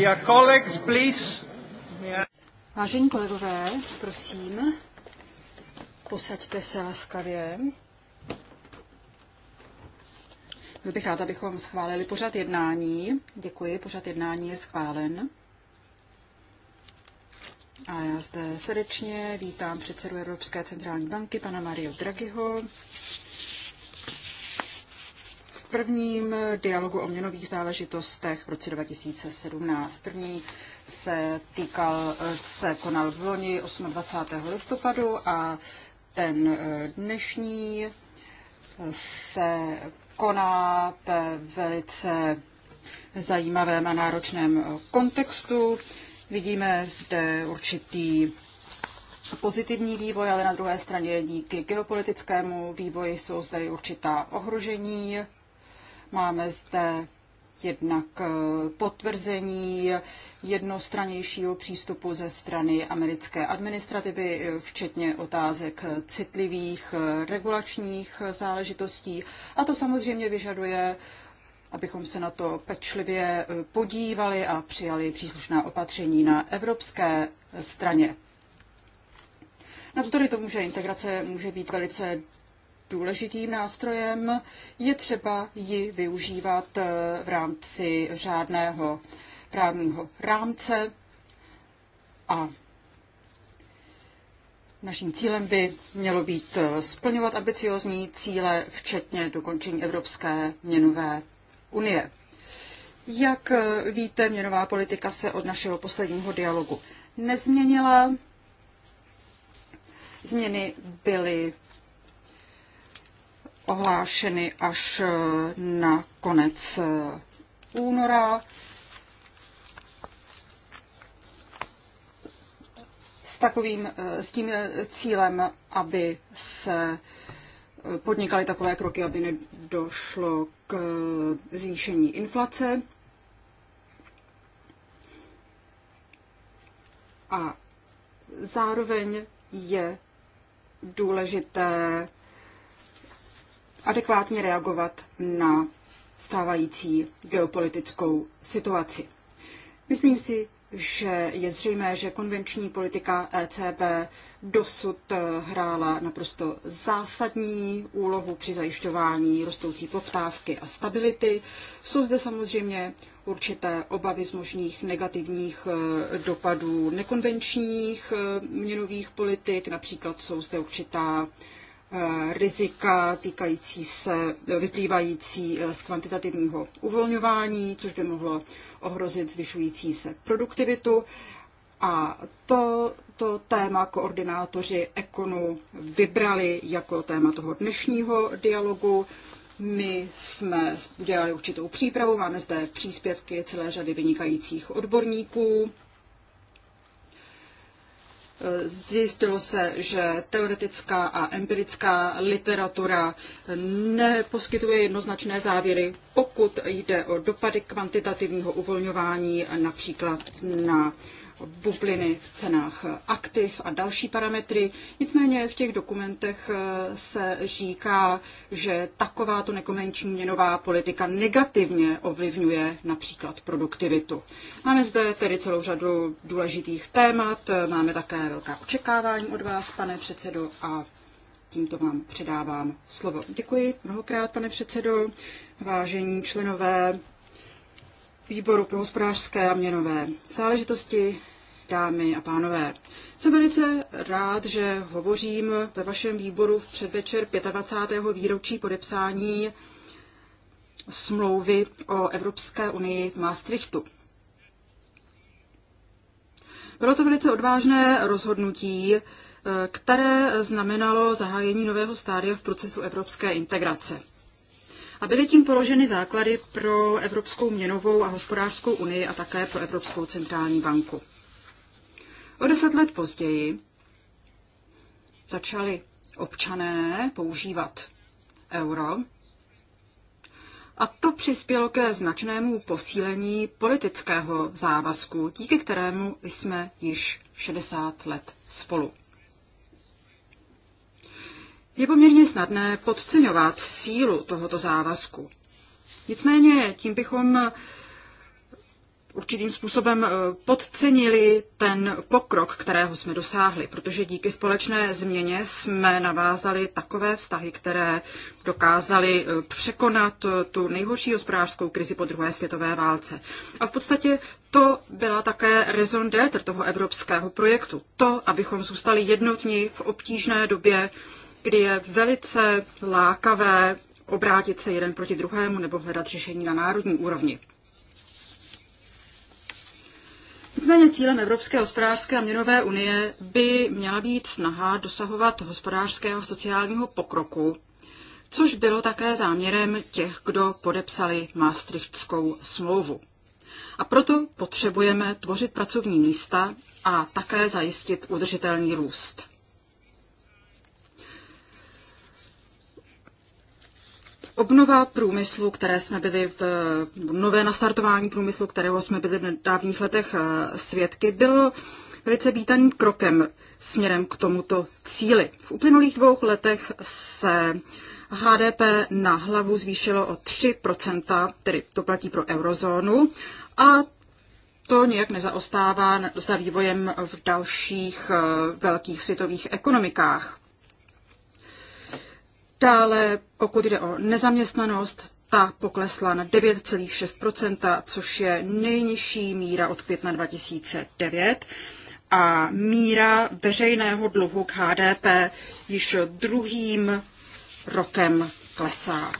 Dear colleagues, please. Vážení kolegové, prosím, posaďte se laskavě. Byl bych rád, abychom schválili pořad jednání. Děkuji, pořad jednání je schválen. A já zde srdečně vítám předsedu Evropské centrální banky, pana Mario Draghiho prvním dialogu o měnových záležitostech v roce 2017. První se týkal, se konal v loni 28. listopadu a ten eh, dnešní eh, se koná ve velice zajímavém a náročném eh, kontextu. Vidíme zde určitý pozitivní vývoj, ale na druhé straně díky geopolitickému vývoji jsou zde určitá ohrožení. Máme zde jednak eh, potvrzení jednostranějšího přístupu ze strany americké administrativy, eh, včetně otázek citlivých eh, regulačních záležitostí. A to samozřejmě vyžaduje, abychom se na to pečlivě podívali a přijali příslušná opatření na evropské straně. Navzdory tomu, že integrace může být velice důležitým nástrojem, je třeba ji využívat eh, v rámci řádného právního rámce a Naším cílem by mělo být eh, splňovat ambiciozní cíle, včetně dokončení Evropské měnové unie. Jak eh, víte, měnová politika se od našeho posledního dialogu nezměnila. Změny byly ohlášeny až eh, na konec eh, února. S, takovým, eh, s tím cílem, aby se podnikaly takové kroky, aby nedošlo k zvýšení inflace. A zároveň je důležité adekvátně reagovat na stávající geopolitickou situaci. Myslím si, že je zřejmé, že konvenční politika ECB dosud eh, hrála naprosto zásadní úlohu při zajišťování rostoucí poptávky a stability. Jsou zde samozřejmě určité obavy z možných negativních eh, dopadů nekonvenčních eh, měnových politik, například jsou zde určitá Eh, rizika týkající se, vyplývající eh, z kvantitativního uvolňování, což by mohlo ohrozit zvyšující se produktivitu. A to, to téma koordinátoři Ekonu vybrali jako téma toho dnešního dialogu. My jsme udělali určitou přípravu, máme zde příspěvky celé řady vynikajících odborníků. Zjistilo se, že teoretická a empirická literatura neposkytuje jednoznačné závěry, pokud jde o dopady kvantitativního uvolňování například na bubliny v cenách aktiv a další parametry. Nicméně v těch dokumentech eh, se říká, že takováto nekomenční měnová politika negativně ovlivňuje například produktivitu. Máme zde tedy celou řadu důležitých témat, máme také velká očekávání od vás, pane předsedo, a tímto vám předávám slovo. Děkuji mnohokrát, pane předsedo, vážení členové výboru pro hospodářské a měnové záležitosti, dámy a pánové. Jsem velice rád, že hovořím ve vašem výboru v předvečer 25. výročí podepsání smlouvy o Evropské unii v Maastrichtu. Bylo to velice odvážné rozhodnutí, eh, které znamenalo zahájení nového stádia v procesu evropské integrace a byly tím položeny základy pro Evropskou měnovou a hospodářskou unii a také pro Evropskou centrální banku. O deset let později začali občané používat euro a to přispělo ke značnému posílení politického závazku, díky kterému jsme již 60 let spolu. Je poměrně snadné podceňovat sílu tohoto závazku. Nicméně tím bychom eh, určitým způsobem eh, podcenili ten pokrok, kterého jsme dosáhli, protože díky společné změně jsme navázali takové vztahy, které dokázaly eh, překonat tu nejhorší hospodářskou krizi po druhé světové válce. A v podstatě to byla také raison d'être toho evropského projektu. To, abychom zůstali jednotní v obtížné době, kdy je velice lákavé obrátit se jeden proti druhému nebo hledat řešení na národní úrovni. Nicméně cílem Evropské hospodářské a měnové unie by měla být snaha dosahovat hospodářského a sociálního pokroku, což bylo také záměrem těch, kdo podepsali Maastrichtskou smlouvu. A proto potřebujeme tvořit pracovní místa a také zajistit udržitelný růst. Obnova průmyslu, které jsme byli v, nové nastartování průmyslu, kterého jsme byli v nedávných letech eh, svědky, bylo velice vítaným krokem směrem k tomuto cíli. V uplynulých dvou letech se HDP na hlavu zvýšilo o 3%, tedy to platí pro eurozónu, a to nějak nezaostává za vývojem v dalších eh, velkých světových ekonomikách. Dále, pokud jde o nezaměstnanost, ta poklesla na 9,6%, což je nejnižší míra od května 2009 a míra veřejného dluhu k HDP již druhým rokem klesá.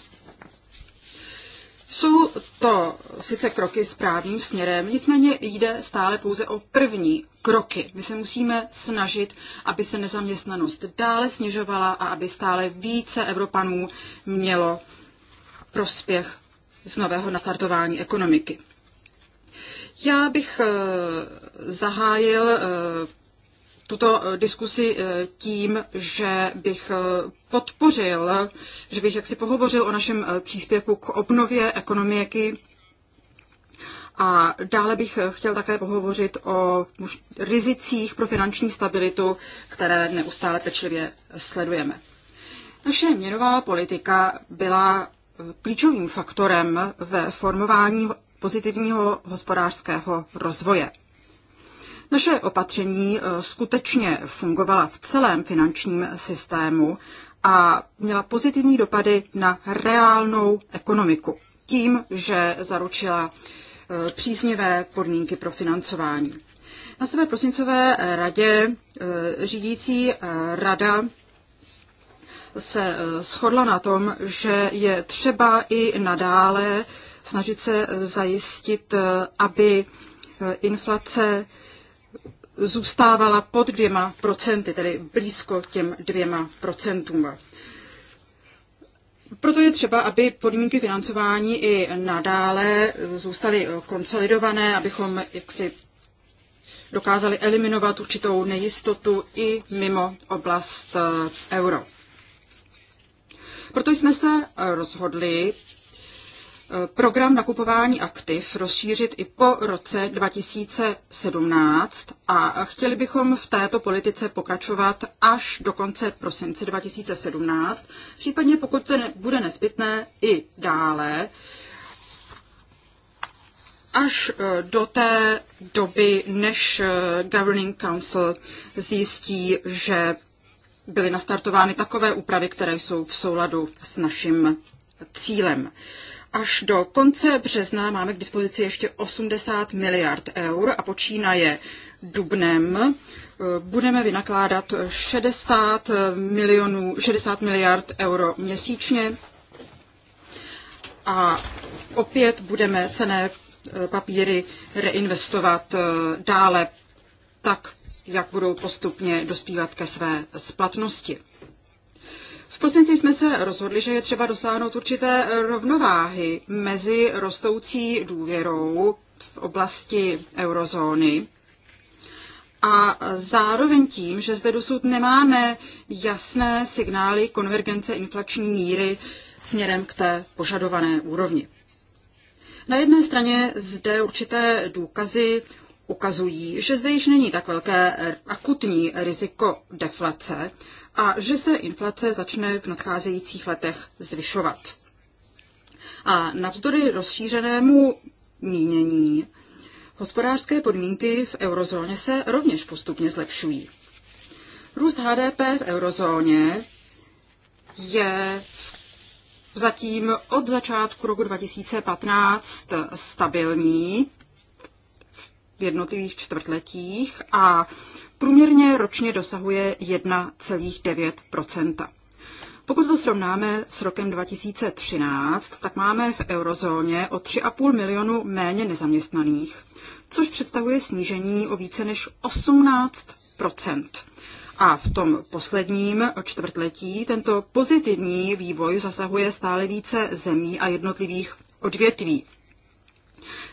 Jsou to sice kroky správným směrem, nicméně jde stále pouze o první kroky. My se musíme snažit, aby se nezaměstnanost dále snižovala a aby stále více Evropanů mělo prospěch z nového nastartování ekonomiky. Já bych eh, zahájil eh, tuto eh, diskusi eh, tím, že bych eh, podpořil, že bych jaksi pohovořil o našem příspěvku k obnově ekonomiky a dále bych chtěl také pohovořit o rizicích pro finanční stabilitu, které neustále pečlivě sledujeme. Naše měnová politika byla klíčovým faktorem ve formování pozitivního hospodářského rozvoje. Naše opatření eh, skutečně fungovala v celém finančním systému a měla pozitivní dopady na reálnou ekonomiku tím, že zaručila eh, příznivé podmínky pro financování. Na své prosincové eh, radě řídící rada se shodla na tom, že je třeba i nadále snažit se zajistit, aby inflace zůstávala pod dvěma procenty, tedy blízko těm dvěma procentům. Proto je třeba, aby podmínky financování i nadále zůstaly konsolidované, abychom jaksi dokázali eliminovat určitou nejistotu i mimo oblast eh, euro. Proto jsme se rozhodli program nakupování aktiv rozšířit i po roce 2017 a chtěli bychom v této politice pokračovat až do konce prosince 2017, případně pokud to bude nezbytné i dále, až eh, do té doby, než eh, Governing Council zjistí, že byly nastartovány takové úpravy, které jsou v souladu s naším cílem. Až do konce března máme k dispozici ještě 80 miliard eur a počínaje dubnem budeme vynakládat 60 milionů, 60 miliard euro měsíčně a opět budeme cené papíry reinvestovat eh, dále tak, jak budou postupně dospívat ke své splatnosti. V prosinci jsme se rozhodli, že je třeba dosáhnout určité rovnováhy mezi rostoucí důvěrou v oblasti eurozóny a zároveň tím, že zde dosud nemáme jasné signály konvergence inflační míry směrem k té požadované úrovni. Na jedné straně zde určité důkazy ukazují, že zde již není tak velké akutní riziko deflace a že se inflace začne v nadcházejících letech zvyšovat. A navzdory rozšířenému mínění hospodářské podmínky v eurozóně se rovněž postupně zlepšují. Růst HDP v eurozóně je zatím od začátku roku 2015 stabilní v jednotlivých čtvrtletích a průměrně ročně dosahuje 1,9 pokud to srovnáme s rokem 2013, tak máme v eurozóně o 3,5 milionu méně nezaměstnaných, což představuje snížení o více než 18 a v tom posledním čtvrtletí tento pozitivní vývoj zasahuje stále více zemí a jednotlivých odvětví.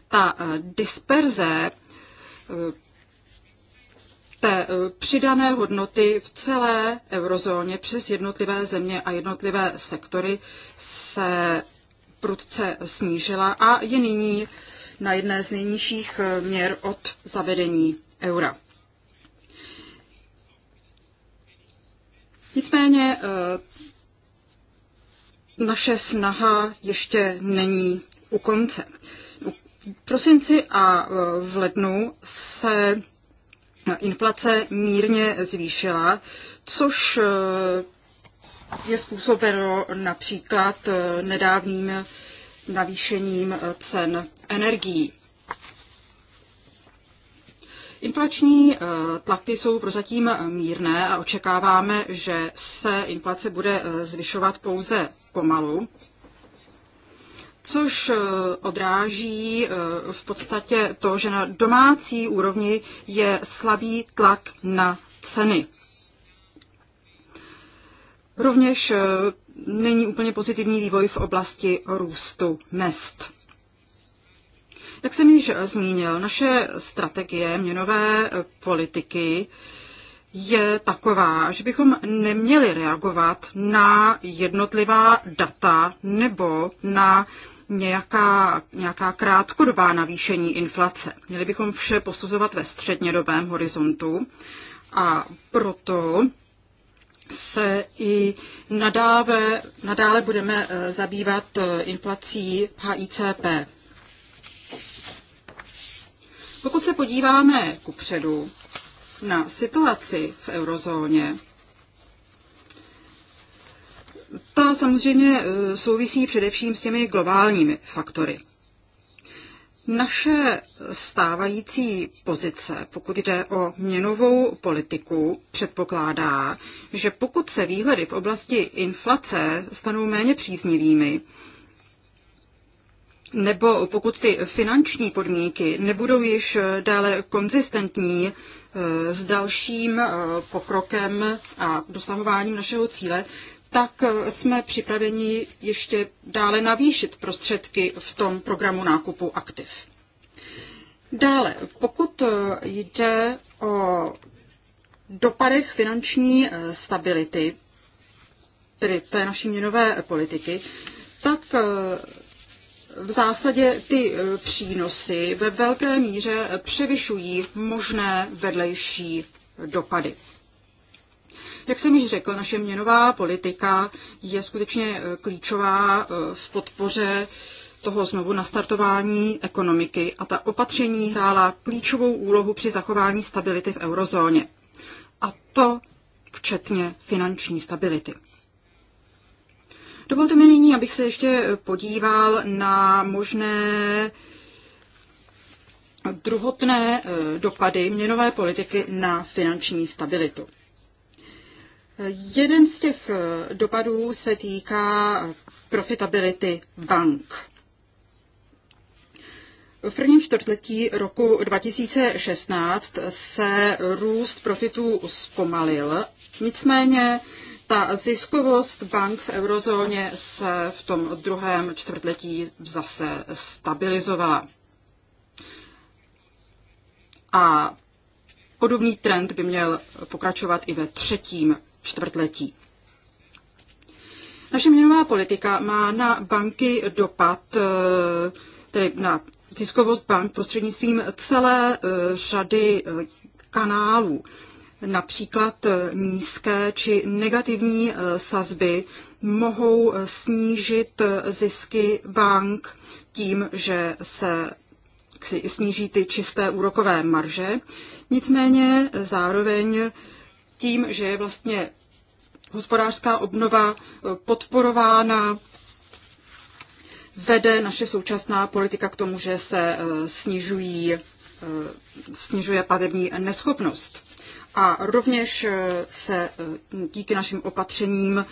Ta eh, disperze eh, té e, přidané hodnoty v celé eurozóně přes jednotlivé země a jednotlivé sektory se prudce snížila a je nyní na jedné z nejnižších e, měr od zavedení eura. Nicméně e, naše snaha ještě není u konce. V prosinci a v lednu se inflace mírně zvýšila, což eh, je způsobeno například eh, nedávným navýšením eh, cen energií. Inflační tlaky jsou prozatím mírné a očekáváme, že se inflace bude zvyšovat pouze pomalu což eh, odráží eh, v podstatě to, že na domácí úrovni je slabý tlak na ceny. Rovněž eh, není úplně pozitivní vývoj v oblasti růstu mest. Jak jsem již zmínil, naše strategie měnové politiky je taková, že bychom neměli reagovat na jednotlivá data nebo na nějaká, nějaká krátkodobá navýšení inflace. Měli bychom vše posuzovat ve střednědobém horizontu a proto se i nadále, nadále budeme eh, zabývat eh, inflací HICP. Pokud se podíváme kupředu na situaci v eurozóně, ta samozřejmě eh, souvisí především s těmi globálními faktory. Naše stávající pozice, pokud jde o měnovou politiku, předpokládá, že pokud se výhledy v oblasti inflace stanou méně příznivými, nebo pokud ty finanční podmínky nebudou již dále konzistentní eh, s dalším eh, pokrokem a dosahováním našeho cíle, tak eh, jsme připraveni ještě dále navýšit prostředky v tom programu nákupu aktiv. Dále, pokud eh, jde o dopadech finanční eh, stability, tedy té naší měnové politiky, tak v zásadě ty přínosy ve velké míře převyšují možné vedlejší dopady. Jak jsem již řekl, naše měnová politika je skutečně eh, klíčová eh, v podpoře toho znovu nastartování ekonomiky a ta opatření hrála klíčovou úlohu při zachování stability v eurozóně. A to včetně finanční stability. Dovolte mi nyní, abych se ještě podíval na možné druhotné eh, dopady měnové politiky na finanční stabilitu. Jeden z těch eh, dopadů se týká eh, profitability bank. V prvním čtvrtletí roku 2016 se růst profitů zpomalil, nicméně ta ziskovost bank v eurozóně se v tom druhém čtvrtletí zase stabilizovala. A podobný trend by měl pokračovat i ve třetím čtvrtletí. Naše měnová politika má na banky dopad, eh, tedy na ziskovost bank prostřednictvím celé eh, řady eh, kanálů, například nízké či negativní sazby mohou snížit zisky bank tím, že se sníží ty čisté úrokové marže. Nicméně zároveň tím, že je vlastně hospodářská obnova e, podporována, vede naše současná politika k tomu, že se e, snižují, e, snižuje platební neschopnost. A rovněž se díky našim opatřením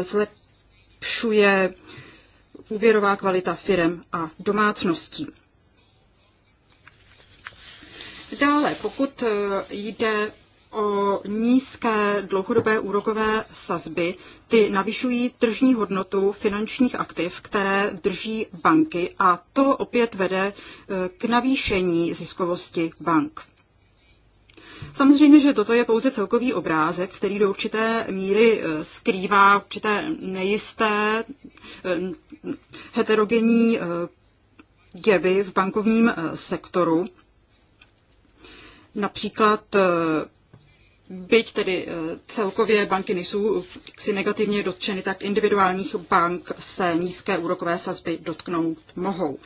zlepšuje úvěrová kvalita firem a domácností. Dále, pokud jde o nízké dlouhodobé úrokové sazby. Ty navyšují tržní hodnotu finančních aktiv, které drží banky a to opět vede e, k navýšení ziskovosti bank. Samozřejmě, že toto je pouze celkový obrázek, který do určité míry e, skrývá určité nejisté e, heterogenní jevy v bankovním sektoru. Například byť tedy eh, celkově banky nejsou si negativně dotčeny, tak individuálních bank se nízké úrokové sazby dotknout mohou.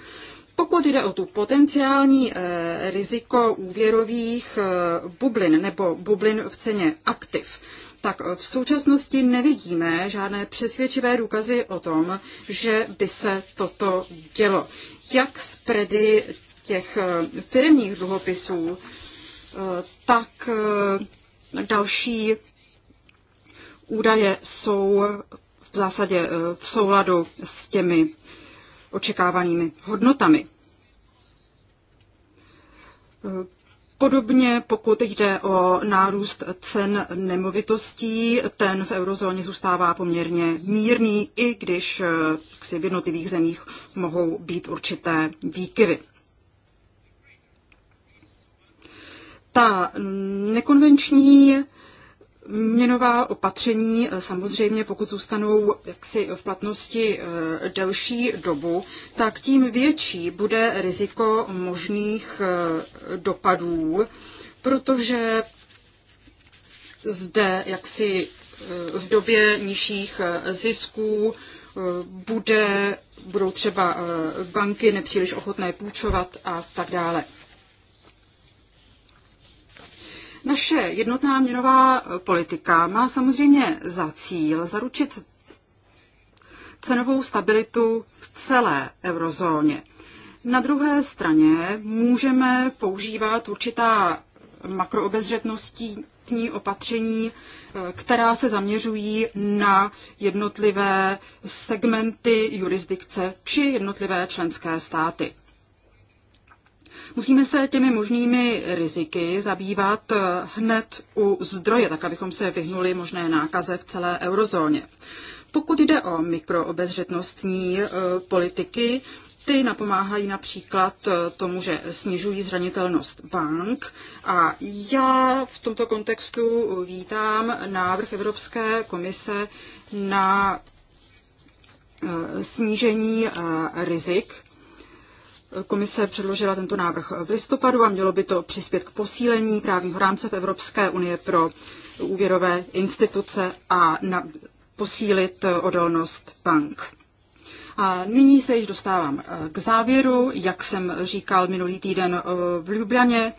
Pokud jde o tu potenciální eh, riziko úvěrových eh, bublin nebo bublin v ceně aktiv, tak v současnosti nevidíme žádné přesvědčivé důkazy o tom, že by se toto dělo. Jak spready těch firmních dluhopisů, tak Další údaje jsou v zásadě eh, v souladu s těmi očekávanými hodnotami. Eh, podobně pokud jde o nárůst cen nemovitostí, ten v eurozóně zůstává poměrně mírný, i když eh, v jednotlivých zemích mohou být určité výkyvy. Ta nekonvenční měnová opatření, eh, samozřejmě pokud zůstanou jaksi v platnosti eh, delší dobu, tak tím větší bude riziko možných eh, dopadů, protože zde jaksi v době nižších zisků bude, budou třeba banky nepříliš ochotné půjčovat a tak dále. Naše jednotná měnová politika má samozřejmě za cíl zaručit cenovou stabilitu v celé eurozóně. Na druhé straně můžeme používat určitá makroobezřetnostní opatření, která se zaměřují na jednotlivé segmenty jurisdikce či jednotlivé členské státy. Musíme se těmi možnými riziky zabývat eh, hned u zdroje, tak abychom se vyhnuli možné nákaze v celé eurozóně. Pokud jde o mikroobezřetnostní eh, politiky, ty napomáhají například eh, tomu, že snižují zranitelnost bank. A já v tomto kontextu vítám návrh Evropské komise na snížení rizik Komise předložila tento návrh v listopadu a mělo by to přispět k posílení právního rámce v Evropské unie pro úvěrové instituce a na, posílit odolnost bank. A nyní se již dostávám eh, k závěru, jak jsem říkal minulý týden eh, v Ljubljaně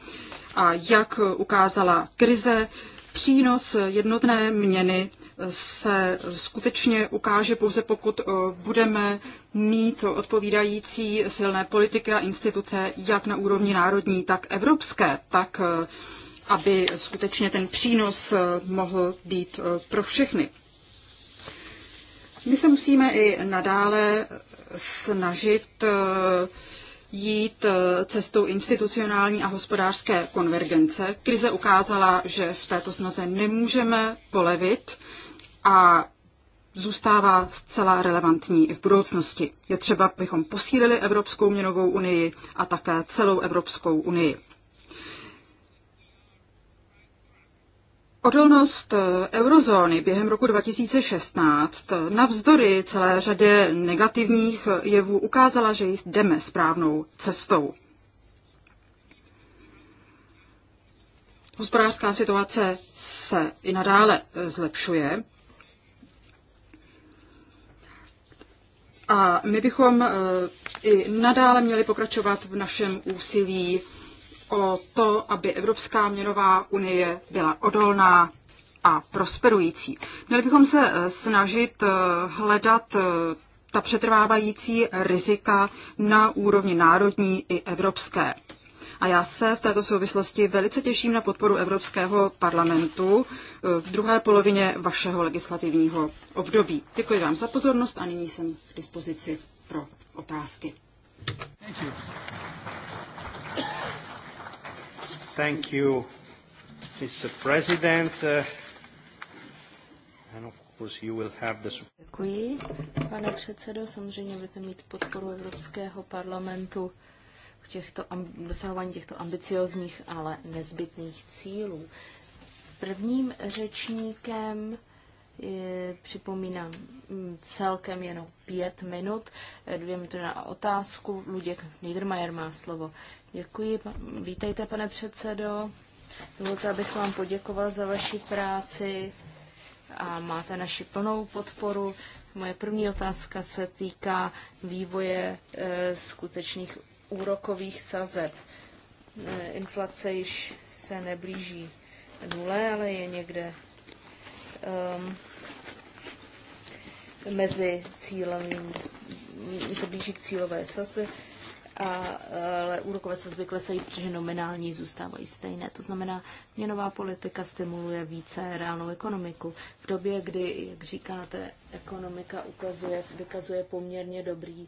a jak ukázala krize, přínos jednotné měny se skutečně ukáže pouze pokud eh, budeme mít odpovídající silné politiky a instituce jak na úrovni národní, tak evropské, tak eh, aby skutečně ten přínos eh, mohl být pro všechny. My se musíme i nadále snažit jít cestou institucionální a hospodářské konvergence. Krize ukázala, že v této snaze nemůžeme polevit a zůstává zcela relevantní i v budoucnosti. Je třeba, abychom posílili Evropskou měnovou unii a také celou Evropskou unii. Odolnost eh, eurozóny během roku 2016 eh, navzdory celé řadě negativních eh, jevů ukázala, že jdeme správnou cestou. Hospodářská situace se i nadále zlepšuje A my bychom eh, i nadále měli pokračovat v našem úsilí o to, aby Evropská měnová unie byla odolná a prosperující. Měli bychom se eh, snažit eh, hledat ta přetrvávající rizika na úrovni národní i evropské. A já se v této souvislosti velice těším na podporu Evropského parlamentu eh, v druhé polovině vašeho legislativního období. Děkuji vám za pozornost a nyní jsem k dispozici pro otázky. Thank you. Thank you, Mr. President. Uh, and of course you will have the... Děkuji, pane předsedo. Samozřejmě budete mít podporu Evropského parlamentu těchto, dosahování těchto ambiciozních, ale nezbytných cílů. Prvním řečníkem je, připomínám mm, celkem jenom pět minut, dvě minuty na otázku. Luděk Niedermayer má slovo. Děkuji, vítejte pane předsedo. Dovolte, abych vám poděkoval za vaši práci a máte naši plnou podporu. Moje první otázka se týká vývoje e, skutečných úrokových sazeb. E, inflace již se neblíží nule, ale je někde um, mezi cílovým, se blíží k cílové sazbě, a, ale úrokové sazby klesají, protože nominální zůstávají stejné. To znamená, měnová politika stimuluje více reálnou ekonomiku. V době, kdy, jak říkáte, ekonomika ukazuje, vykazuje poměrně dobrý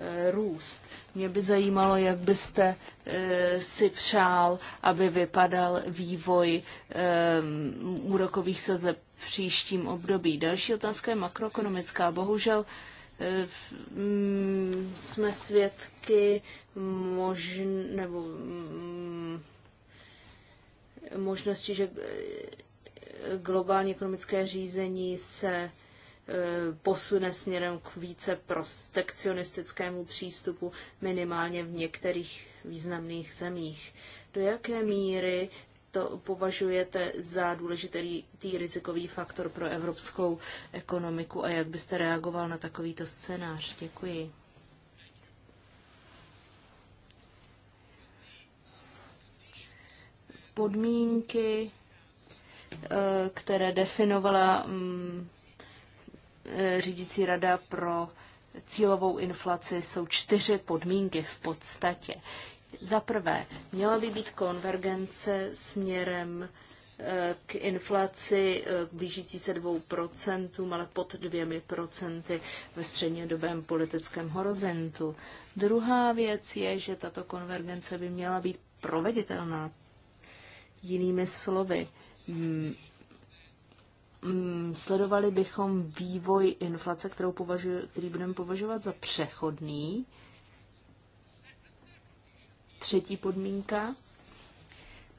Eh, růst. Mě by zajímalo, jak byste eh, si přál, aby vypadal vývoj eh, úrokových sazeb v příštím období. Další otázka je makroekonomická. Bohužel mm, jsme svědky možn, nebo mm, možnosti, že globální ekonomické řízení se Eh, posune směrem k více protekcionistickému přístupu minimálně v některých významných zemích. Do jaké míry to považujete za důležitý tý rizikový faktor pro evropskou ekonomiku a jak byste reagoval na takovýto scénář? Děkuji. Podmínky, eh, které definovala mm, Eh, řídící rada pro cílovou inflaci jsou čtyři podmínky v podstatě. Za prvé, měla by být konvergence směrem eh, k inflaci k eh, blížící se dvou procentům, ale pod dvěmi procenty ve střednědobém politickém horizontu. Druhá věc je, že tato konvergence by měla být proveditelná. Jinými slovy, mm, Mm, sledovali bychom vývoj inflace, kterou považuji, který budeme považovat za přechodný. Třetí podmínka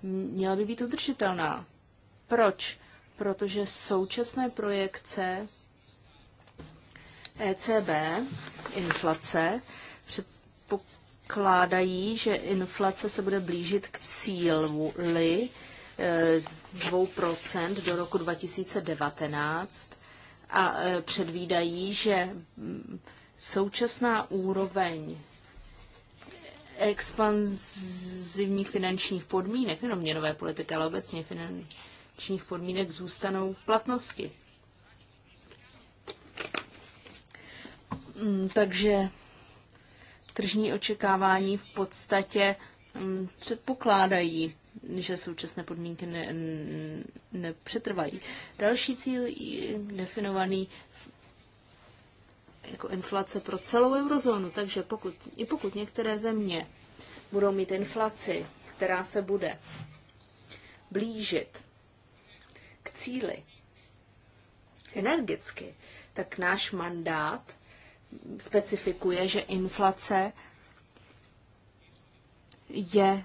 měla by být udržitelná. Proč? Protože současné projekce ECB, inflace, předpokládají, že inflace se bude blížit k cílu 2% do roku 2019 a e, předvídají, že mm, současná úroveň expanzivních finančních podmínek, nejenom měnové politiky, ale obecně finančních podmínek zůstanou v platnosti. Mm, takže tržní očekávání v podstatě mm, předpokládají že současné podmínky ne, nepřetrvají. Další cíl je definovaný jako inflace pro celou eurozónu, takže pokud, i pokud některé země budou mít inflaci, která se bude blížit k cíli energicky, tak náš mandát specifikuje, že inflace je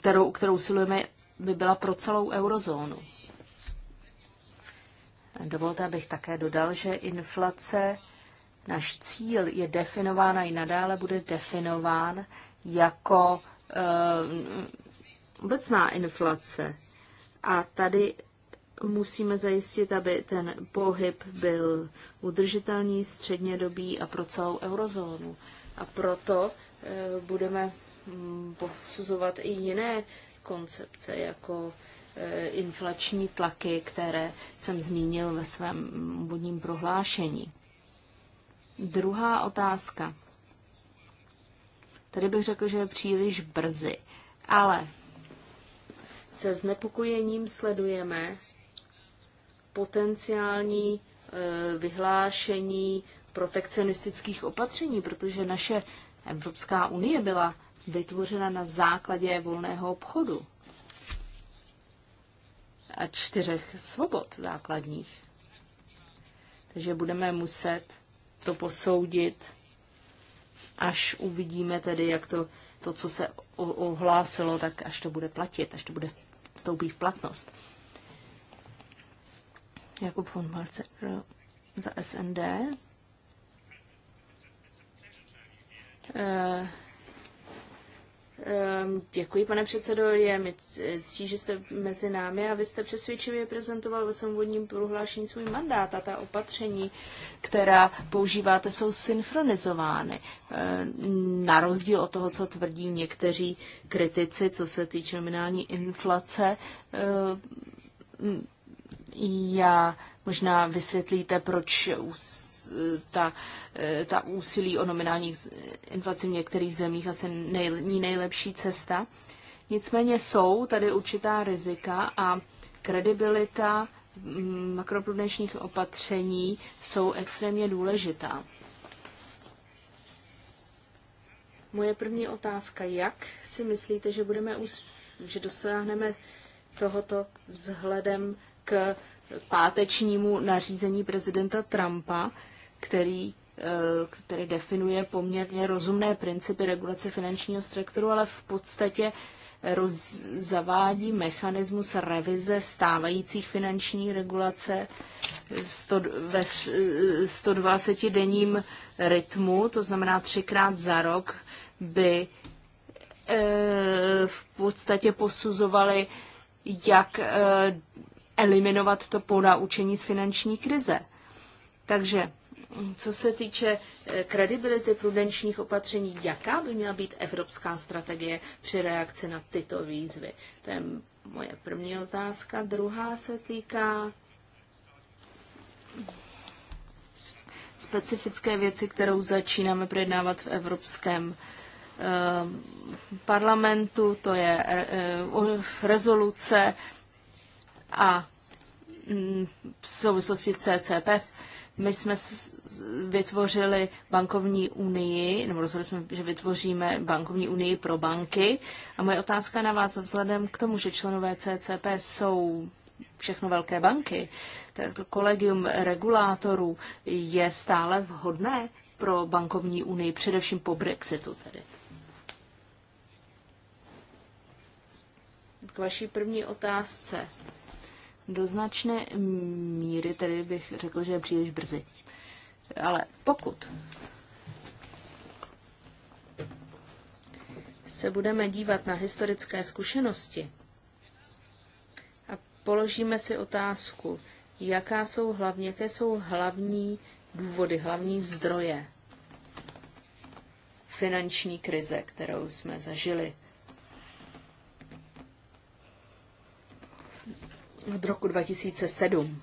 kterou, kterou usilujeme, by byla pro celou eurozónu. Dovolte, abych také dodal, že inflace, náš cíl je definován a i nadále bude definován jako uh, obecná inflace. A tady musíme zajistit, aby ten pohyb byl udržitelný, střednědobý a pro celou eurozónu. A proto uh, budeme Mm, posuzovat i jiné koncepce, jako e, inflační tlaky, které jsem zmínil ve svém úvodním prohlášení. Druhá otázka. Tady bych řekl, že je příliš brzy, ale se znepokojením sledujeme potenciální e, vyhlášení protekcionistických opatření, protože naše Evropská unie byla vytvořena na základě volného obchodu a čtyřech svobod základních. Takže budeme muset to posoudit, až uvidíme tedy, jak to, to co se ohlásilo, tak až to bude platit, až to bude vstoupit v platnost. Jakub von Balcer za SND. Eh, Ehm, děkuji, pane předsedo. Je mi ctí, že jste mezi námi a vy jste přesvědčivě prezentoval ve svém vodním prohlášení svůj mandát a ta opatření, která používáte, jsou synchronizovány. Ehm, na rozdíl od toho, co tvrdí někteří kritici, co se týče nominální inflace, ehm, já možná vysvětlíte, proč ta, ta úsilí o nominální inflaci v některých zemích asi není nejlepší cesta. Nicméně jsou tady určitá rizika a kredibilita mm, makroprudenčních opatření jsou extrémně důležitá. Moje první otázka, jak si myslíte, že budeme že dosáhneme tohoto vzhledem k pátečnímu nařízení prezidenta Trumpa, který eh, který definuje poměrně rozumné principy regulace finančního sektoru, ale v podstatě roz, zavádí mechanismus revize stávajících finanční regulace sto, ve 120-denním eh, rytmu, to znamená třikrát za rok by e, v podstatě posuzovali, jak e, eliminovat to ponaučení z finanční krize. Takže co se týče eh, kredibility prudenčních opatření, jaká by měla být evropská strategie při reakci na tyto výzvy? To je moje první otázka. Druhá se týká specifické věci, kterou začínáme projednávat v Evropském eh, parlamentu, to je eh, rezoluce a mm, v souvislosti s CCP my jsme vytvořili bankovní unii, nebo rozhodli jsme, že vytvoříme bankovní unii pro banky. A moje otázka na vás, vzhledem k tomu, že členové CCP jsou všechno velké banky, tak to kolegium regulátorů je stále vhodné pro bankovní unii, především po Brexitu tedy. K vaší první otázce. Do značné míry tedy bych řekl, že je příliš brzy. Ale pokud se budeme dívat na historické zkušenosti a položíme si otázku, jaká jsou hlavní, jaké jsou hlavní důvody, hlavní zdroje finanční krize, kterou jsme zažili od roku 2007.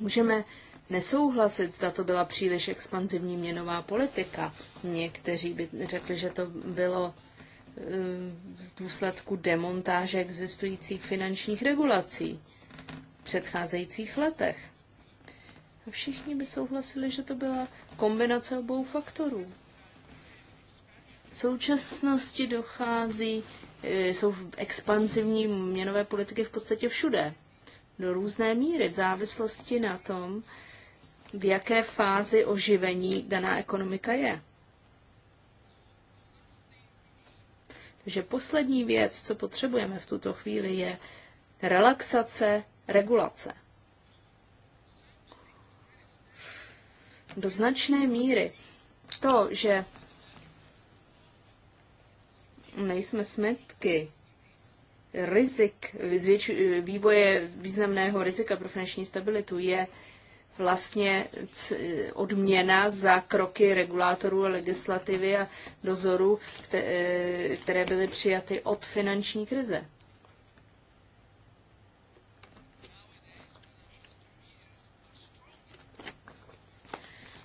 Můžeme nesouhlasit, zda to byla příliš expanzivní měnová politika. Někteří by řekli, že to bylo eh, v důsledku demontáže existujících finančních regulací v předcházejících letech. A všichni by souhlasili, že to byla kombinace obou faktorů. V současnosti dochází Eh, jsou v expanzivní měnové politiky v podstatě všude. Do různé míry, v závislosti na tom, v jaké fázi oživení daná ekonomika je. Takže poslední věc, co potřebujeme v tuto chvíli, je relaxace regulace. Do značné míry to, že nejsme smetky rizik, vývoje významného rizika pro finanční stabilitu je vlastně odměna za kroky regulátorů a legislativy a dozoru, které byly přijaty od finanční krize.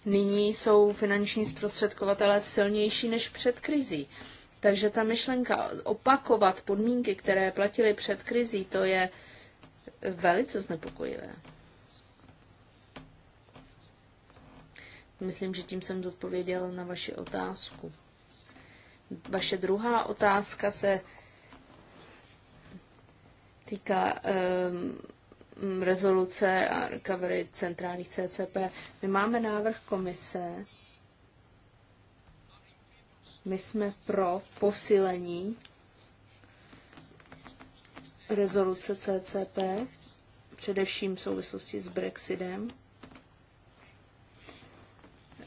Nyní jsou finanční zprostředkovatelé silnější než před krizí. Takže ta myšlenka opakovat podmínky, které platily před krizí, to je velice znepokojivé. Myslím, že tím jsem zodpověděl na vaši otázku. Vaše druhá otázka se týká um, rezoluce a recovery centrálních CCP. My máme návrh komise, my jsme pro posílení rezoluce CCP, především v souvislosti s Brexitem.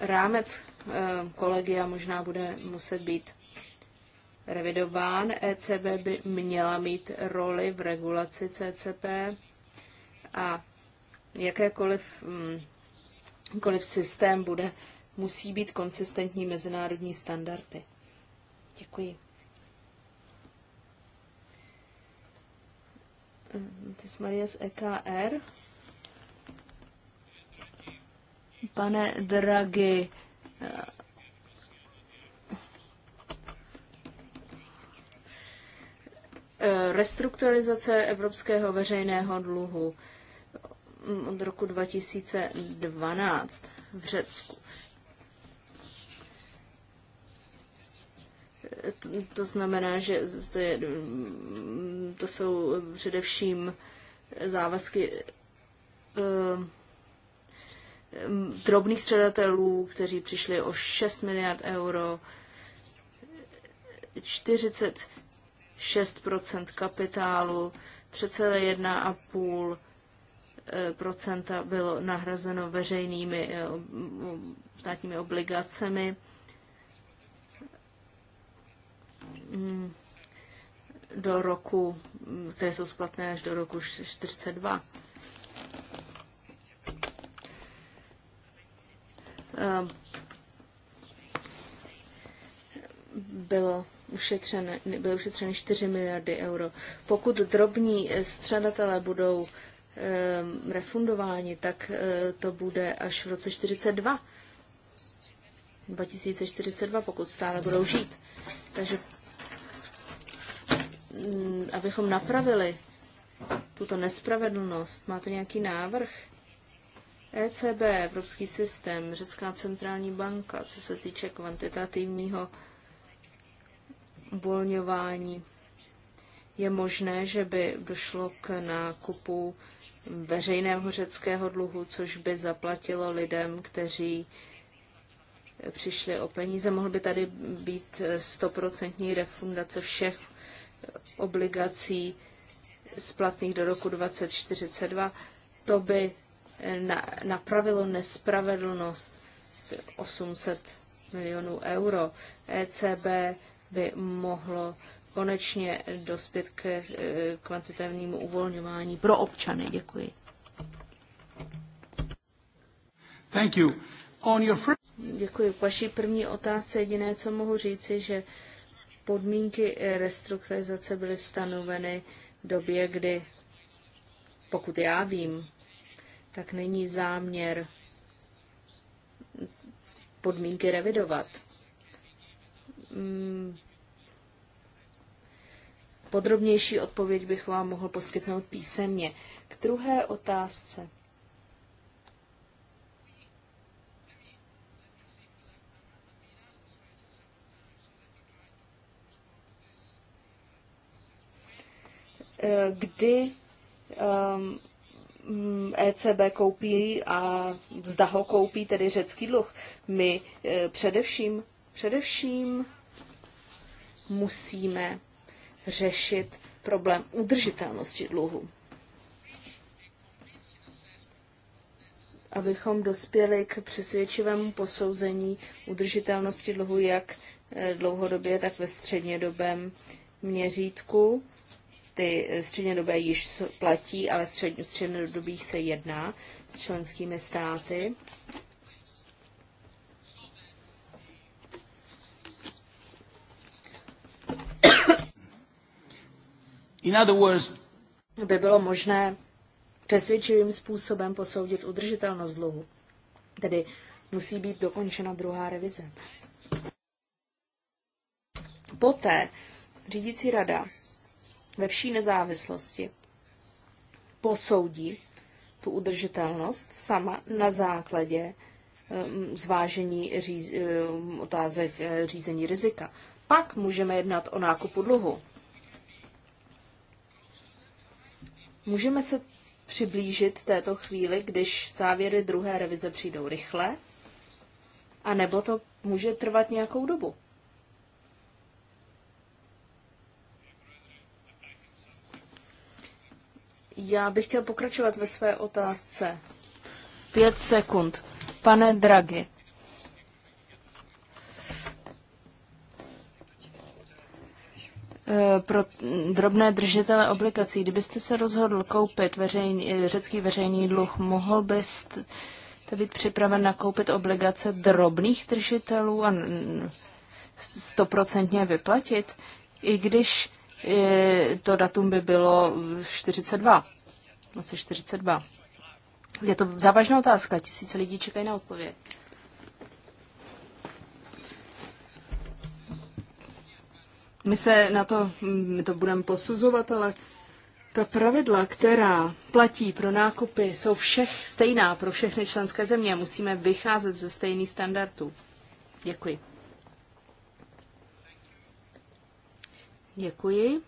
Rámec eh, kolegia možná bude muset být revidován. ECB by měla mít roli v regulaci CCP a jakékoliv mm, koliv systém bude musí být konsistentní mezinárodní standardy. Děkuji. Eh, Ty jsi Marie z EKR. Pane Draghi, eh, restrukturalizace evropského veřejného dluhu mm, od roku 2012 v Řecku. To, to znamená, že to, je, mm, to jsou především závazky ehm, ehm, drobných středatelů, kteří přišli o 6 miliard euro, 46 kapitálu, 3,1,5 e, bylo nahrazeno veřejnými e, státními obligacemi. Mm, do roku, mm, které jsou splatné až do roku 42. Eh, bylo ušetřené, byly ušetřeny 4 miliardy euro. Pokud drobní střadatelé budou eh, refundováni, tak eh, to bude až v roce 42. 2042, pokud stále budou žít. Takže Mm, abychom napravili tuto nespravedlnost. Máte nějaký návrh? ECB, Evropský systém, Řecká centrální banka, co se týče kvantitativního uvolňování. Je možné, že by došlo k nákupu veřejného řeckého dluhu, což by zaplatilo lidem, kteří přišli o peníze. Mohl by tady být stoprocentní refundace všech obligací splatných do roku 2042. To by eh, napravilo nespravedlnost 800 milionů euro. ECB by mohlo konečně dospět k eh, kvantitativnímu uvolňování pro občany. Děkuji. Děkuji. K vaší první otázce jediné, co mohu říci, že Podmínky restrukturalizace byly stanoveny v době, kdy, pokud já vím, tak není záměr podmínky revidovat. Hmm. Podrobnější odpověď bych vám mohl poskytnout písemně. K druhé otázce. kdy ECB ehm, mm, e koupí a zda ho koupí tedy řecký dluh. My eh, především, především musíme řešit problém udržitelnosti dluhu. Abychom dospěli k přesvědčivému posouzení udržitelnosti dluhu jak eh, dlouhodobě, tak ve střednědobém měřítku ty střednědobé již platí, ale střed, střednědobých se jedná s členskými státy. In other words, by bylo možné přesvědčivým způsobem posoudit udržitelnost dluhu. Tedy musí být dokončena druhá revize. Poté řídící rada ve vší nezávislosti posoudí tu udržitelnost sama na základě um, zvážení říz, um, otázek eh, řízení rizika. Pak můžeme jednat o nákupu dluhu. Můžeme se přiblížit této chvíli, když závěry druhé revize přijdou rychle, anebo to může trvat nějakou dobu. Já bych chtěl pokračovat ve své otázce. Pět sekund. Pane Dragi. Eh, pro drobné držitele obligací, kdybyste se rozhodl koupit veřejný, eh, řecký veřejný dluh, mohl byste být připraven nakoupit obligace drobných držitelů a stoprocentně vyplatit, i když to datum by bylo 42. 42. Je to závažná otázka, tisíce lidí čekají na odpověď. My se na to, my to budeme posuzovat, ale ta pravidla, která platí pro nákupy, jsou všech stejná pro všechny členské země. Musíme vycházet ze stejných standardů. Děkuji. Děkuji.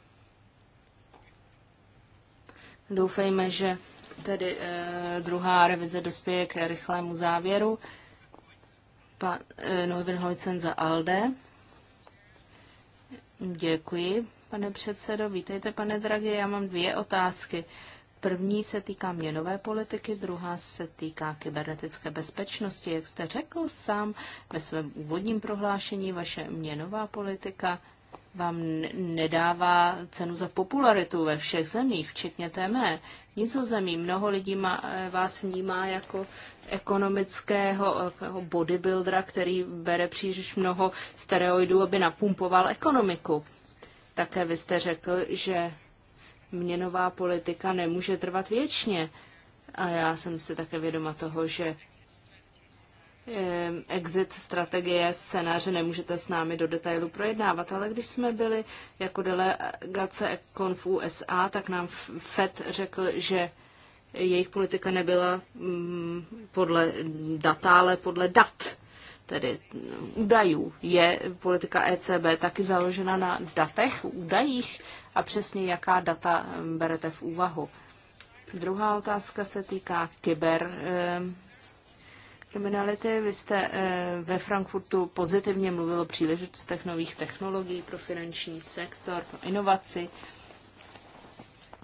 Doufejme, že tedy e, druhá revize dospěje k rychlému závěru. Pan e, eh, Hojcen za ALDE. Děkuji, pane předsedo. Vítejte, pane Dragi. Já mám dvě otázky. První se týká měnové politiky, druhá se týká kybernetické bezpečnosti. Jak jste řekl sám ve svém úvodním prohlášení, vaše měnová politika vám nedává cenu za popularitu ve všech zemích, včetně té mé. Nizozemí mnoho lidí má, eh, vás vnímá jako ekonomického eh, jako bodybuildera, který bere příliš mnoho steroidů, aby napumpoval ekonomiku. Také vy jste řekl, že měnová politika nemůže trvat věčně. A já jsem si také vědoma toho, že Eh, exit strategie, scénáře nemůžete s námi do detailu projednávat, ale když jsme byli jako delegace Econ v USA, tak nám FED řekl, že jejich politika nebyla mm, podle data, ale podle dat, tedy mm, údajů. Je politika ECB taky založena na datech, údajích a přesně jaká data mm, berete v úvahu. Druhá otázka se týká kyber eh, kriminality. Vy jste eh, ve Frankfurtu pozitivně mluvil o příležitostech nových technologií pro finanční sektor, pro inovaci.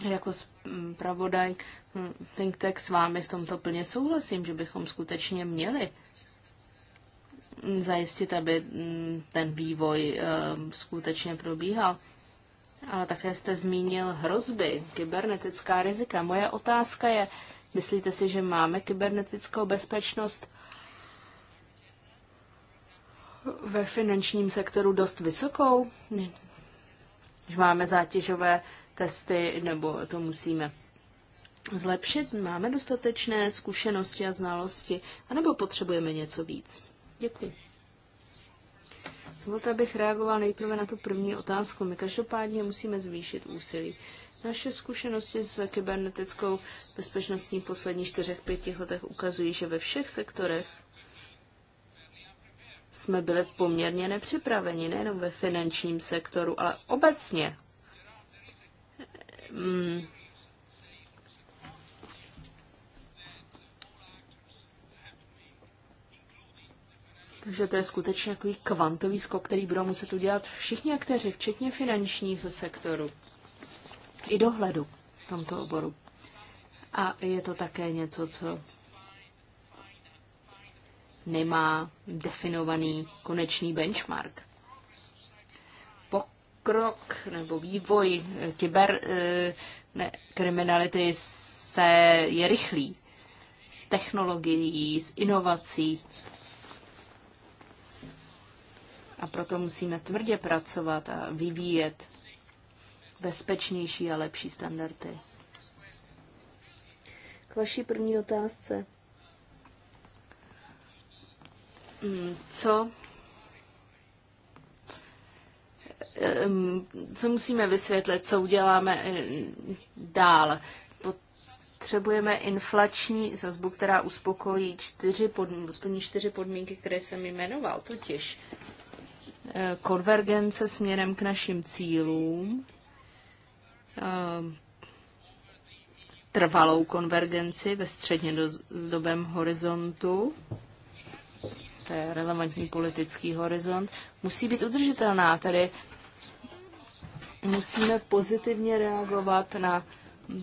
Jako zpravodaj hm, Think Tech s vámi v tomto plně souhlasím, že bychom skutečně měli zajistit, aby hm, ten vývoj eh, skutečně probíhal. Ale také jste zmínil hrozby, kybernetická rizika. Moje otázka je, myslíte si, že máme kybernetickou bezpečnost ve finančním sektoru dost vysokou? Že máme zátěžové testy, nebo to musíme zlepšit? Máme dostatečné zkušenosti a znalosti, anebo potřebujeme něco víc? Děkuji. Dovolte, abych reagoval nejprve na tu první otázku. My každopádně musíme zvýšit úsilí. Naše zkušenosti s kybernetickou bezpečností v posledních 4-5 letech ukazují, že ve všech sektorech jsme byli poměrně nepřipraveni, nejenom ve finančním sektoru, ale obecně. Hmm. Takže to je skutečně takový kvantový skok, který budou muset udělat všichni aktéři, včetně finančních sektoru, i dohledu v tomto oboru. A je to také něco, co nemá definovaný konečný benchmark. Pokrok nebo vývoj eh, kyberkriminality eh, kriminality se je rychlý. S technologií, s inovací. A proto musíme tvrdě pracovat a vyvíjet bezpečnější a lepší standardy. K vaší první otázce. Mm, co mm, co musíme vysvětlit, co uděláme eh, dál. Potřebujeme inflační sazbu, která uspokojí čtyři podmínky, čtyři podmínky, které jsem jmenoval, totiž eh, konvergence směrem k našim cílům, eh, trvalou konvergenci ve střednědobém horizontu, to je relevantní politický horizont, musí být udržitelná. Tedy musíme pozitivně reagovat na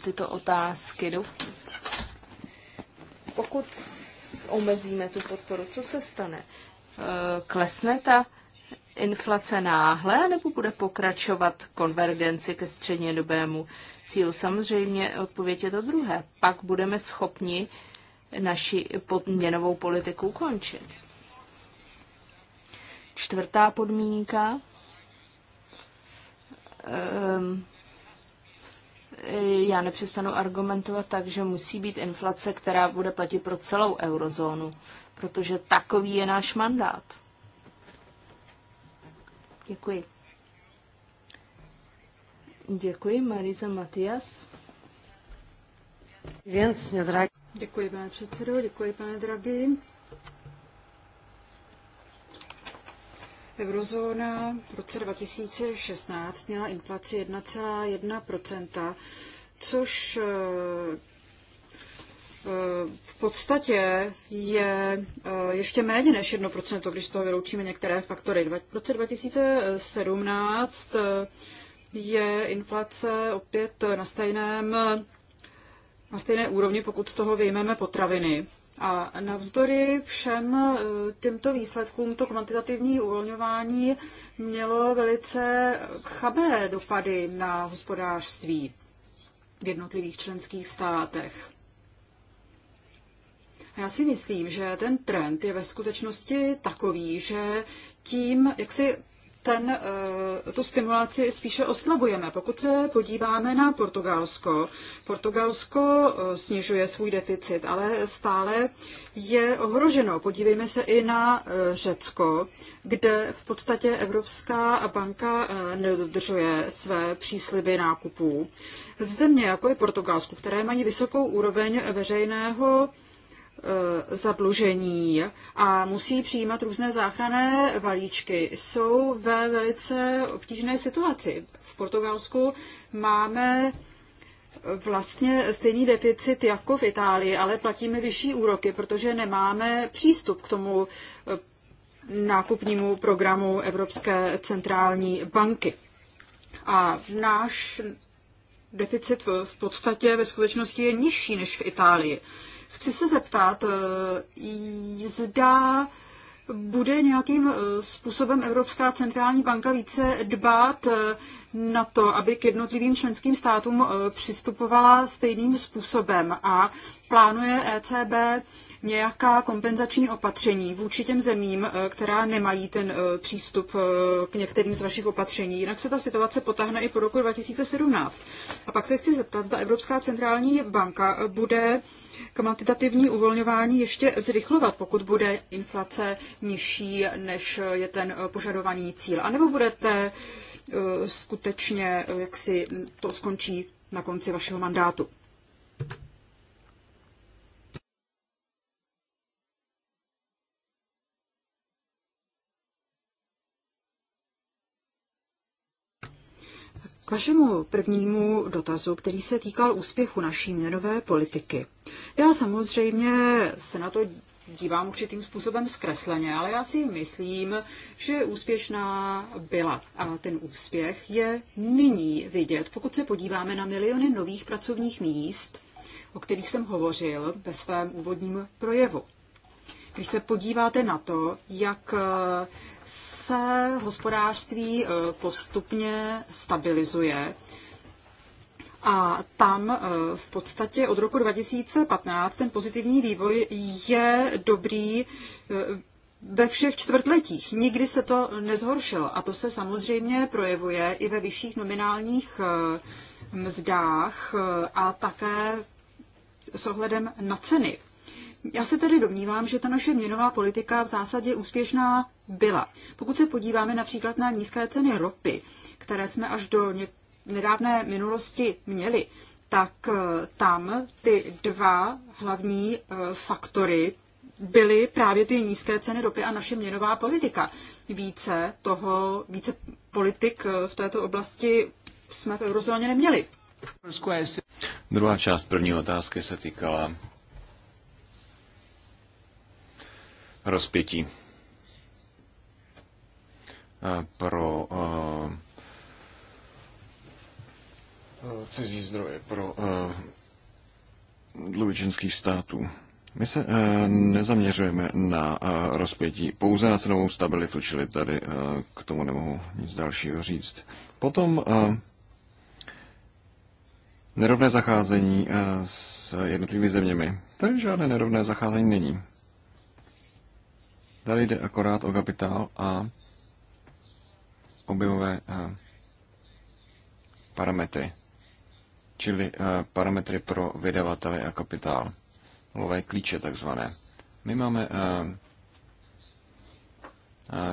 tyto otázky. Pokud omezíme tu podporu, co se stane? E, klesne ta inflace náhle, nebo bude pokračovat konvergenci ke střednědobému cílu? Samozřejmě odpověď je to druhé. Pak budeme schopni naši měnovou politiku ukončit čtvrtá podmínka. Ehm, já nepřestanu argumentovat tak, že musí být inflace, která bude platit pro celou eurozónu, protože takový je náš mandát. Děkuji. Děkuji, Marisa Matias. Děkuji, pane předsedo, děkuji, pane Draghi. Eurozóna v roce 2016 měla inflaci 1,1%, což eh, eh, v podstatě je eh, ještě méně než 1%, když z toho vyloučíme některé faktory. V roce 2017 je inflace opět na, stejném, na stejné úrovni, pokud z toho vyjmeme potraviny. A navzdory všem e, těmto výsledkům to kvantitativní uvolňování mělo velice chabé dopady na hospodářství v jednotlivých členských státech. Já si myslím, že ten trend je ve skutečnosti takový, že tím, jak si ten, eh, tu stimulaci spíše oslabujeme. Pokud se podíváme na Portugalsko, Portugalsko eh, snižuje svůj deficit, ale stále je ohroženo. Podívejme se i na eh, Řecko, kde v podstatě Evropská banka nedodržuje své přísliby nákupů. Země, jako je Portugalsko, které mají vysokou úroveň veřejného Eh, zadlužení a musí přijímat různé záchranné valíčky, jsou ve velice obtížné situaci. V Portugalsku máme vlastně stejný deficit jako v Itálii, ale platíme vyšší úroky, protože nemáme přístup k tomu eh, nákupnímu programu Evropské centrální banky. A náš deficit v podstatě ve skutečnosti je nižší než v Itálii. Chci se zeptat, e, zda bude nějakým e, způsobem Evropská centrální banka více dbát e, na to, aby k jednotlivým členským státům přistupovala stejným způsobem a plánuje ECB nějaká kompenzační opatření vůči těm zemím, která nemají ten přístup k některým z vašich opatření. Jinak se ta situace potáhne i po roku 2017. A pak se chci zeptat, zda Evropská centrální banka bude kvantitativní uvolňování ještě zrychlovat, pokud bude inflace nižší, než je ten eh, požadovaný cíl? A nebo budete eh, skutečně, eh, jak si to skončí na konci vašeho mandátu? K vašemu prvnímu dotazu, který se týkal úspěchu naší měnové politiky. Já samozřejmě se na to dívám určitým způsobem zkresleně, ale já si myslím, že úspěšná byla. A ten úspěch je nyní vidět, pokud se podíváme na miliony nových pracovních míst, o kterých jsem hovořil ve svém úvodním projevu. Když se podíváte na to, jak eh, se hospodářství eh, postupně stabilizuje, a tam eh, v podstatě od roku 2015 ten pozitivní vývoj je dobrý ve všech čtvrtletích. Nikdy se to nezhoršilo a to se samozřejmě projevuje i ve vyšších nominálních mzdách a také s ohledem na ceny. Já se tedy domnívám, že ta naše měnová politika v zásadě úspěšná byla. Pokud se podíváme například na nízké ceny ropy, které jsme až do nedávné minulosti měli, tak eh, tam ty dva hlavní eh, faktory byly právě ty nízké ceny ropy a naše měnová politika. Více toho, více politik eh, v této oblasti jsme v eurozóně neměli. Druhá část první otázky se týkala rozpětí pro cizí zdroje, pro uh, členských států. My se nezaměřujeme na rozpětí, pouze na cenovou stabilitu, čili tady k tomu nemohu nic dalšího říct. Potom nerovné zacházení s jednotlivými zeměmi. Tady žádné nerovné zacházení není. Tady jde akorát o kapitál a objemové eh, parametry, čili eh, parametry pro vydavatele a kapitál, lové klíče takzvané. My máme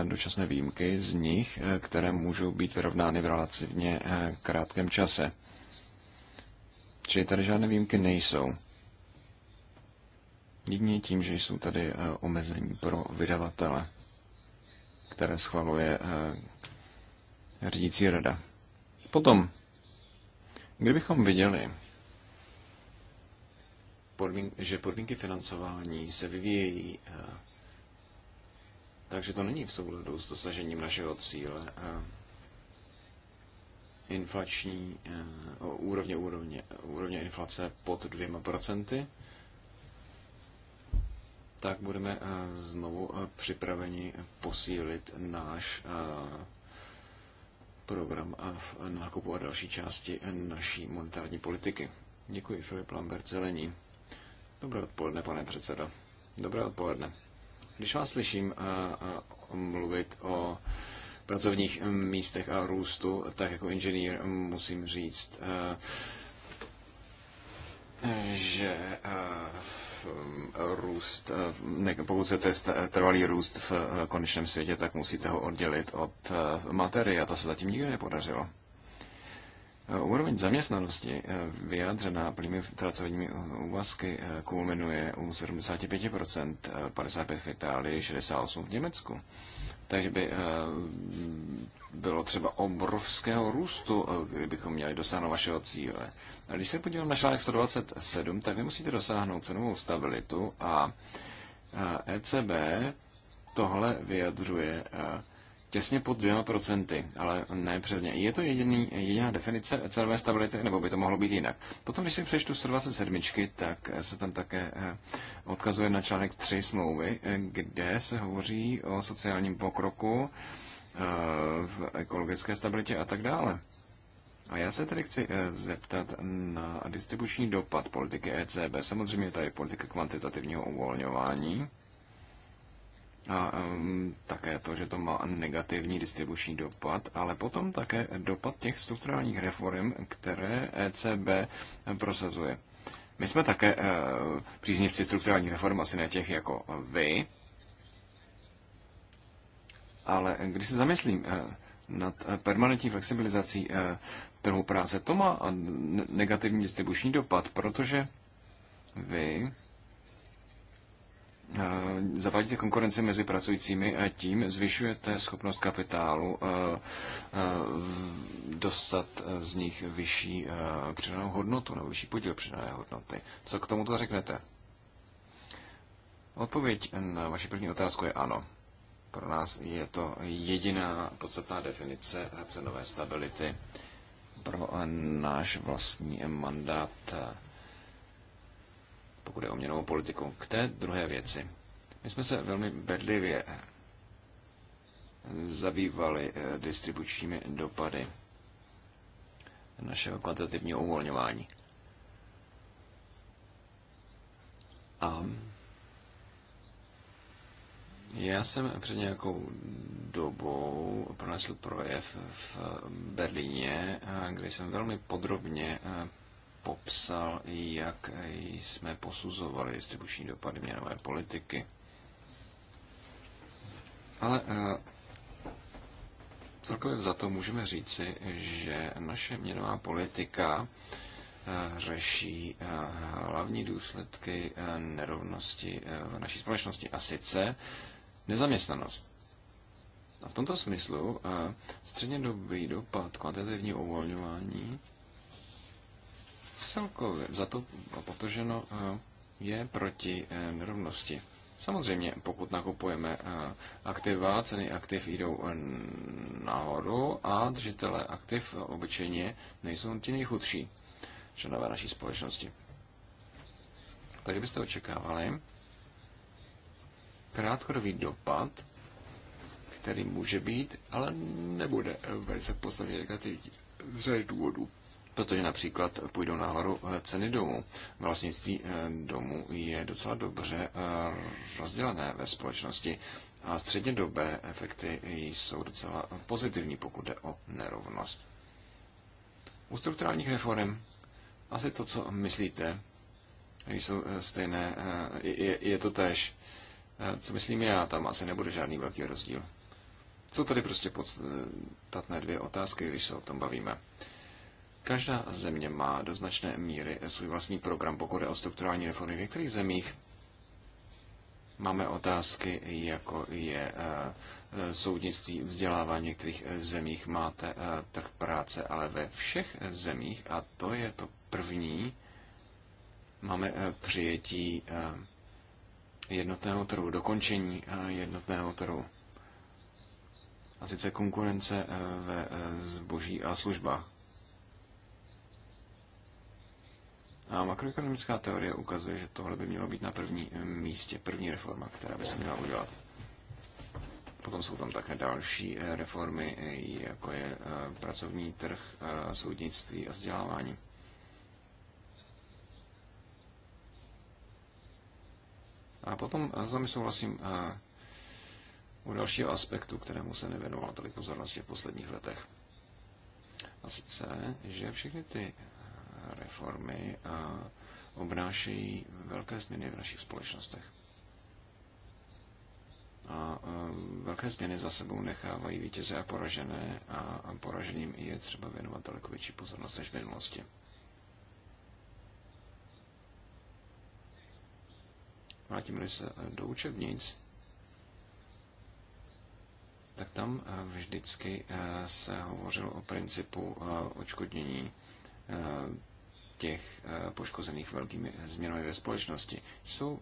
eh, dočasné výjimky z nich, které můžou být vyrovnány v relativně krátkém čase. Čili tady žádné výjimky nejsou. Jedině tím, že jsou tady eh, omezení pro vydavatele, které schvaluje eh, řídící rada. Potom, kdybychom viděli, že podmínky financování se vyvíjejí, eh, takže to není v souladu s dosažením našeho cíle inflační úrovně, úrovně, úrovně inflace pod dvěma procenty, tak budeme eh, znovu eh, připraveni posílit náš eh, program a nákupu a další části naší monetární politiky. Děkuji, Filip Lambert, Zelení. Dobré odpoledne, pane předsedo. Dobré odpoledne. Když vás slyším a, a mluvit o pracovních místech a růstu, tak jako inženýr musím říct, a, že eh, eh, růst, eh, ne, pokud chcete trvalý růst v konečném světě, tak musíte ho oddělit od materie a to se zatím nikdy nepodařilo. Úroveň zaměstnanosti vyjádřená plnými pracovními úvazky kulminuje u 75%, 55% v Itálii, 68% v Německu. Takže by bylo třeba obrovského růstu, eh, kdybychom měli dosáhnout vašeho cíle. Když se podívám na článek 127, tak vy musíte dosáhnout cenovou stabilitu a ECB tohle vyjadřuje eh, těsně pod dvěma procenty, ale ne přesně. Je to jediný, jediná definice cenové stability, nebo by to mohlo být jinak. Potom, když si přečtu 127, tak se tam také eh, odkazuje na článek 3 smlouvy, kde se hovoří o sociálním pokroku, Eh, v ekologické stabilitě a tak dále. A já se tedy chci eh, zeptat na distribuční dopad politiky ECB. Samozřejmě tady politika kvantitativního uvolňování a um, také to, že to má negativní distribuční dopad, ale potom také dopad těch strukturálních reform, které ECB eh, prosazuje. My jsme také uh, příznivci strukturálních reform, asi ne těch jako vy, ale když se zamyslím eh, nad eh, permanentní flexibilizací eh, trhu práce, to má negativní distribuční dopad, protože vy zavádíte konkurenci mezi pracujícími a tím zvyšujete schopnost kapitálu dostat z nich vyšší přidanou hodnotu nebo vyšší podíl přidané hodnoty. Co k tomu to řeknete? Odpověď na vaši první otázku je ano. Pro nás je to jediná podstatná definice cenové stability pro náš vlastní mandát, pokud je o měnovou politiku. K té druhé věci. My jsme se velmi bedlivě zabývali eh, distribučními dopady našeho kvantitativního uvolňování. A já jsem před nějakou dobou pronesl projev v Berlíně, kde jsem velmi podrobně popsal, jak jsme posuzovali distribuční dopady měnové politiky. Ale celkově za to můžeme říci, že naše měnová politika řeší hlavní důsledky nerovnosti v naší společnosti. A sice nezaměstnanost. A v tomto smyslu eh, střednědobý dopad kvantitativního uvolňování celkově za to potrženo eh, je proti eh, nerovnosti. Samozřejmě, pokud nakupujeme aktiva, ceny aktiv jdou nahoru a držitele aktiv obyčejně nejsou ti nejchudší členové naší společnosti. Tady byste očekávali, krátkodobý dopad, který může být, ale nebude velice v podstatě negativní z důvodů. Protože například půjdou nahoru eh, ceny domů. Vlastnictví eh, domu je docela dobře eh, rozdělené ve společnosti a střednědobé efekty jsou docela pozitivní, pokud jde o nerovnost. U strukturálních reform asi to, co myslíte, jsou stejné, je, je to tež. Eh, co myslím já, tam asi nebude žádný velký rozdíl. Co tady prostě podstatné dvě otázky, když se o tom bavíme. Každá země má do značné míry svůj vlastní program, pokud je o strukturální reformy. V některých zemích máme otázky, jako je eh, soudnictví, vzdělávání. V některých eh, zemích máte trh práce, ale ve všech zemích, a to je to první, máme přijetí jednotného trhu, dokončení eh, jednotného trhu. A sice konkurence eh, ve eh, zboží a službách. A makroekonomická teorie ukazuje, že tohle by mělo být na první místě, první reforma, která by se měla udělat. Potom jsou tam také další reformy, jako je pracovní trh, soudnictví a vzdělávání. A potom s eh, vámi souhlasím eh, u dalšího aspektu, kterému se nevěnoval tolik pozornosti v posledních letech. A sice, že všechny ty eh, reformy obnášejí velké změny v našich společnostech. A velké změny za sebou nechávají vítěze a poražené a poraženým je třeba věnovat daleko větší pozornost než v minulosti. vrátíme se do učebnic, tak tam eh, vždycky eh, se hovořilo o principu eh, očkodnění těch poškozených velkými změnami ve společnosti. Jsou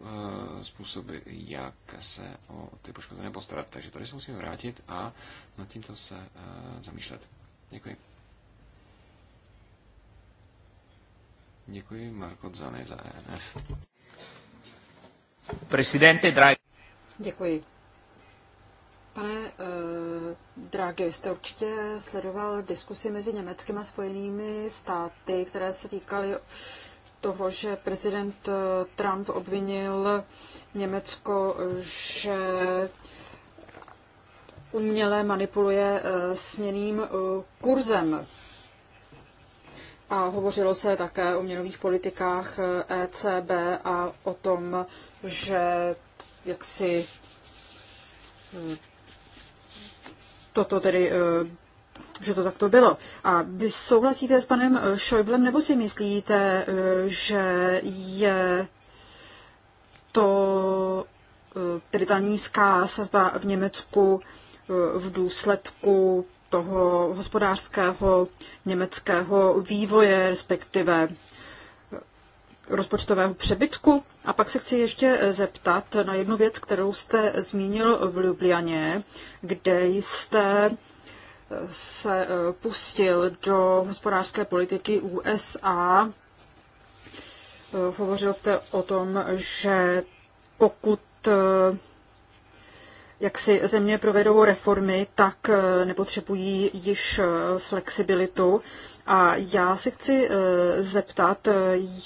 způsoby, jak se o ty poškozené postarat. Takže tady se musíme vrátit a nad tímto se zamýšlet. Děkuji. Děkuji Marko Zane za ENF. Presidente Draghi. Děkuji. Pane uh, Draghi, vy jste určitě sledoval diskusy mezi Německem a Spojenými státy, které se týkaly toho, že prezident eh, Trump obvinil Německo, že uměle manipuluje eh, směným kurzem. A hovořilo se také o měnových politikách ECB eh, e a o tom, že jaksi hm, toto tedy, eh, že to takto bylo. A vy souhlasíte s panem eh, Schäublem, nebo si myslíte, že je to tedy ta nízká sazba v Německu v důsledku toho hospodářského německého vývoje, respektive rozpočtového přebytku. A pak se chci ještě zeptat na jednu věc, kterou jste zmínil v Ljubljaně, kde jste se eh, pustil do hospodářské politiky USA. Eh, hovořil jste o tom, že pokud eh, jak si země provedou reformy, tak eh, nepotřebují již eh, flexibilitu. A já se chci eh, zeptat,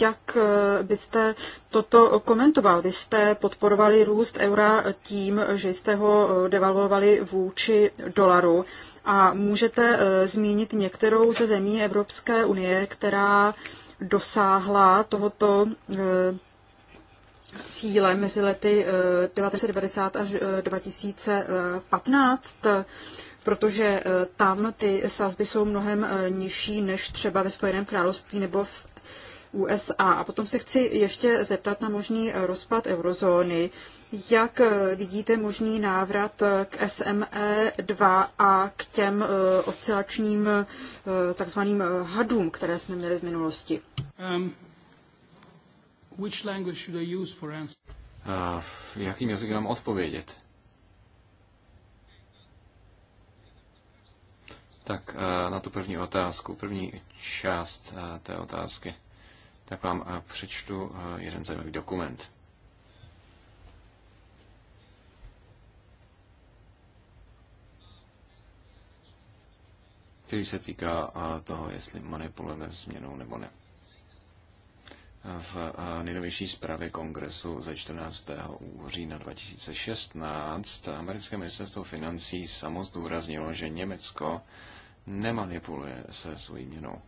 jak byste toto komentoval. Vy jste podporovali růst eura tím, že jste ho devalvovali vůči dolaru. A můžete zmínit některou ze zemí Evropské unie, která dosáhla tohoto cíle mezi lety 1990 eh, až 2015, eh, protože eh, tam ty sazby jsou mnohem nižší než třeba ve Spojeném království nebo v USA. A potom se chci ještě zeptat na možný rozpad eurozóny. Jak vidíte možný návrat k SME 2 a k těm oscilačním takzvaným hadům, které jsme měli v minulosti? Um, Which language should I use for answer? Uh, jakým jazykem mám odpovědět? Tak uh, na tu první otázku, první část uh, té otázky, tak vám uh, přečtu uh, jeden zajímavý dokument. který se týká toho, jestli manipulujeme změnou nebo ne v eh, nejnovější zprávě kongresu ze 14. října 2016 americké ministerstvo financí samo zdůraznilo, že Německo nemanipuluje se svojí měnou.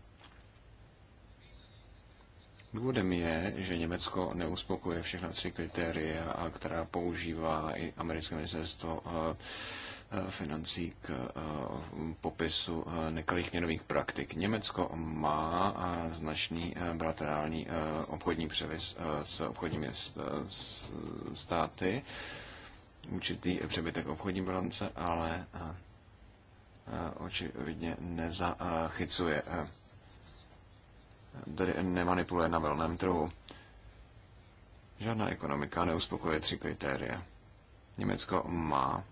Důvodem je, že Německo neuspokuje všechna tři kritéria, která používá i americké ministerstvo eh, Eh, financí k eh, popisu eh, nekalých měnových praktik. Německo má značný bilaterální obchodní převis s obchodními státy, určitý přebytek obchodní bilance, ale očividně nezachycuje, tedy nemanipuluje na velném trhu. Žádná ekonomika neuspokojuje tři kritéria. Německo má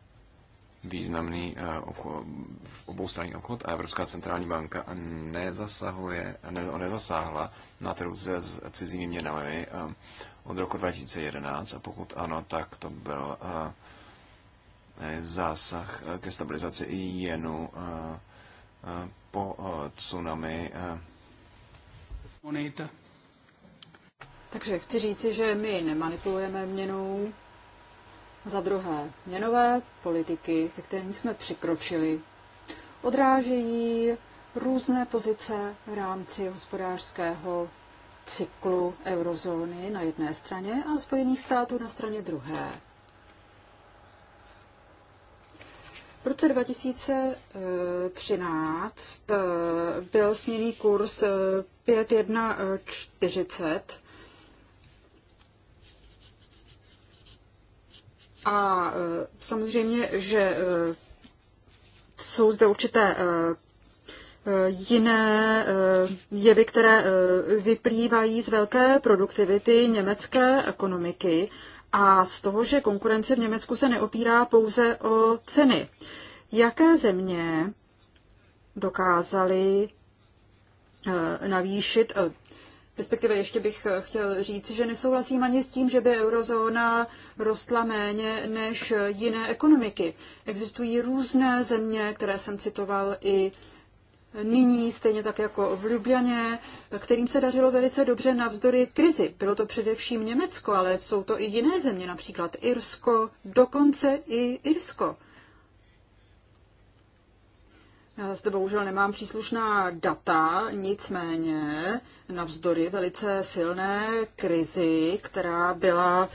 významný eh, obchod, oboustranný obchod a Evropská centrální banka nezasahuje, ne, nezasáhla na trhu se s cizími měnami eh, od roku 2011 a pokud ano, tak to byl eh, zásah ke stabilizaci i jenu po tsunami. Takže chci říci, že my nemanipulujeme měnou, za druhé, měnové politiky, ke kterým jsme přikročili, odrážejí různé pozice v rámci hospodářského cyklu eurozóny na jedné straně a Spojených států na straně druhé. V roce 2013 eh, byl směný kurz 5140 eh, A e, samozřejmě, že e, jsou zde určité e, jiné jevy, které vyplývají z velké produktivity německé ekonomiky a z toho, že konkurence v Německu se neopírá pouze o ceny. Jaké země dokázaly navýšit Respektive ještě bych eh, chtěl říct, že nesouhlasím ani s tím, že by eurozóna rostla méně než jiné ekonomiky. Existují různé země, které jsem citoval i nyní, stejně tak jako v Ljubljaně, kterým se dařilo velice dobře navzdory krizi. Bylo to především Německo, ale jsou to i jiné země, například Irsko, dokonce i Irsko. Já zde bohužel nemám příslušná data, nicméně navzdory velice silné krizi, která byla e,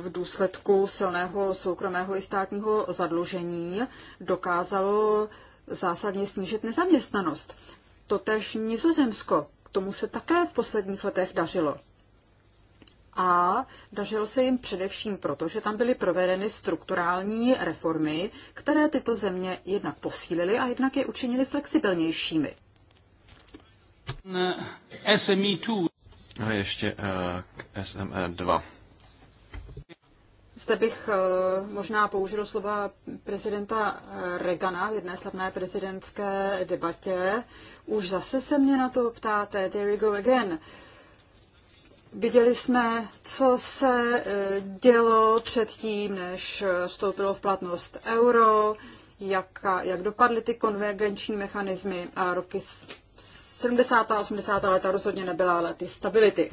v důsledku silného soukromého i státního zadlužení, dokázalo zásadně snížit nezaměstnanost. Totež Nizozemsko, k tomu se také v posledních letech dařilo a dařilo se jim především proto, že tam byly provedeny strukturální reformy, které tyto země jednak posílily a jednak je učinily flexibilnějšími. SME2. A ještě eh, k SME2. Zde bych eh, možná použil slova prezidenta eh, Regana v jedné slavné prezidentské debatě. Už zase se mě na to ptáte, there we go again. Viděli jsme, co se e, dělo předtím, než e, vstoupilo v platnost euro, jak, jak dopadly ty konvergenční mechanismy a roky 70. a 80. leta rozhodně nebyla lety stability.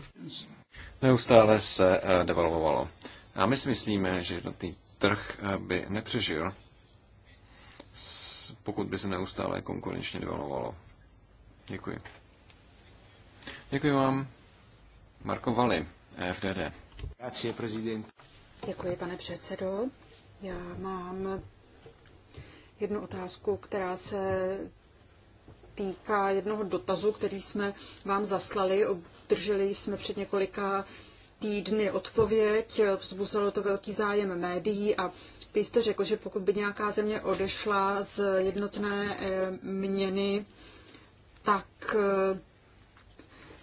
Neustále se e, devalvovalo. A my si myslíme, že ten trh by nepřežil, pokud by se neustále konkurenčně devalvovalo. Děkuji. Děkuji vám. Marko Vali, FDD. Děkuji, pane předsedo. Já mám jednu otázku, která se týká jednoho dotazu, který jsme vám zaslali. Obdrželi jsme před několika týdny odpověď, vzbuzelo to velký zájem médií a vy jste řekl, že pokud by nějaká země odešla z jednotné eh, měny, tak eh,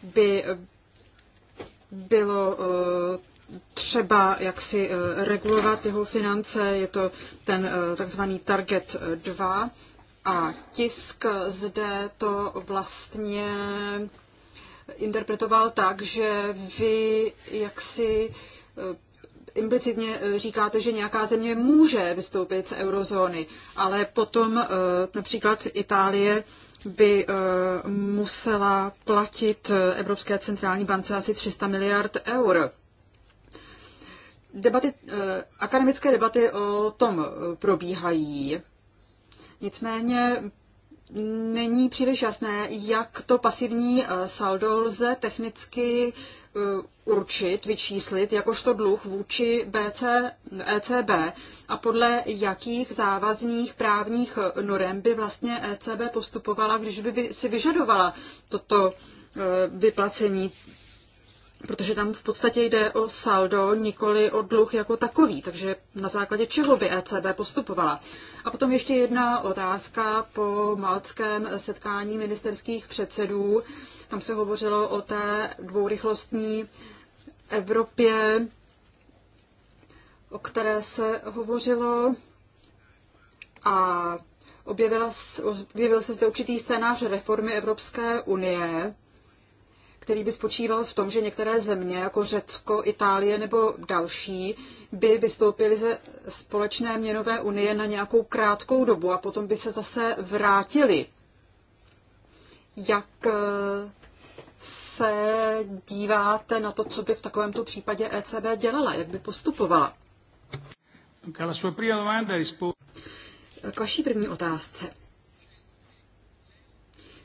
by bylo eh, třeba jaksi eh, regulovat jeho finance, je to ten eh, takzvaný Target 2 a tisk zde to vlastně interpretoval tak, že vy jaksi implicitně říkáte, že nějaká země může vystoupit z eurozóny, ale potom například Itálie by eh, musela platit eh, Evropské centrální bance asi 300 miliard eur. Debaty, eh, akademické debaty o tom probíhají. Nicméně není příliš jasné, jak to pasivní eh, saldo lze technicky eh, určit, vyčíslit, jakožto dluh vůči BC, ECB a podle jakých závazných právních eh, norem by vlastně ECB postupovala, když by si vyžadovala toto vyplacení protože tam v podstatě jde o saldo, nikoli o dluh jako takový, takže na základě čeho by ECB postupovala. A potom ještě jedna otázka po malckém setkání ministerských předsedů. Tam se hovořilo o té dvourychlostní Evropě, o které se hovořilo a objevila, objevil se zde určitý scénář reformy Evropské unie, který by spočíval v tom, že některé země, jako Řecko, Itálie nebo další, by vystoupily ze společné měnové unie na nějakou krátkou dobu a potom by se zase vrátili. Jak eh, se díváte na to, co by v takovémto případě ECB dělala, jak by postupovala? K vaší první otázce.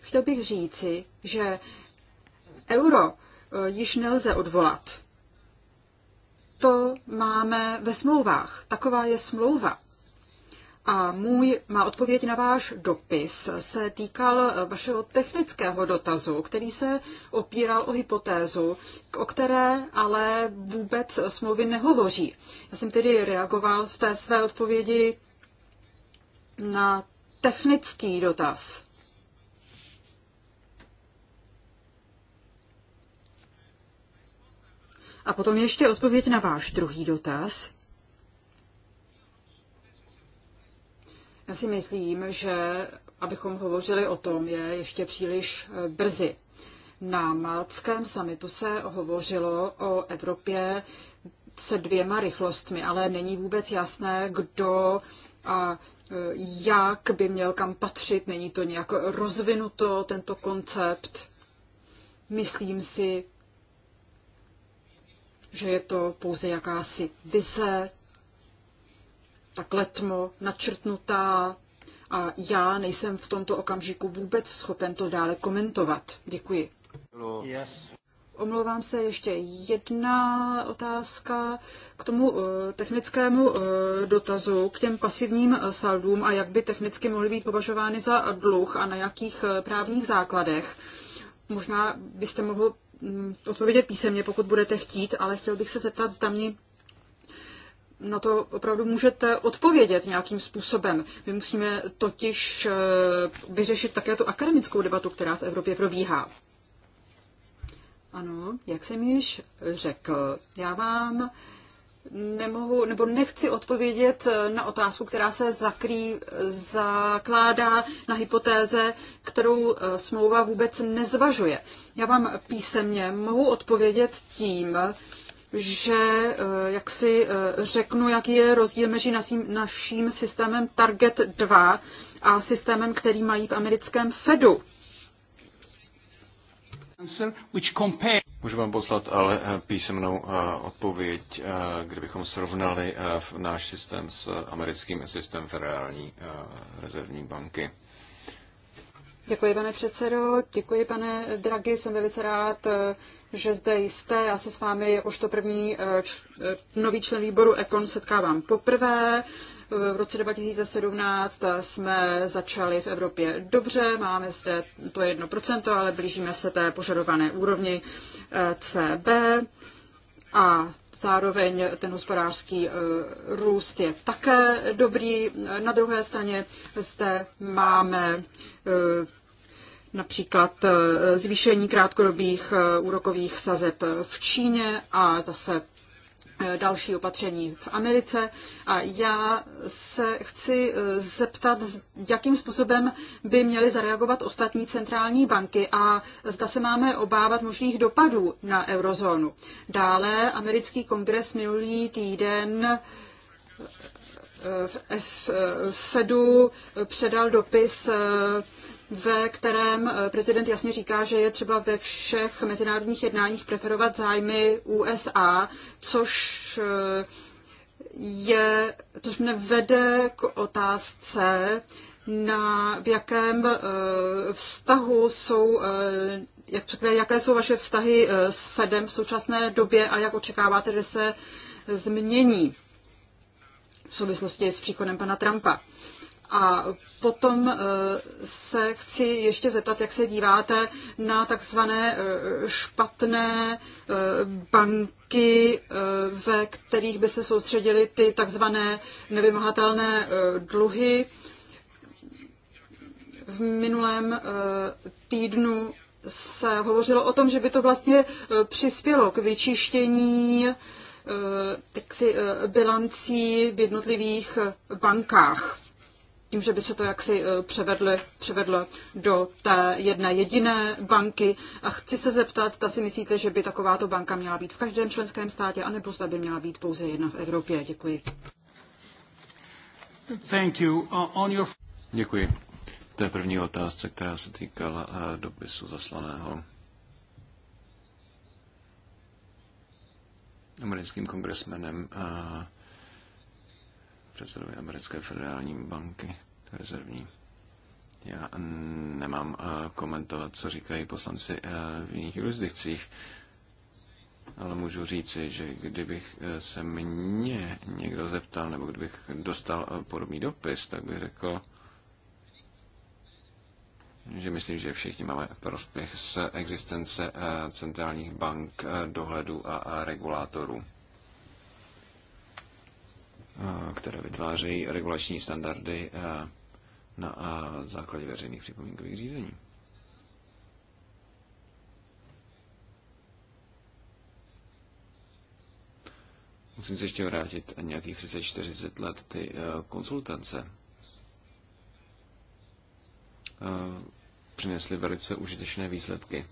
Chtěl bych říci, že euro eh, již nelze odvolat. To máme ve smlouvách. Taková je smlouva. A můj, má odpověď na váš dopis se týkal eh, vašeho technického dotazu, který se opíral o hypotézu, o které ale vůbec smlouvy nehovoří. Já jsem tedy reagoval v té své odpovědi na technický dotaz. A potom ještě odpověď na váš druhý dotaz. Já si myslím, že abychom hovořili o tom, je ještě příliš eh, brzy. Na Malckém samitu se hovořilo o Evropě se dvěma rychlostmi, ale není vůbec jasné, kdo a eh, jak by měl kam patřit. Není to nějak rozvinuto, tento koncept. Myslím si, že je to pouze jakási vize, tak letmo načrtnutá a já nejsem v tomto okamžiku vůbec schopen to dále komentovat. Děkuji. Yes. Omlouvám se, ještě jedna otázka k tomu eh, technickému eh, dotazu, k těm pasivním eh, saldům a jak by technicky mohly být považovány za dluh a na jakých právních základech. Možná byste mohl Mm, odpovědět písemně, pokud budete chtít, ale chtěl bych se zeptat, zda mě na to opravdu můžete odpovědět nějakým způsobem. My musíme totiž eh, vyřešit také tu akademickou debatu, která v Evropě probíhá. Ano, jak jsem již řekl, já vám nemohu, nebo nechci odpovědět eh, na otázku, která se zakrý, zakládá na hypotéze, kterou eh, smlouva vůbec nezvažuje. Já vám písemně mohu odpovědět tím, že eh, jak si řeknu, jaký je rozdíl mezi naším, naším systémem Target 2 a systémem, který mají v americkém Fedu. Which compare Můžu vám poslat ale eh, písemnou eh, odpověď, eh, kdybychom srovnali náš systém s americkým systémem Federální rezervní banky. Děkuji, pane předsedo, děkuji, pane Dragi, jsem velice rád, že zde jste. Já se s vámi už to první nový člen výboru Econ setkávám poprvé. V roce 2017 jsme začali v Evropě dobře, máme zde to jedno procento, ale blížíme se té požadované úrovni eh, CB a zároveň ten hospodářský eh, růst je také dobrý. Na druhé straně zde máme eh, například zvýšení krátkodobých úrokových sazeb v Číně a zase Eh, další opatření v Americe. A já se chci eh, zeptat, jakým způsobem by měly zareagovat ostatní centrální banky a zda se máme obávat možných dopadů na eurozónu. Dále americký kongres minulý týden eh, v Fedu předal dopis ve kterém eh, prezident jasně říká, že je třeba ve všech mezinárodních jednáních preferovat zájmy USA, což eh, je, což mne vede k otázce, na, v jakém eh, vztahu jsou jak, jaké jsou vaše vztahy s Fedem v současné době a jak očekáváte, že se změní v souvislosti s příchodem pana Trumpa. A potom eh, se chci ještě zeptat, jak se díváte na takzvané eh, špatné eh, banky, ve kterých by se soustředily ty takzvané nevymahatelné dluhy. V minulém týdnu se hovořilo o tom, že by to vlastně přispělo k vyčištění bilancí v jednotlivých bankách tím, že by se to jaksi eh, převedlo, převedlo do té jedné jediné banky. A chci se zeptat, ta si myslíte, že by takováto banka měla být v každém členském státě, anebo zda by měla být pouze jedna v Evropě? Děkuji. Thank you. On your... Děkuji. To je první otázce, která se týkala eh, dopisu zaslaného americkým kongresmenem. Eh, předsedovi americké federální banky rezervní. Já nemám eh, komentovat, co říkají poslanci eh, v jiných jurisdikcích, ale můžu říci, že kdybych eh, se mě někdo zeptal, nebo kdybych dostal podobný dopis, tak bych řekl, že myslím, že všichni máme prospěch z existence centrálních bank, dohledu a regulátorů které vytvářejí regulační standardy na základě veřejných připomínkových řízení. Musím se ještě vrátit nějakých 30-40 let ty e, konsultance. E, přinesly velice užitečné výsledky.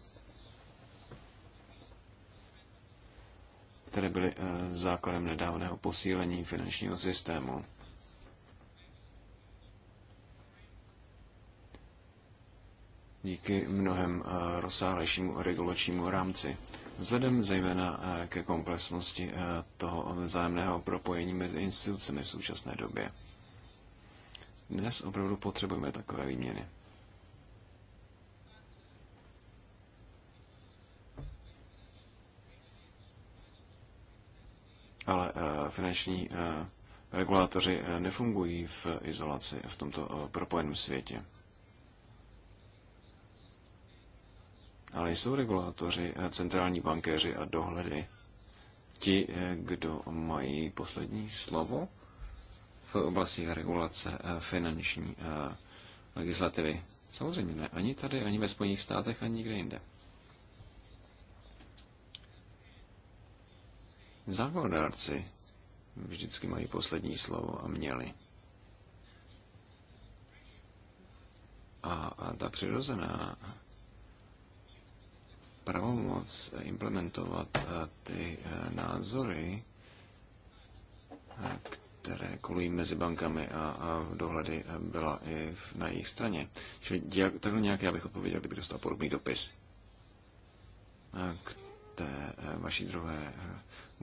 které byly eh, základem nedávného posílení finančního systému. díky mnohem eh, rozsáhlejšímu regulačnímu rámci. Vzhledem zejména eh, ke komplexnosti toho vzájemného propojení mezi institucemi v současné době. Dnes opravdu potřebujeme takové výměny. ale eh, finanční eh, regulátoři eh, nefungují v izolaci v tomto propojeném světě. Ale jsou regulátoři, centrální bankéři a dohledy ti, kdo mají poslední slovo v oblasti regulace finanční legislativy. Samozřejmě ne. Ani tady, ani ve Spojených státech, ani nikde jinde. Zákonodárci vždycky mají poslední slovo a měli. A, a ta přirozená pravomoc implementovat eh, ty eh, názory, eh, které kolují mezi bankami a, a dohledy byla i na jejich straně. Čili jak, takhle nějak já bych odpověděl, kdyby dostal podobný dopis. A k té vaší druhé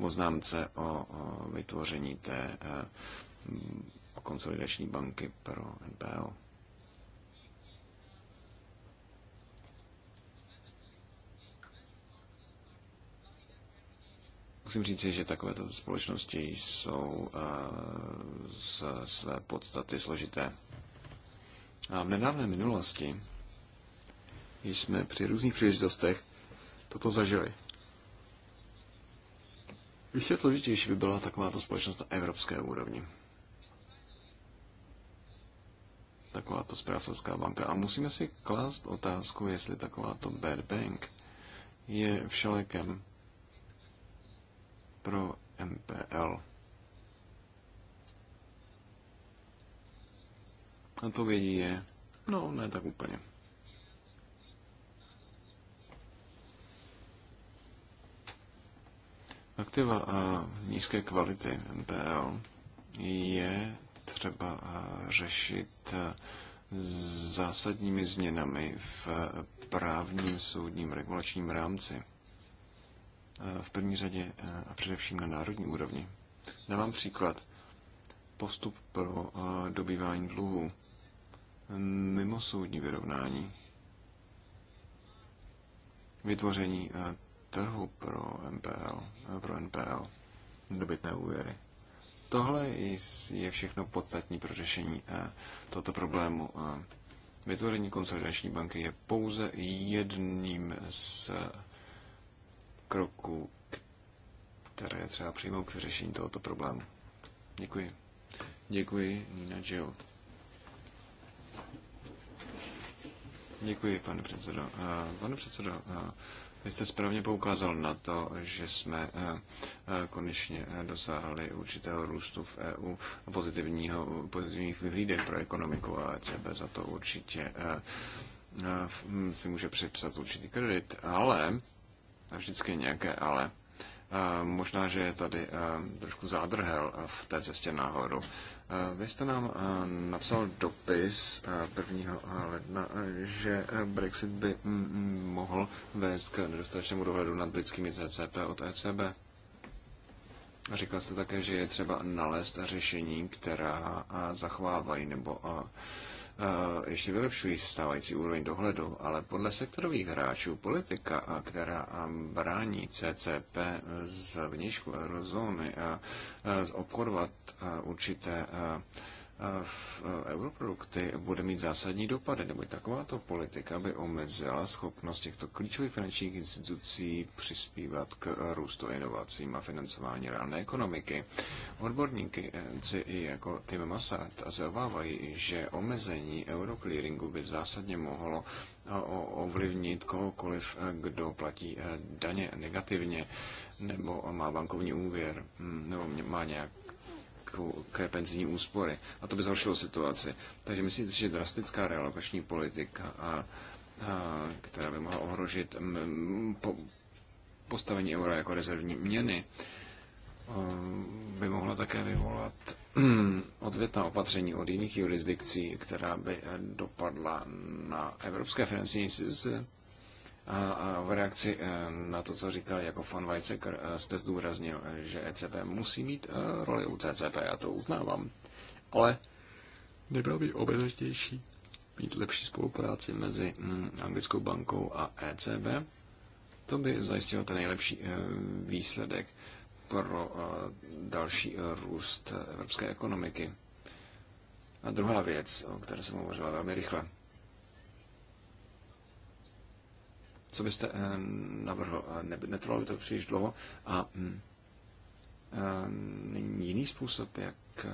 oznámce o, vytvoření té eh, konsolidační banky pro NPL. Musím říct, že takovéto společnosti jsou eh, z své podstaty složité. A v nedávné minulosti jsme při různých příležitostech toto zažili. Ještě složitější by byla takováto společnost na evropské úrovni. Takováto správcovská banka. A musíme si klást otázku, jestli takováto bad bank je všelekem pro MPL. Odpovědí je, no ne tak úplně. Aktiva a eh, nízké kvality NPL je třeba eh, řešit eh, zásadními změnami v právním soudním regulačním rámci. V první řadě a především na národní úrovni. Dávám příklad. Postup pro dobývání mimo soudní vyrovnání. Vytvoření trhu pro MPL, pro NPL, dobytné úvěry. Tohle je všechno podstatní pro řešení eh, tohoto problému. Eh, vytvoření konsolidační banky je pouze jedním z eh, kroků, které třeba přijmout k řešení tohoto problému. Děkuji. Děkuji, Nina Jill. Děkuji, pane předsedo. Pane předsedo, vy jste správně poukázal na to, že jsme eh, eh, konečně eh, dosáhli určitého růstu v EU a pozitivního, pozitivních vyhlídek pro ekonomiku a ECB za to určitě hm, si může připsat určitý kredit, ale, a vždycky nějaké ale, možná, že je tady trošku zádrhel v té cestě nahoru. Eh, vy jste nám eh, napsal dopis 1. Eh, ledna, že Brexit by mm, mm, mohl vést k nedostatečnému dohledu nad britskými CCP od ECB. Říkal jste také, že je třeba nalézt řešení, která zachovávají nebo ještě vylepšují stávající úroveň dohledu, ale podle sektorových hráčů politika, která brání CCP z vnějšku eurozóny obchodovat určité v e, europrodukty bude mít zásadní dopady, nebo takováto politika by omezila schopnost těchto klíčových finančních institucí přispívat k růstu inovacím a financování reálné ekonomiky. Odborníky e, i jako Tim Massad se obávají, že omezení euroclearingu by zásadně mohlo e, ovlivnit kohokoliv, kdo platí daně negativně nebo má bankovní úvěr, hm, nebo má nějak k penzijní úspory. A to by zhoršilo situaci. Takže myslím si, že drastická realokační politika, a, a, která by mohla ohrožit m, po, postavení eura jako rezervní měny, by mohla také vyvolat odvětná opatření od jiných jurisdikcí, která by eh, dopadla na evropské finanční instituce a v reakci eh, na to, co říkal jako fan Weizsäcker, eh, jste zdůraznil, eh, že ECB musí mít roli u CCP, já to uznávám. Ale nebylo by obezřetnější mít lepší spolupráci mezi hm, Anglickou bankou a ECB? To by zajistilo ten nejlepší výsledek pro další růst evropské ekonomiky. A druhá věc, o které jsem hovořila velmi rychle. Co byste eh, navrhl? Netrvalo by to příliš dlouho a hm, eh, není jiný způsob, jak eh,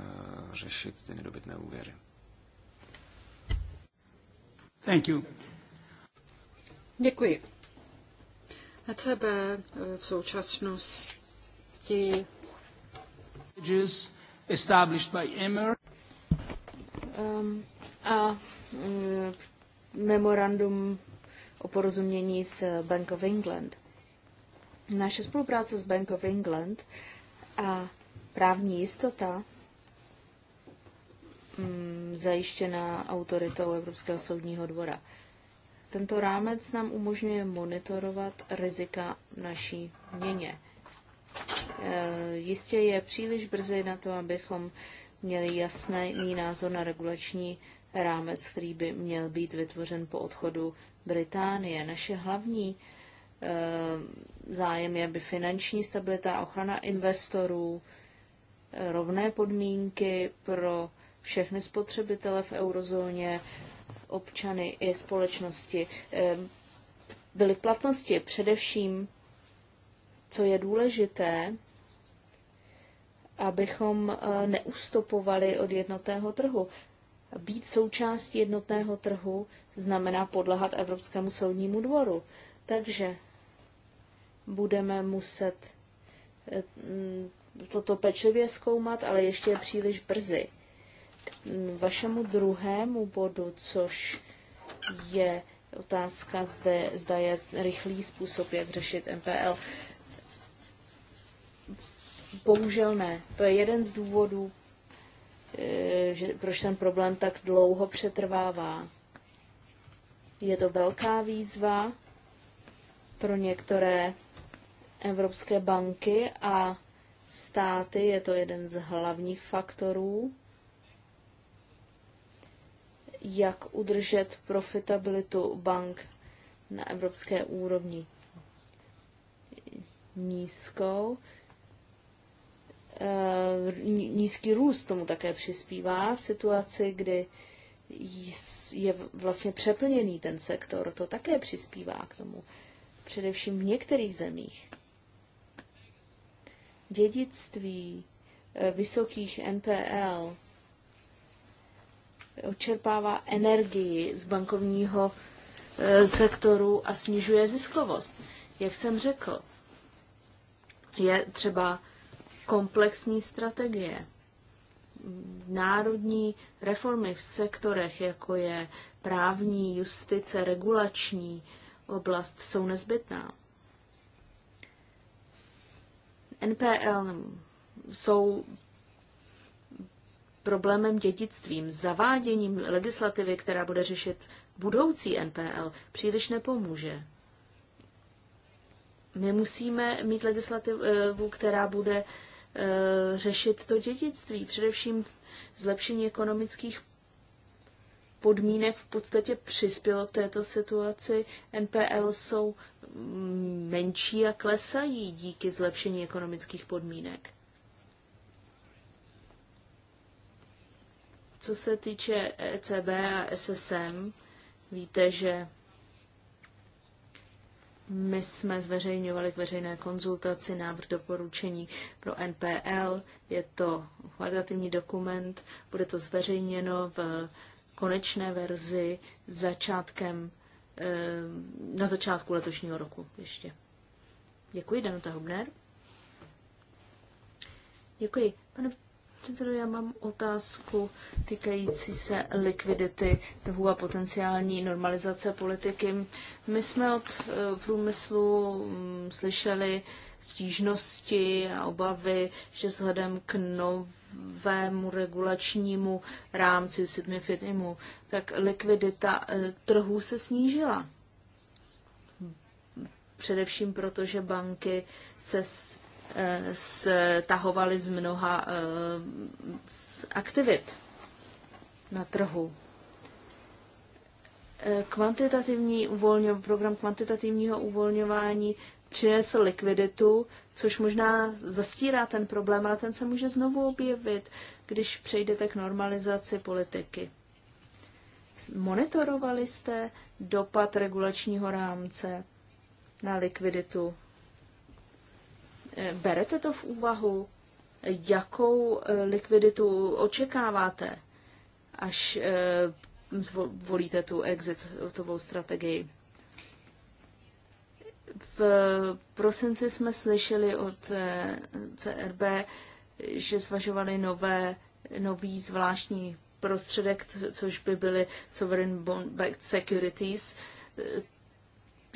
řešit ty nedobytné úvěry. Thank you. Děkuji. ECB v současnosti established by EMER. Um, ehm, a um, memorandum o porozumění s Bank of England. Naše spolupráce s Bank of England a právní jistota mm, zajištěná autoritou Evropského soudního dvora. Tento rámec nám umožňuje monitorovat rizika naší měně. E, jistě je příliš brzy na to, abychom měli jasný názor na regulační rámec, který by měl být vytvořen po odchodu Británie. Naše hlavní eh, zájem je, aby finanční stabilita, ochrana investorů, eh, rovné podmínky pro všechny spotřebitele v eurozóně, občany i společnosti eh, byly v platnosti. Především, co je důležité, abychom neustupovali od jednotného trhu. Být součástí jednotného trhu znamená podlehat Evropskému soudnímu dvoru. Takže budeme muset eh, mm, toto pečlivě zkoumat, ale ještě je příliš brzy. K vašemu druhému bodu, což je otázka, zde, zda je rychlý způsob, jak řešit MPL. Bohužel ne. To je jeden z důvodů, Eh, že proč ten problém tak dlouho přetrvává. Je to velká výzva pro některé evropské banky a státy, je to jeden z hlavních faktorů, jak udržet profitabilitu bank na evropské úrovni nízkou. Eh, nízký růst tomu také přispívá v situaci, kdy je vlastně přeplněný ten sektor, to také přispívá k tomu, především v některých zemích. Dědictví eh, vysokých NPL odčerpává energii z bankovního eh, sektoru a snižuje ziskovost. Jak jsem řekl, je třeba komplexní strategie. Národní reformy v sektorech, jako je právní, justice, regulační oblast, jsou nezbytná. NPL jsou problémem dědictvím, zaváděním legislativy, která bude řešit budoucí NPL, příliš nepomůže. My musíme mít legislativu, eh, která bude Eh, řešit to dědictví, především zlepšení ekonomických podmínek v podstatě přispělo k této situaci. NPL jsou menší a klesají díky zlepšení ekonomických podmínek. Co se týče ECB a SSM, víte, že my jsme zveřejňovali k veřejné konzultaci návrh doporučení pro NPL. Je to kvalitativní dokument, bude to zveřejněno v konečné verzi začátkem, eh, na začátku letošního roku ještě. Děkuji, Danuta Hubner. Děkuji. Pane já mám otázku týkající se likvidity trhu a potenciální normalizace politiky. My jsme od eh, průmyslu mm, slyšeli stížnosti a obavy, že vzhledem k novému regulačnímu rámci SIDMIFITIMu, tak likvidita eh, trhů se snížila. Především proto, že banky se Eh, stahovali z mnoha eh, aktivit na trhu. Eh, kvantitativní uvolňov, program kvantitativního uvolňování přinesl likviditu, což možná zastírá ten problém, ale ten se může znovu objevit, když přejdete k normalizaci politiky. Monitorovali jste dopad regulačního rámce na likviditu Eh, berete to v úvahu? Jakou eh, likviditu očekáváte, až eh, volíte tu exitovou strategii? V prosinci jsme slyšeli od CRB, že zvažovali nové, nový zvláštní prostředek, což by byly Sovereign Bond Backed Securities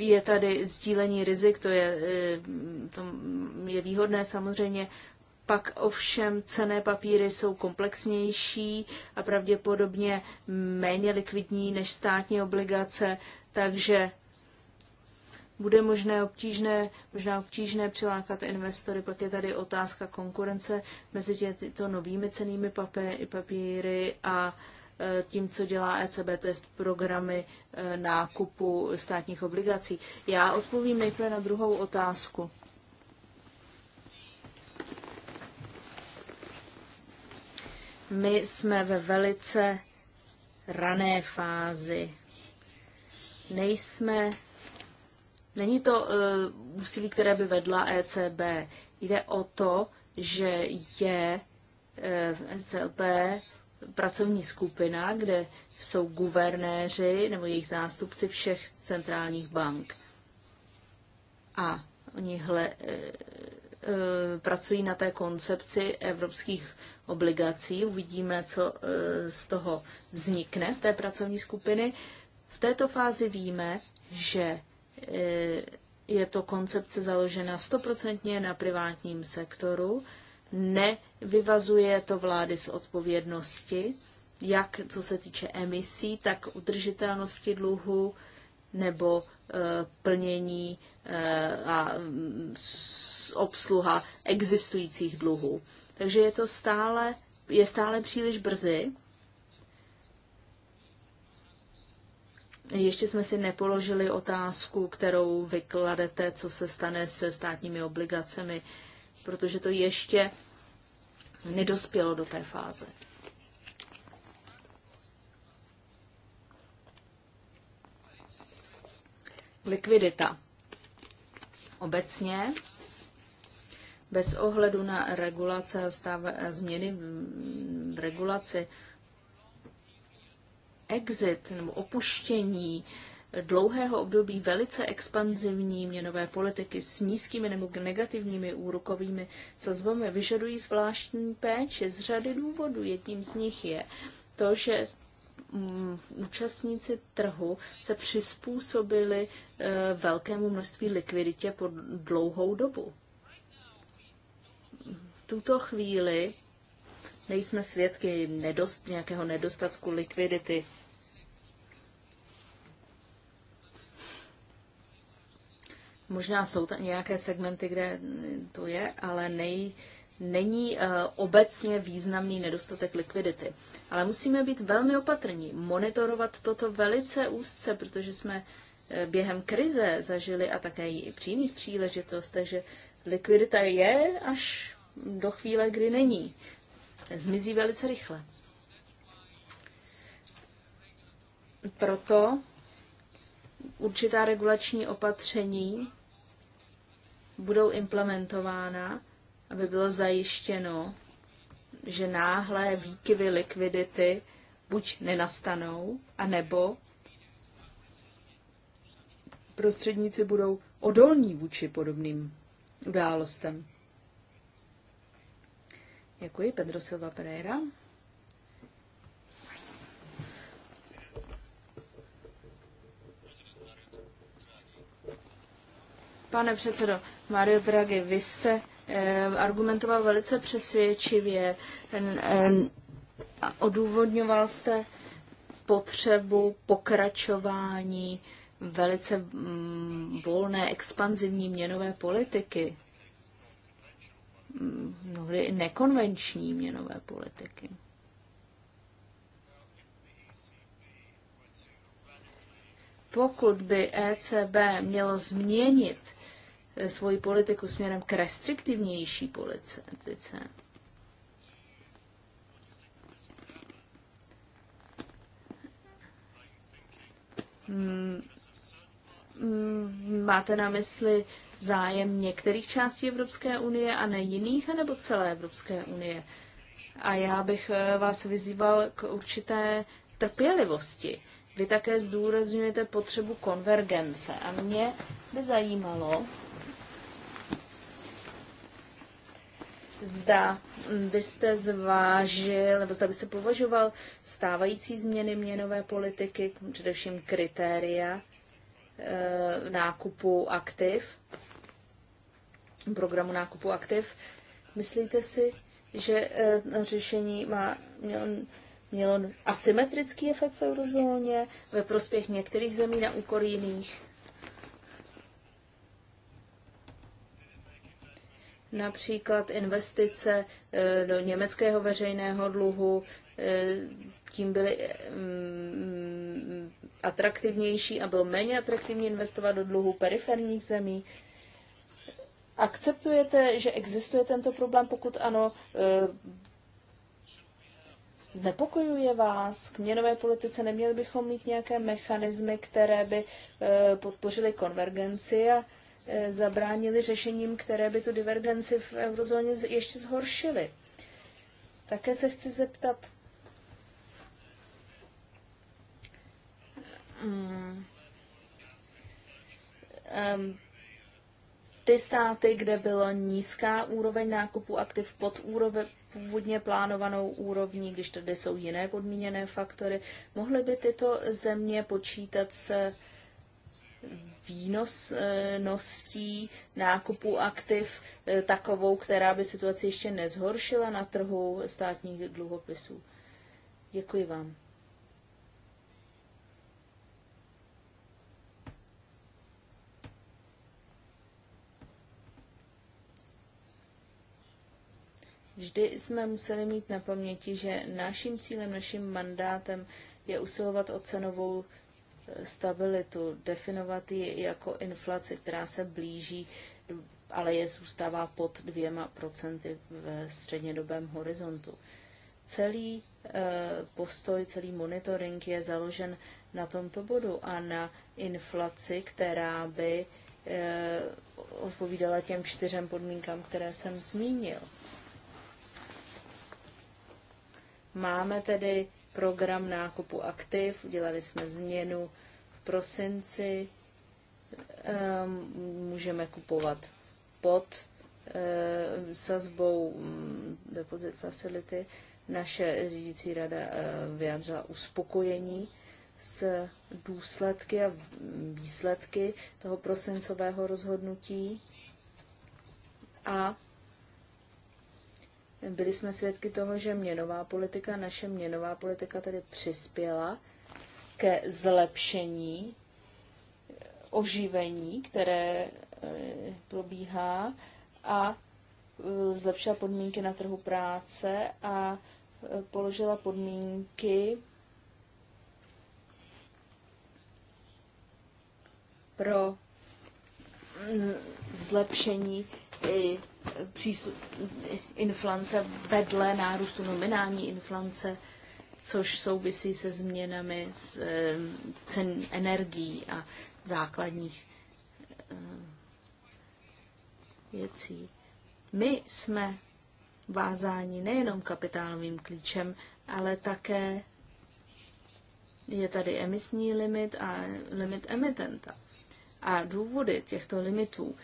je tady sdílení rizik, to je, eh, to je výhodné samozřejmě. Pak ovšem cené papíry jsou komplexnější a pravděpodobně méně likvidní než státní obligace, takže bude možné obtížné, možná obtížné přilákat investory. Pak je tady otázka konkurence mezi těmito novými cenými papíry a Eh, tím, co dělá ECB, to je programy eh, nákupu státních obligací. Já odpovím nejprve na druhou otázku. My jsme ve velice rané fázi. Nejsme Není to uh, úsilí, které by vedla ECB. Jde o to, že je uh, SLB pracovní skupina, kde jsou guvernéři nebo jejich zástupci všech centrálních bank. A oni hle, eh, eh, pracují na té koncepci evropských obligací. Uvidíme, co eh, z toho vznikne, z té pracovní skupiny. V této fázi víme, že je to koncepce založena stoprocentně na privátním sektoru nevyvazuje to vlády z odpovědnosti, jak co se týče emisí, tak udržitelnosti dluhu nebo eh, plnění eh, a mm, obsluha existujících dluhů. Takže je to stále, je stále příliš brzy. Ještě jsme si nepoložili otázku, kterou vykladete, co se stane se státními obligacemi protože to ještě nedospělo do té fáze. Likvidita. Obecně, bez ohledu na regulace a stav, eh, změny v regulaci, exit nebo opuštění dlouhého období velice expanzivní měnové politiky s nízkými nebo negativními úrokovými sazbami vyžadují zvláštní péči z řady důvodů. Jedním z nich je to, že mm, účastníci trhu se přizpůsobili e, velkému množství likviditě po dlouhou dobu. V tuto chvíli nejsme svědky nedost, nějakého nedostatku likvidity Možná jsou tam nějaké segmenty, kde to je, ale nej, není eh, obecně významný nedostatek likvidity. Ale musíme být velmi opatrní, monitorovat toto velice úzce, protože jsme eh, během krize zažili a také i při jiných příležitostech, že likvidita je až do chvíle, kdy není. Zmizí velice rychle. Proto určitá regulační opatření budou implementována, aby bylo zajištěno, že náhlé výkyvy likvidity buď nenastanou, anebo prostředníci budou odolní vůči podobným událostem. Děkuji, Pedro Silva Pereira. Pane předsedo, Mario Draghi, vy jste eh, argumentoval velice přesvědčivě, odůvodňoval jste potřebu pokračování velice mm, volné expanzivní měnové politiky, mnohdy mm, i nekonvenční měnové politiky. Pokud by ECB mělo změnit Eh, svoji politiku směrem k restriktivnější politice. Hmm, máte na mysli zájem některých částí Evropské unie a ne jiných, anebo celé Evropské unie? A já bych eh, vás vyzýval k určité trpělivosti. Vy také zdůrazňujete potřebu konvergence a mě by zajímalo, zda mm, byste zvážil, nebo zda byste považoval stávající změny měnové politiky, především kritéria e, nákupu aktiv, programu nákupu aktiv. Myslíte si, že e, řešení má mělo, mělo asymetrický efekt v eurozóně ve prospěch některých zemí na úkor jiných? například investice eh, do německého veřejného dluhu, eh, tím byly mm, atraktivnější a bylo méně atraktivní investovat do dluhu periferních zemí. Akceptujete, že existuje tento problém? Pokud ano, eh, znepokojuje vás k měnové politice? Neměli bychom mít nějaké mechanismy, které by podpořily konvergenci a Eh, zabránili řešením, které by tu divergenci v eurozóně ještě zhoršily. Také se chci zeptat, um, ty státy, kde byla nízká úroveň nákupu aktiv pod úroveň, původně plánovanou úrovní, když tady jsou jiné podmíněné faktory, mohly by tyto země počítat se? výnosností nákupu aktiv eh, takovou, která by situaci ještě nezhoršila na trhu státních dluhopisů. Děkuji vám. Vždy jsme museli mít na paměti, že naším cílem, naším mandátem je usilovat o cenovou stabilitu, definovat ji jako inflaci, která se blíží, ale je zůstává pod dvěma procenty v střednědobém horizontu. Celý eh, postoj, celý monitoring je založen na tomto bodu a na inflaci, která by eh, odpovídala těm čtyřem podmínkám, které jsem zmínil. Máme tedy program nákupu aktiv, udělali jsme změnu v prosinci, ehm, můžeme kupovat pod ehm, sazbou mm, deposit facility. Naše řídící rada ehm, vyjádřila uspokojení s důsledky a výsledky toho prosincového rozhodnutí a byli jsme svědky toho, že měnová politika, naše měnová politika tedy přispěla ke zlepšení, eh, oživení, které eh, probíhá a eh, zlepšila podmínky na trhu práce a položila podmínky pro mm, zlepšení i inflace vedle nárůstu nominální inflace, což souvisí se změnami z, cen energií a základních věcí. My jsme vázáni nejenom kapitálovým klíčem, ale také je tady emisní limit a limit emitenta. A důvody těchto limitů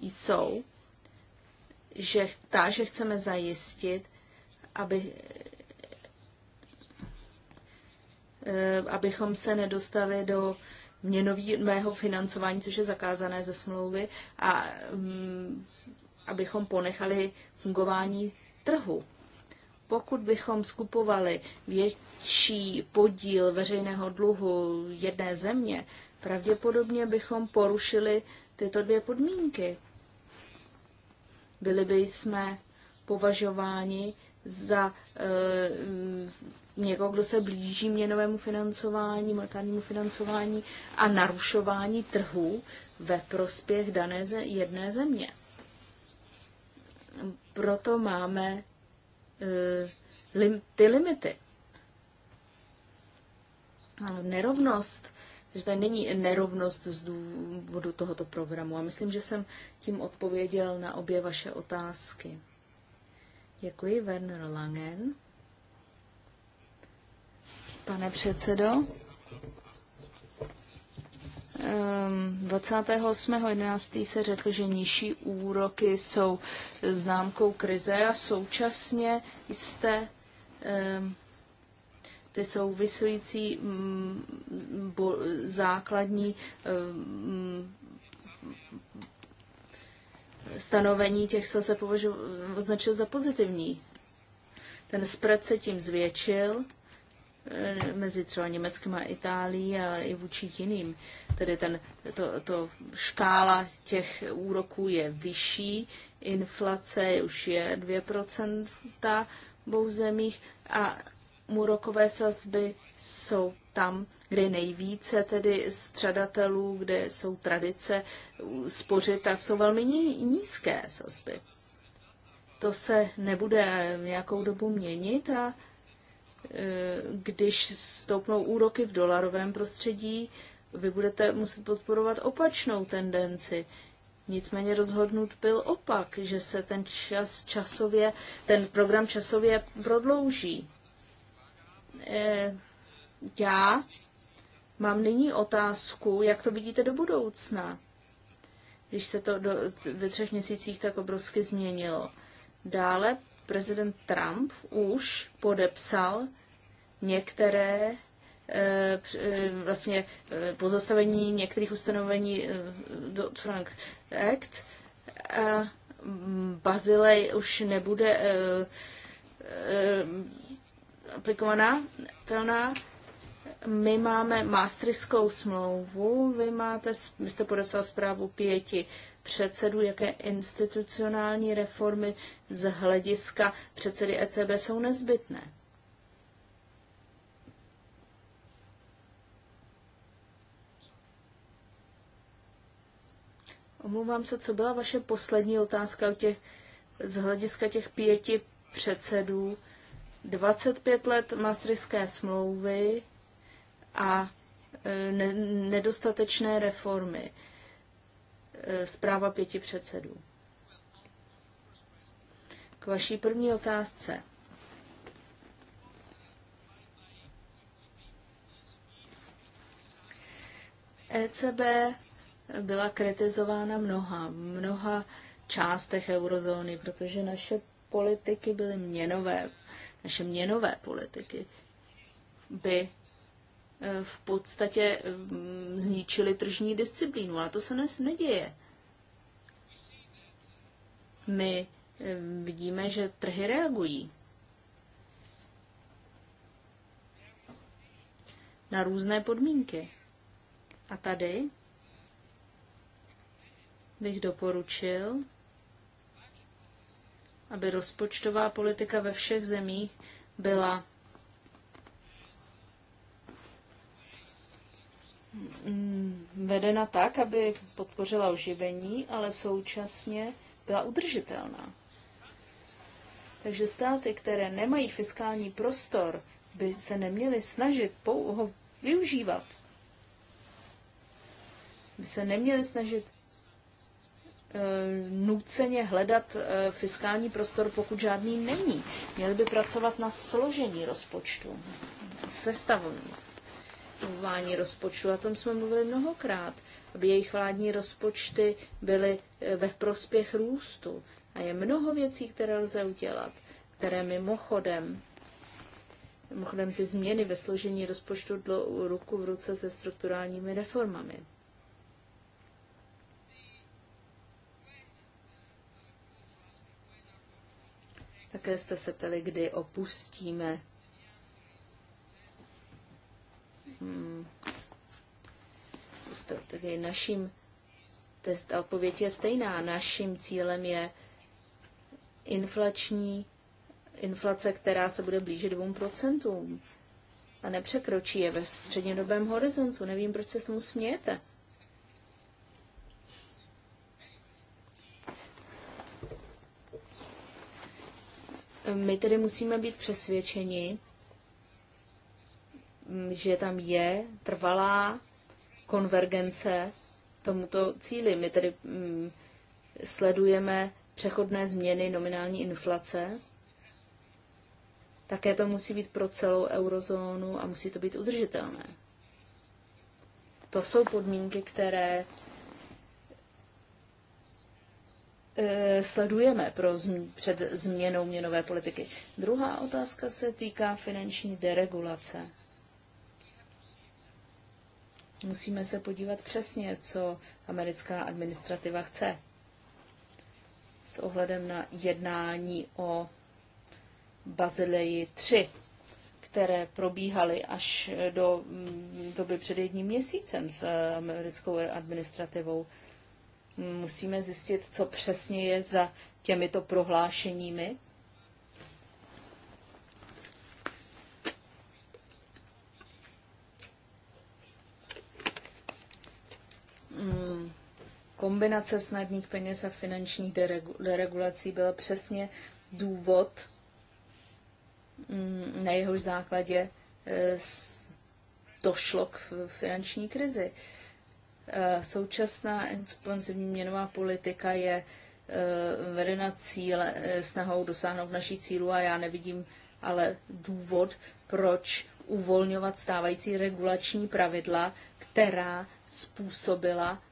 jsou, že ta, že chceme zajistit, aby, eh, abychom se nedostali do měnového financování, což je zakázané ze smlouvy, a mm, abychom ponechali fungování trhu. Pokud bychom skupovali větší podíl veřejného dluhu jedné země, pravděpodobně bychom porušili tyto dvě podmínky byli by jsme považováni za e, někoho, kdo se blíží měnovému financování, monetárnímu financování a narušování trhu ve prospěch dané ze, jedné země. Proto máme e, lim, ty limity. Nerovnost že tady není nerovnost z důvodu tohoto programu. A myslím, že jsem tím odpověděl na obě vaše otázky. Děkuji, Werner Langen. Pane předsedo, 28.11. Ehm, se řekl, že nižší úroky jsou známkou krize a současně jste ehm, ty souvisující mm, základní eh, mm, stanovení těch se považil, označil za pozitivní. Ten spread se tím zvětšil eh, mezi třeba Německem a Itálií, ale i vůči jiným. Tedy ten, to, to škála těch úroků je vyšší, inflace už je 2% v obou zemích a úrokové sazby jsou tam, kde nejvíce tedy střadatelů, kde jsou tradice spořit, tak jsou velmi nízké sazby. To se nebude nějakou dobu měnit a e, když stoupnou úroky v dolarovém prostředí, vy budete muset podporovat opačnou tendenci. Nicméně rozhodnut byl opak, že se ten čas časově, ten program časově prodlouží. Eh, já mám nyní otázku, jak to vidíte do budoucna, když se to do, ve třech měsících tak obrovsky změnilo. Dále prezident Trump už podepsal některé eh, eh, vlastně pozastavení některých ustanovení do Frank Act. A Bazilej už nebude aplikovaná, telná. My máme mástriskou smlouvu, vy, máte, vy jste podepsal zprávu pěti předsedů, jaké institucionální reformy z hlediska předsedy ECB jsou nezbytné. Omlouvám se, co byla vaše poslední otázka o těch, z hlediska těch pěti předsedů 25 let mastrické smlouvy a e, nedostatečné reformy. E, zpráva pěti předsedů. K vaší první otázce. ECB byla kritizována mnoha, mnoha částech eurozóny, protože naše politiky byly měnové naše měnové politiky, by eh, v podstatě mm, zničili tržní disciplínu, ale to se ne, neděje. My eh, vidíme, že trhy reagují na různé podmínky. A tady bych doporučil aby rozpočtová politika ve všech zemích byla vedena tak, aby podpořila oživení, ale současně byla udržitelná. Takže státy, které nemají fiskální prostor, by se neměly snažit ho využívat. By se neměly snažit Eh, nuceně hledat eh, fiskální prostor, pokud žádný není. Měli by pracovat na složení rozpočtu, sestavování rozpočtu. O tom jsme mluvili mnohokrát, aby jejich vládní rozpočty byly eh, ve prospěch růstu. A je mnoho věcí, které lze udělat, které mimochodem Mimochodem, ty změny ve složení rozpočtu ruku v ruce se strukturálními reformami. Také jste se ptali, kdy opustíme hmm, Tedy Naším test a odpověď je stejná. Naším cílem je inflační inflace, která se bude blížit 2% a nepřekročí je ve střednědobém horizontu. Nevím, proč se tomu smějete. My tedy musíme být přesvědčeni, že tam je trvalá konvergence tomuto cíli. My tedy mm, sledujeme přechodné změny nominální inflace. Také to musí být pro celou eurozónu a musí to být udržitelné. To jsou podmínky, které E, sledujeme pro zm- před změnou měnové politiky. Druhá otázka se týká finanční deregulace. Musíme se podívat přesně, co americká administrativa chce s ohledem na jednání o Bazileji 3, které probíhaly až do mm, doby před jedním měsícem s americkou administrativou. Musíme zjistit, co přesně je za těmito prohlášeními. Hmm. Kombinace snadných peněz a finančních deregulací byla přesně důvod, hmm, na jehož základě eh, došlo k finanční krizi. Eh, současná expanzivní měnová politika je eh, vedena cíle, eh, snahou dosáhnout naší cílu a já nevidím ale důvod, proč uvolňovat stávající regulační pravidla, která způsobila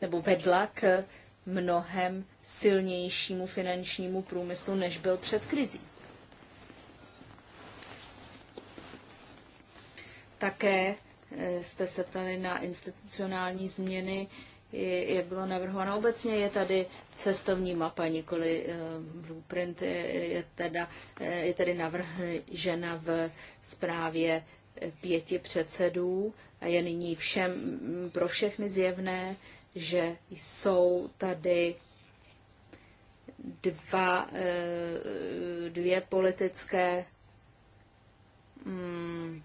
nebo vedla k mnohem silnějšímu finančnímu průmyslu, než byl před krizí. Také Eh, jste se ptali na institucionální změny, jak bylo navrhováno. Obecně je tady cestovní mapa, nikoli eh, blueprint, je, teda, eh, je tady navržena v zprávě pěti předsedů a je nyní všem mm, pro všechny zjevné, že jsou tady dva, dvě politické mm,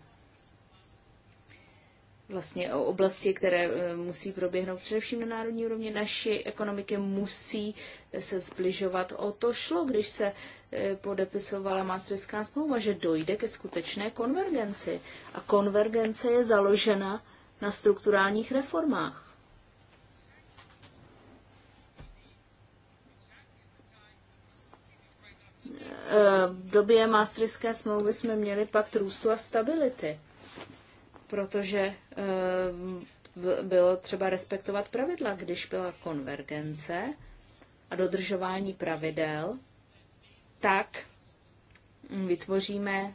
vlastně o oblasti, které eh, musí proběhnout především na národní úrovni. Naši ekonomiky musí se zbližovat. O to šlo, když se eh, podepisovala Maastrichtská smlouva, že dojde ke skutečné konvergenci. A konvergence je založena na strukturálních reformách. Eh, v době Maastrichtské smlouvy jsme měli pakt růstu a stability protože eh, bylo třeba respektovat pravidla, když byla konvergence a dodržování pravidel, tak vytvoříme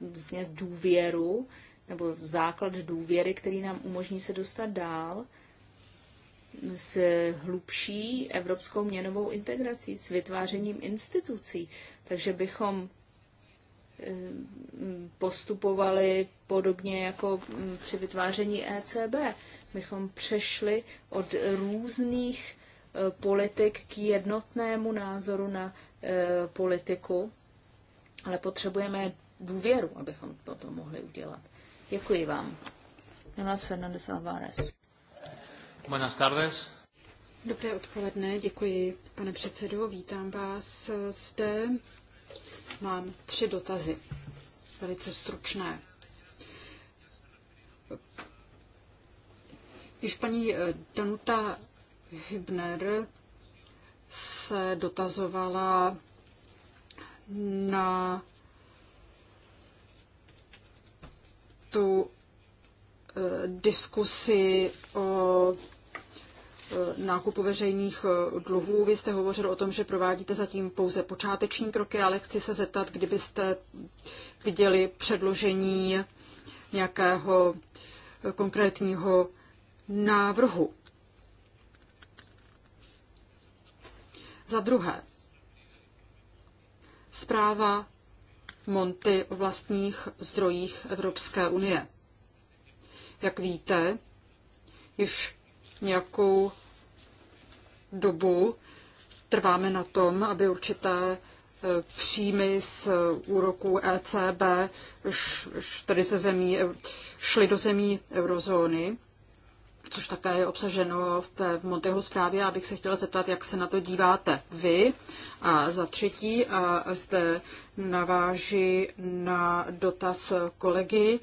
vlastně důvěru nebo základ důvěry, který nám umožní se dostat dál s hlubší evropskou měnovou integrací, s vytvářením institucí. Takže bychom Eh, postupovali podobně jako mm, při vytváření ECB. Bychom přešli od různých eh, politik k jednotnému názoru na eh, politiku, ale potřebujeme důvěru, abychom toto mohli udělat. Děkuji vám. Jonas Fernandez Alvarez. Buenas tardes. Dobré odpoledne, děkuji, pane předsedo. Vítám vás zde mám tři dotazy, velice stručné. Když paní eh, Danuta Hybner se dotazovala na tu eh, diskusi o Eh, nákupu veřejných eh, dluhů. Vy jste hovořil o tom, že provádíte zatím pouze počáteční kroky, ale chci se zeptat, kdybyste viděli předložení nějakého eh, konkrétního návrhu. Za druhé, zpráva Monty o vlastních zdrojích Evropské unie. Jak víte, již nějakou dobu trváme na tom, aby určité e, příjmy z úroků ECB tedy ze zemí, e, šly do zemí eurozóny, což také je obsaženo v Monteho zprávě. abych se chtěla zeptat, jak se na to díváte vy. A za třetí, a zde naváži na dotaz kolegy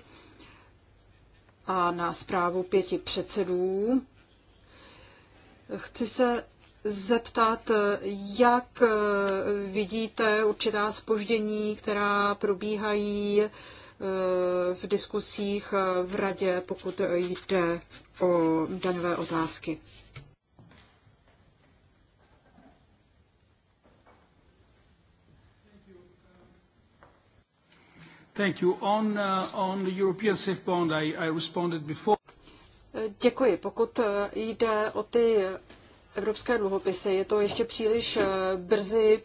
a na zprávu pěti předsedů Chci se zeptat, jak eh, vidíte určitá spoždění, která probíhají eh, v diskusích eh, v radě, pokud jde o daňové otázky. Thank you. On, uh, on the European Safe Bond, I, I responded before. Děkuji. Pokud eh, jde o ty evropské dluhopisy, je to ještě příliš eh, brzy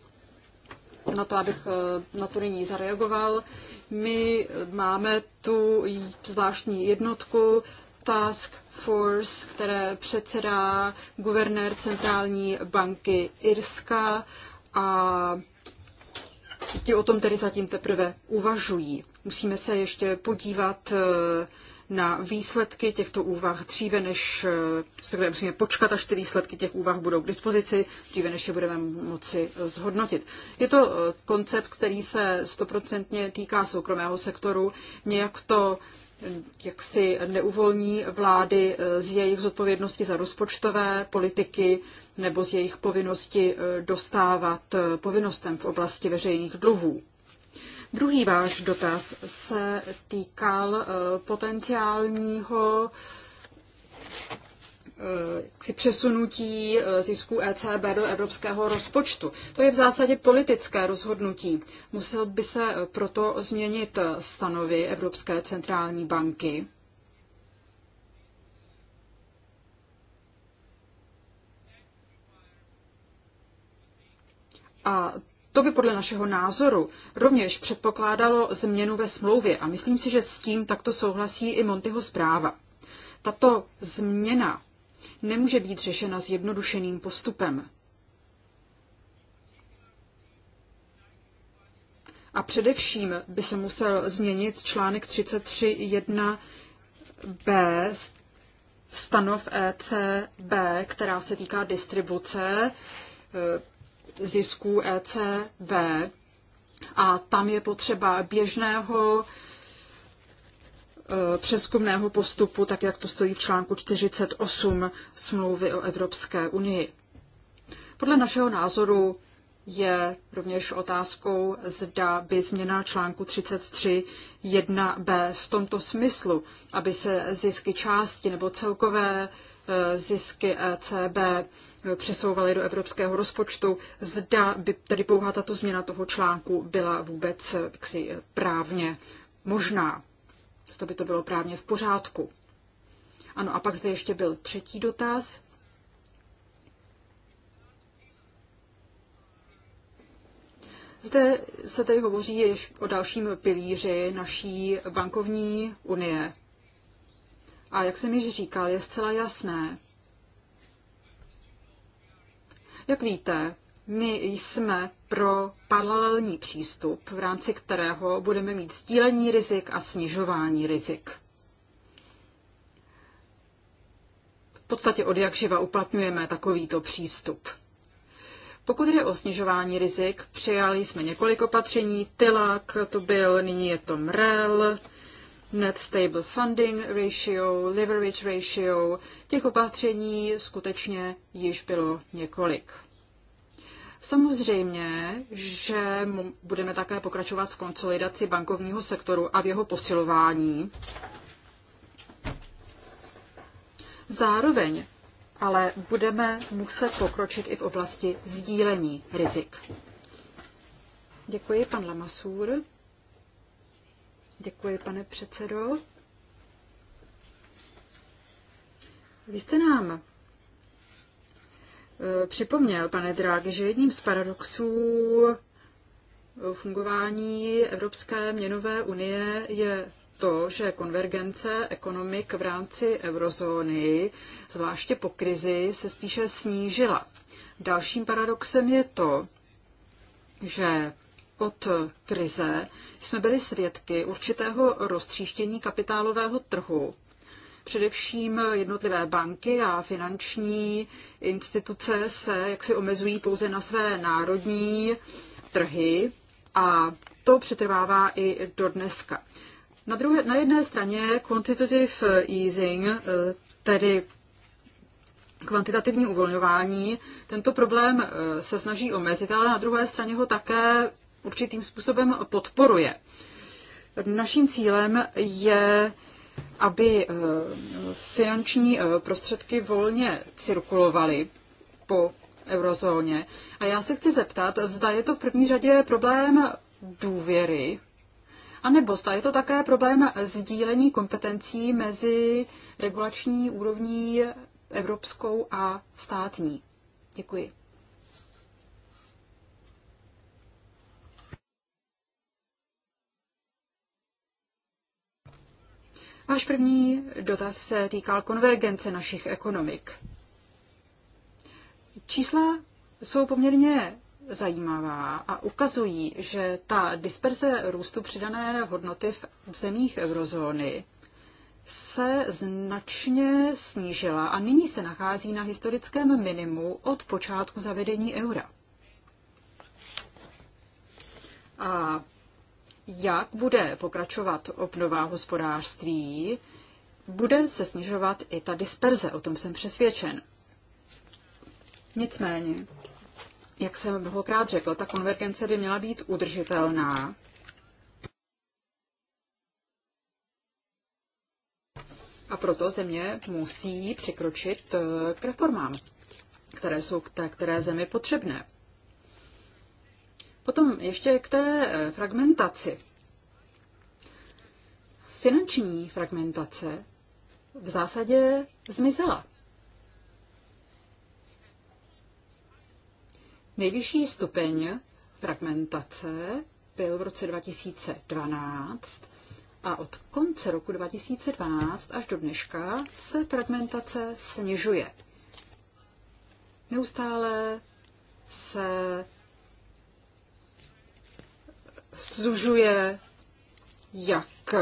na to, abych eh, na to nyní zareagoval. My máme tu zvláštní jednotku Task Force, které předsedá guvernér centrální banky Irska a ti o tom tedy zatím teprve uvažují. Musíme se ještě podívat na výsledky těchto úvah dříve, než se eh, musíme počkat, až ty výsledky těch úvah budou k dispozici, dříve, než je budeme moci eh, zhodnotit. Je to eh, koncept, který se stoprocentně týká soukromého sektoru. Nějak to jak si neuvolní vlády z jejich zodpovědnosti za rozpočtové politiky nebo z jejich povinnosti dostávat povinnostem v oblasti veřejných dluhů. Druhý váš dotaz se týkal eh, potenciálního eh, si přesunutí eh, zisku ECB do evropského rozpočtu. To je v zásadě politické rozhodnutí. Musel by se proto změnit stanovy Evropské centrální banky. A to by podle našeho názoru rovněž předpokládalo změnu ve smlouvě a myslím si, že s tím takto souhlasí i Montyho zpráva. Tato změna nemůže být řešena zjednodušeným postupem. A především by se musel změnit článek 33.1b stanov ECB, která se týká distribuce zisků ECB a tam je potřeba běžného e, přeskumného postupu, tak jak to stojí v článku 48 smlouvy o Evropské unii. Podle našeho názoru je rovněž otázkou, zda by změna článku 331 b v tomto smyslu, aby se zisky části nebo celkové e, zisky ECB přesouvaly do evropského rozpočtu. Zda by tedy pouhá tato změna toho článku byla vůbec eh, jaksi, eh, právně možná. Zda by to bylo právně v pořádku. Ano, a pak zde ještě byl třetí dotaz. Zde se tady hovoří o dalším pilíři naší bankovní unie. A jak jsem již říkal, je zcela jasné, jak víte, my jsme pro paralelní přístup, v rámci kterého budeme mít sdílení rizik a snižování rizik. V podstatě od jak živa uplatňujeme takovýto přístup. Pokud jde o snižování rizik, přijali jsme několik opatření. Tylak to byl, nyní je to MREL, net stable funding ratio, leverage ratio. Těch opatření skutečně již bylo několik. Samozřejmě, že budeme také pokračovat v konsolidaci bankovního sektoru a v jeho posilování. Zároveň ale budeme muset pokročit i v oblasti sdílení rizik. Děkuji, pan Lamasur. Děkuji, pane předsedo. Vy jste nám eh, připomněl, pane Drák, že jedním z paradoxů eh, fungování Evropské měnové unie je to, že konvergence ekonomik v rámci eurozóny, zvláště po krizi, se spíše snížila. Dalším paradoxem je to, že od krize jsme byli svědky určitého roztříštění kapitálového trhu. Především jednotlivé banky a finanční instituce se jaksi omezují pouze na své národní trhy a to přetrvává i do dneska. Na, druhé, na jedné straně quantitative easing, eh, tedy kvantitativní uvolňování, tento problém eh, se snaží omezit, ale na druhé straně ho také určitým způsobem podporuje. Naším cílem je, aby eh, finanční eh, prostředky volně cirkulovaly po eurozóně. A já se chci zeptat, zda je to v první řadě problém důvěry, anebo zda je to také problém sdílení kompetencí mezi regulační úrovní evropskou a státní. Děkuji. Váš první dotaz se týkal konvergence našich ekonomik. Čísla jsou poměrně zajímavá a ukazují, že ta disperze růstu přidané hodnoty v zemích eurozóny se značně snížila a nyní se nachází na historickém minimu od počátku zavedení eura. A jak bude pokračovat obnova hospodářství, bude se snižovat i ta disperze, o tom jsem přesvědčen. Nicméně, jak jsem mnohokrát řekl, ta konvergence by měla být udržitelná. A proto země musí přikročit eh, k reformám, které jsou k té které zemi potřebné. Potom ještě k té eh, fragmentaci. Finanční fragmentace v zásadě zmizela. Nejvyšší stupeň fragmentace byl v roce 2012 a od konce roku 2012 až do dneška se fragmentace snižuje. Neustále se zužuje jak eh,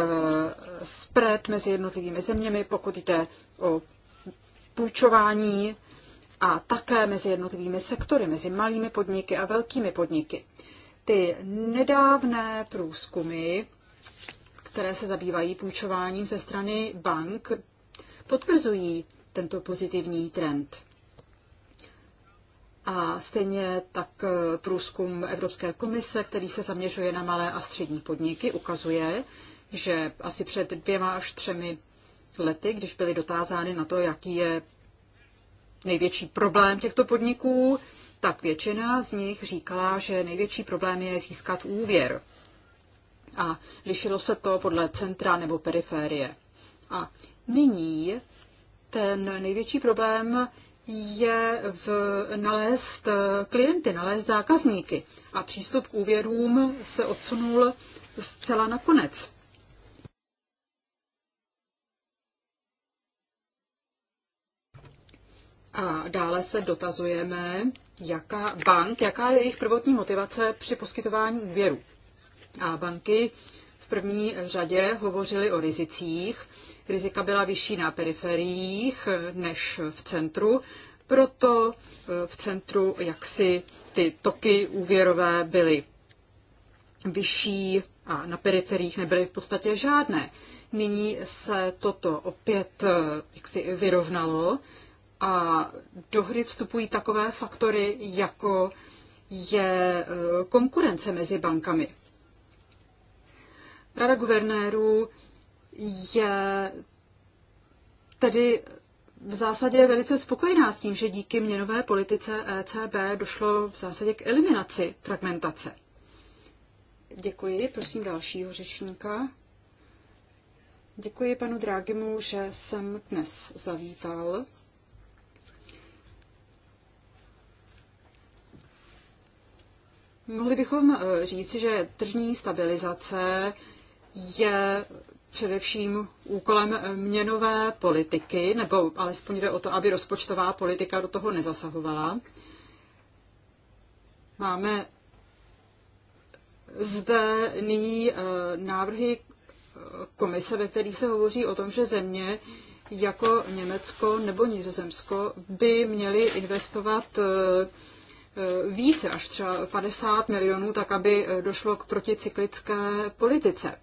spread mezi jednotlivými zeměmi, pokud jde o půjčování a také mezi jednotlivými sektory, mezi malými podniky a velkými podniky. Ty nedávné průzkumy, které se zabývají půjčováním ze strany bank, potvrzují tento pozitivní trend a stejně tak e, průzkum Evropské komise, který se zaměřuje na malé a střední podniky, ukazuje, že asi před dvěma až třemi lety, když byly dotázány na to, jaký je největší problém těchto podniků, tak většina z nich říkala, že největší problém je získat úvěr. A lišilo se to podle centra nebo periférie. A nyní ten největší problém je v nalézt eh, klienty, nalézt zákazníky. A přístup k úvěrům se odsunul zcela na konec. A dále se dotazujeme, jaká bank, jaká je jejich prvotní motivace při poskytování úvěru. A banky v první řadě hovořily o rizicích, rizika byla vyšší na periferiích eh, než v centru, proto eh, v centru jaksi ty toky úvěrové byly vyšší a na periferiích nebyly v podstatě žádné. Nyní se toto opět eh, jaksi vyrovnalo a do hry vstupují takové faktory, jako je konkurence mezi bankami. Rada guvernérů je tedy v zásadě velice spokojená s tím, že díky měnové politice ECB došlo v zásadě k eliminaci fragmentace. Děkuji, prosím dalšího řečníka. Děkuji panu Drágimu, že jsem dnes zavítal. Mohli bychom eh, říci, že tržní stabilizace je především úkolem měnové politiky, nebo alespoň jde o to, aby rozpočtová politika do toho nezasahovala. Máme zde nyní eh, návrhy komise, ve kterých se hovoří o tom, že země jako Německo nebo Nizozemsko by měly investovat eh, eh, více, až třeba 50 milionů, tak aby došlo k proticyklické politice.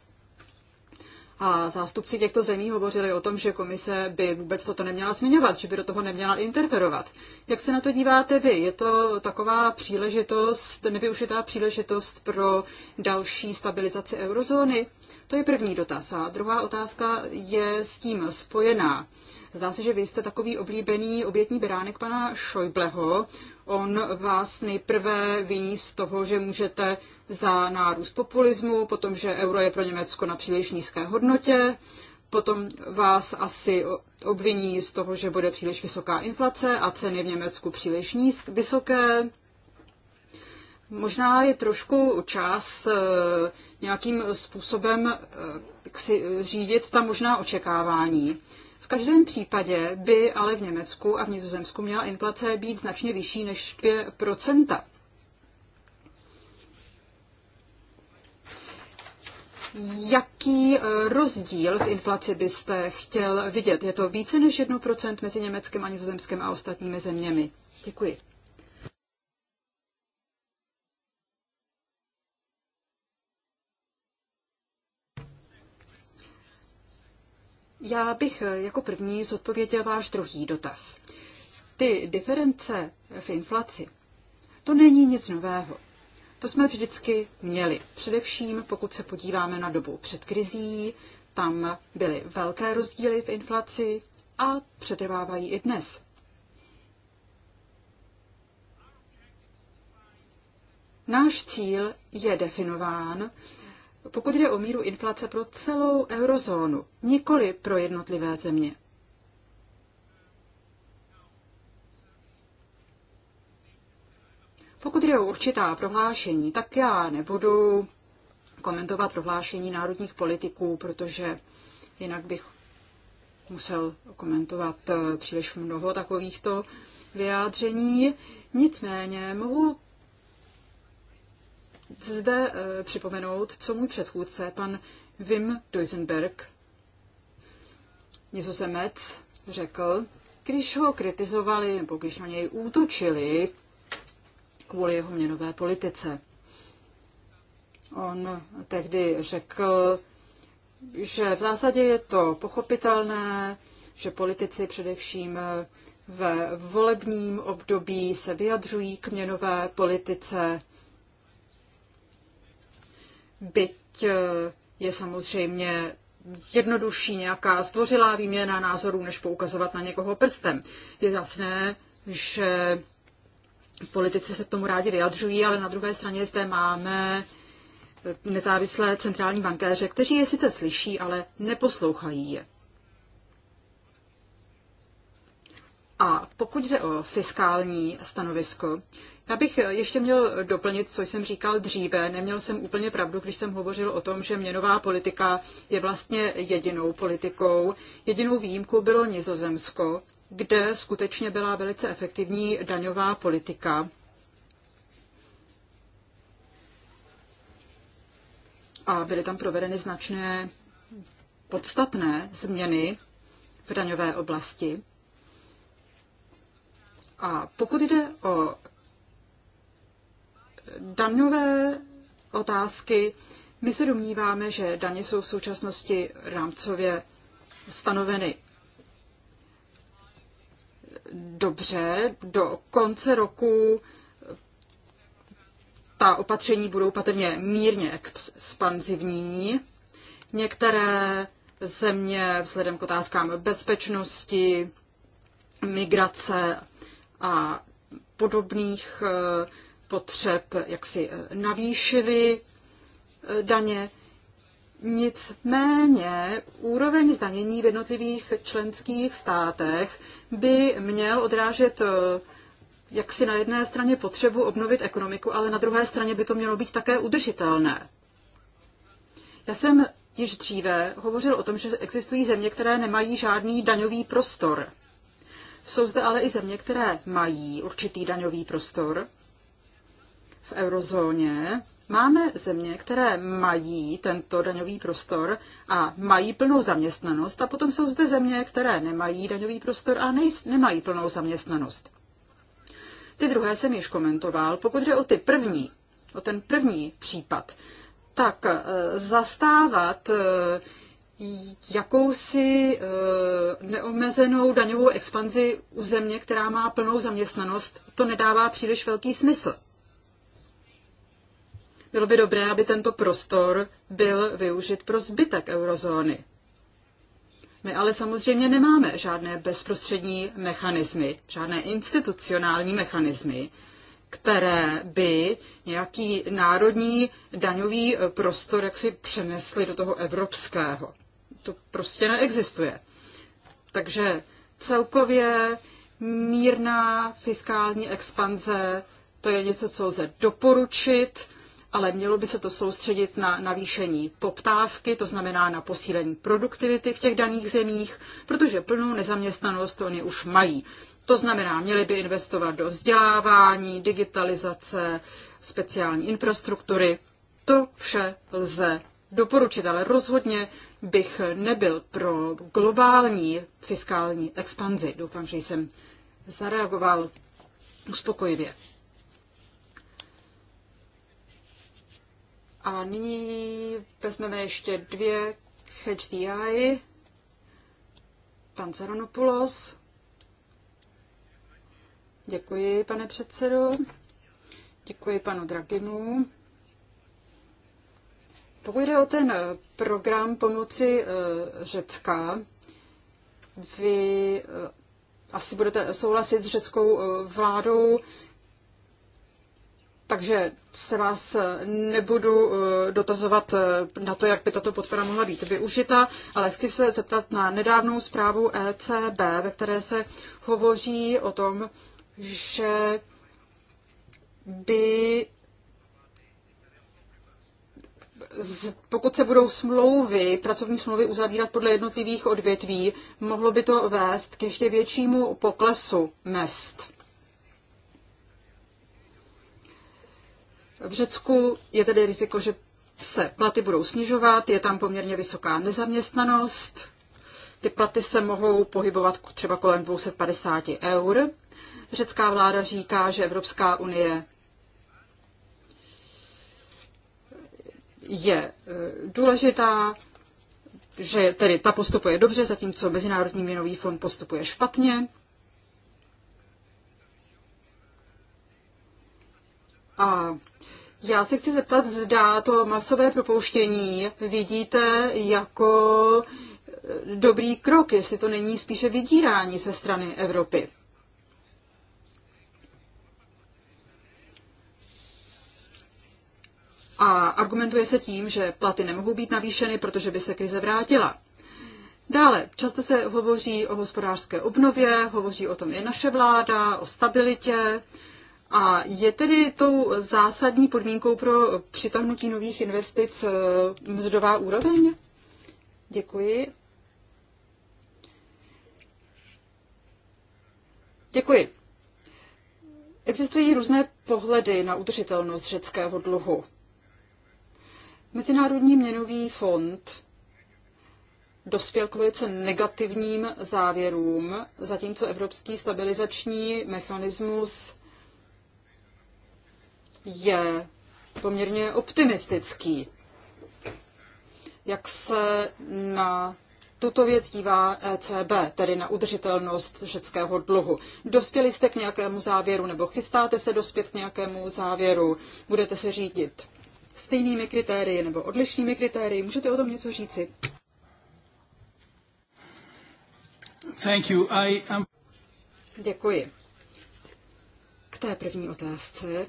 A zástupci těchto zemí hovořili o tom, že komise by vůbec toto neměla zmiňovat, že by do toho neměla interferovat. Jak se na to díváte vy? Je to taková příležitost, nevyužitá příležitost pro další stabilizaci eurozóny? To je první dotaz. A druhá otázka je s tím spojená. Zdá se, že vy jste takový oblíbený obětní beránek pana Šojbleho. On vás nejprve viní z toho, že můžete za nárůst populismu, potom, že euro je pro Německo na příliš nízké hodnotě, potom vás asi obviní z toho, že bude příliš vysoká inflace a ceny v Německu příliš nízk, vysoké. Možná je trošku čas eh, nějakým způsobem eh, si řídit ta možná očekávání. V každém případě by ale v Německu a v Nizozemsku měla inflace být značně vyšší než 2 Jaký eh, rozdíl v inflaci byste chtěl vidět? Je to více než 1% mezi Německem a Nizozemskem a ostatními zeměmi? Děkuji. Já bych eh, jako první zodpověděl váš druhý dotaz. Ty diference v inflaci, to není nic nového. To jsme vždycky měli. Především pokud se podíváme na dobu před krizí, tam byly velké rozdíly v inflaci a přetrvávají i dnes. Náš cíl je definován pokud jde o míru inflace pro celou eurozónu, nikoli pro jednotlivé země. Pokud jde o určitá prohlášení, tak já nebudu komentovat prohlášení národních politiků, protože jinak bych musel komentovat eh, příliš mnoho takovýchto vyjádření. Nicméně mohu zde eh, připomenout, co můj předchůdce, pan Wim Duisenberg, nizozemec, řekl, když ho kritizovali nebo když na něj útočili kvůli jeho měnové politice. On tehdy řekl, že v zásadě je to pochopitelné, že politici především eh, ve volebním období se vyjadřují k měnové politice byť eh, je samozřejmě jednodušší nějaká zdvořilá výměna názorů, než poukazovat na někoho prstem. Je jasné, že politici se k tomu rádi vyjadřují, ale na druhé straně zde máme eh, nezávislé centrální bankéře, kteří je sice slyší, ale neposlouchají je. A pokud jde o fiskální stanovisko, já bych ještě měl doplnit, co jsem říkal dříve. Neměl jsem úplně pravdu, když jsem hovořil o tom, že měnová politika je vlastně jedinou politikou. Jedinou výjimkou bylo Nizozemsko, kde skutečně byla velice efektivní daňová politika. A byly tam provedeny značné podstatné změny v daňové oblasti. A pokud jde o daňové otázky, my se domníváme, že daně jsou v současnosti rámcově stanoveny dobře. Do konce roku ta opatření budou patrně mírně expanzivní. Některé země vzhledem k otázkám bezpečnosti, migrace a podobných eh, potřeb jak si eh, navýšili eh, daně. Nicméně úroveň zdanění v jednotlivých členských státech by měl odrážet jak si na jedné straně potřebu obnovit ekonomiku, ale na druhé straně by to mělo být také udržitelné. Já jsem již dříve hovořil o tom, že existují země, které nemají žádný daňový prostor. Jsou zde ale i země, které mají určitý daňový prostor v eurozóně. Máme země, které mají tento daňový prostor a mají plnou zaměstnanost a potom jsou zde země, které nemají daňový prostor a nej- nemají plnou zaměstnanost. Ty druhé jsem již komentoval. Pokud jde o ty první, o ten první případ, tak eh, zastávat eh, jakousi eh, neomezenou daňovou expanzi u země, která má plnou zaměstnanost, to nedává příliš velký smysl. Bylo by dobré, aby tento prostor byl využit pro zbytek eurozóny. My ale samozřejmě nemáme žádné bezprostřední mechanismy, žádné institucionální mechanismy, které by nějaký národní daňový prostor jaksi přenesly do toho evropského to prostě neexistuje. Takže celkově mírná fiskální expanze, to je něco, co lze doporučit, ale mělo by se to soustředit na navýšení poptávky, to znamená na posílení produktivity v těch daných zemích, protože plnou nezaměstnanost oni už mají. To znamená, měli by investovat do vzdělávání, digitalizace, speciální infrastruktury. To vše lze doporučit, ale rozhodně bych nebyl pro globální fiskální expanzi. Doufám, že jsem zareagoval uspokojivě. A nyní vezmeme ještě dvě HDI. Pan Zaronopoulos. Děkuji, pane předsedo. Děkuji panu Dragimu pokud jde o ten eh, program pomoci eh, Řecka, vy eh, asi budete souhlasit s řeckou vládou, takže se vás nebudu dotazovat na to, jak by tato podpora mohla být využita, ale chci se zeptat na nedávnou zprávu ECB, ve které se hovoří o tom, že by pokud se budou smlouvy, pracovní smlouvy uzavírat podle jednotlivých odvětví, mohlo by to vést k ještě většímu poklesu mest. V Řecku je tedy riziko, že se platy budou snižovat, je tam poměrně vysoká nezaměstnanost, ty platy se mohou pohybovat třeba kolem 250 eur. Řecká vláda říká, že Evropská unie je e, důležitá, že tedy ta postupuje dobře, zatímco Mezinárodní měnový fond postupuje špatně. A já se chci zeptat, zda to masové propouštění vidíte jako e, dobrý krok, jestli to není spíše vydírání ze strany Evropy. a argumentuje se tím, že platy nemohou být navýšeny, protože by se krize vrátila. Dále, často se hovoří o hospodářské obnově, hovoří o tom i naše vláda, o stabilitě. A je tedy tou zásadní podmínkou pro přitahnutí nových investic eh, mzdová úroveň? Děkuji. Děkuji. Existují různé pohledy na udržitelnost řeckého dluhu. Mezinárodní měnový fond dospěl k velice negativním závěrům, zatímco Evropský stabilizační mechanismus je poměrně optimistický. Jak se na tuto věc dívá ECB, tedy na udržitelnost řeckého dluhu. Dospěli jste k nějakému závěru nebo chystáte se dospět k nějakému závěru? Budete se řídit stejnými kritérii nebo odlišnými kritérii. Můžete o tom něco říci? Thank you. I am... Děkuji. K té první otázce.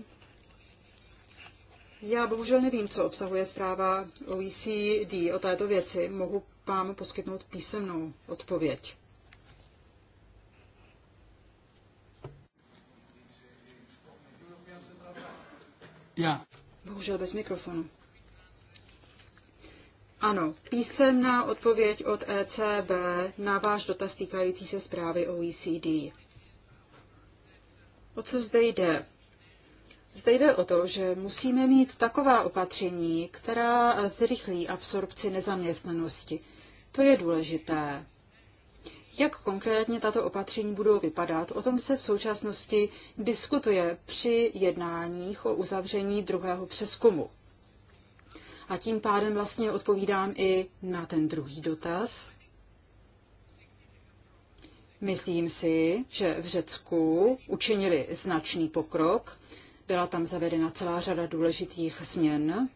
Já bohužel nevím, co obsahuje zpráva OECD o této věci. Mohu vám poskytnout písemnou odpověď. Já. Bohužel bez mikrofonu. Ano, písemná odpověď od ECB na váš dotaz týkající se zprávy OECD. O co zde jde? Zde jde o to, že musíme mít taková opatření, která zrychlí absorpci nezaměstnanosti. To je důležité. Jak konkrétně tato opatření budou vypadat, o tom se v současnosti diskutuje při jednáních o uzavření druhého přeskumu. A tím pádem vlastně odpovídám i na ten druhý dotaz. Myslím si, že v Řecku učinili značný pokrok. Byla tam zavedena celá řada důležitých změn.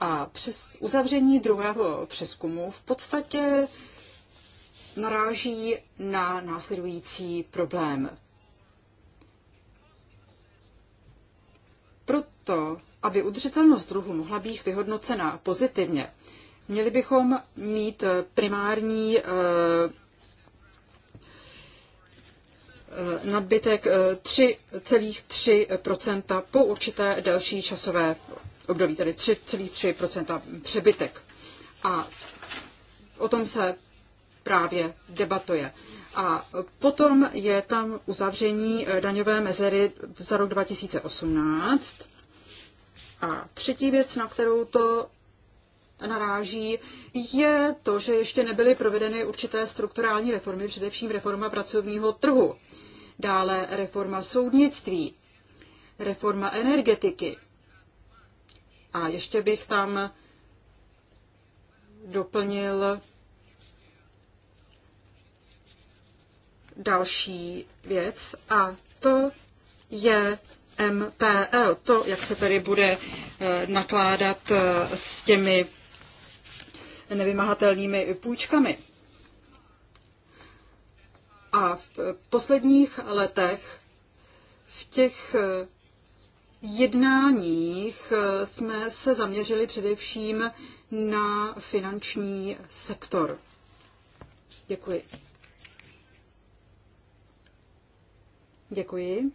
A přes uzavření druhého přeskumu v podstatě naráží na následující problém. Proto, aby udržitelnost druhu mohla být vyhodnocena pozitivně, měli bychom mít eh, primární eh, eh, nadbytek 3,3 po určité delší časové období, tedy 3,3 přebytek. A o tom se právě debatuje. A potom je tam uzavření eh, daňové mezery za rok 2018. A třetí věc, na kterou to naráží, je to, že ještě nebyly provedeny určité strukturální reformy, především reforma pracovního trhu, dále reforma soudnictví, reforma energetiky. A ještě bych tam doplnil další věc a to je MPL, to, jak se tady bude eh, nakládat eh, s těmi nevymahatelnými půjčkami. A v posledních letech v těch eh, jednáních jsme se zaměřili především na finanční sektor. Děkuji. Děkuji.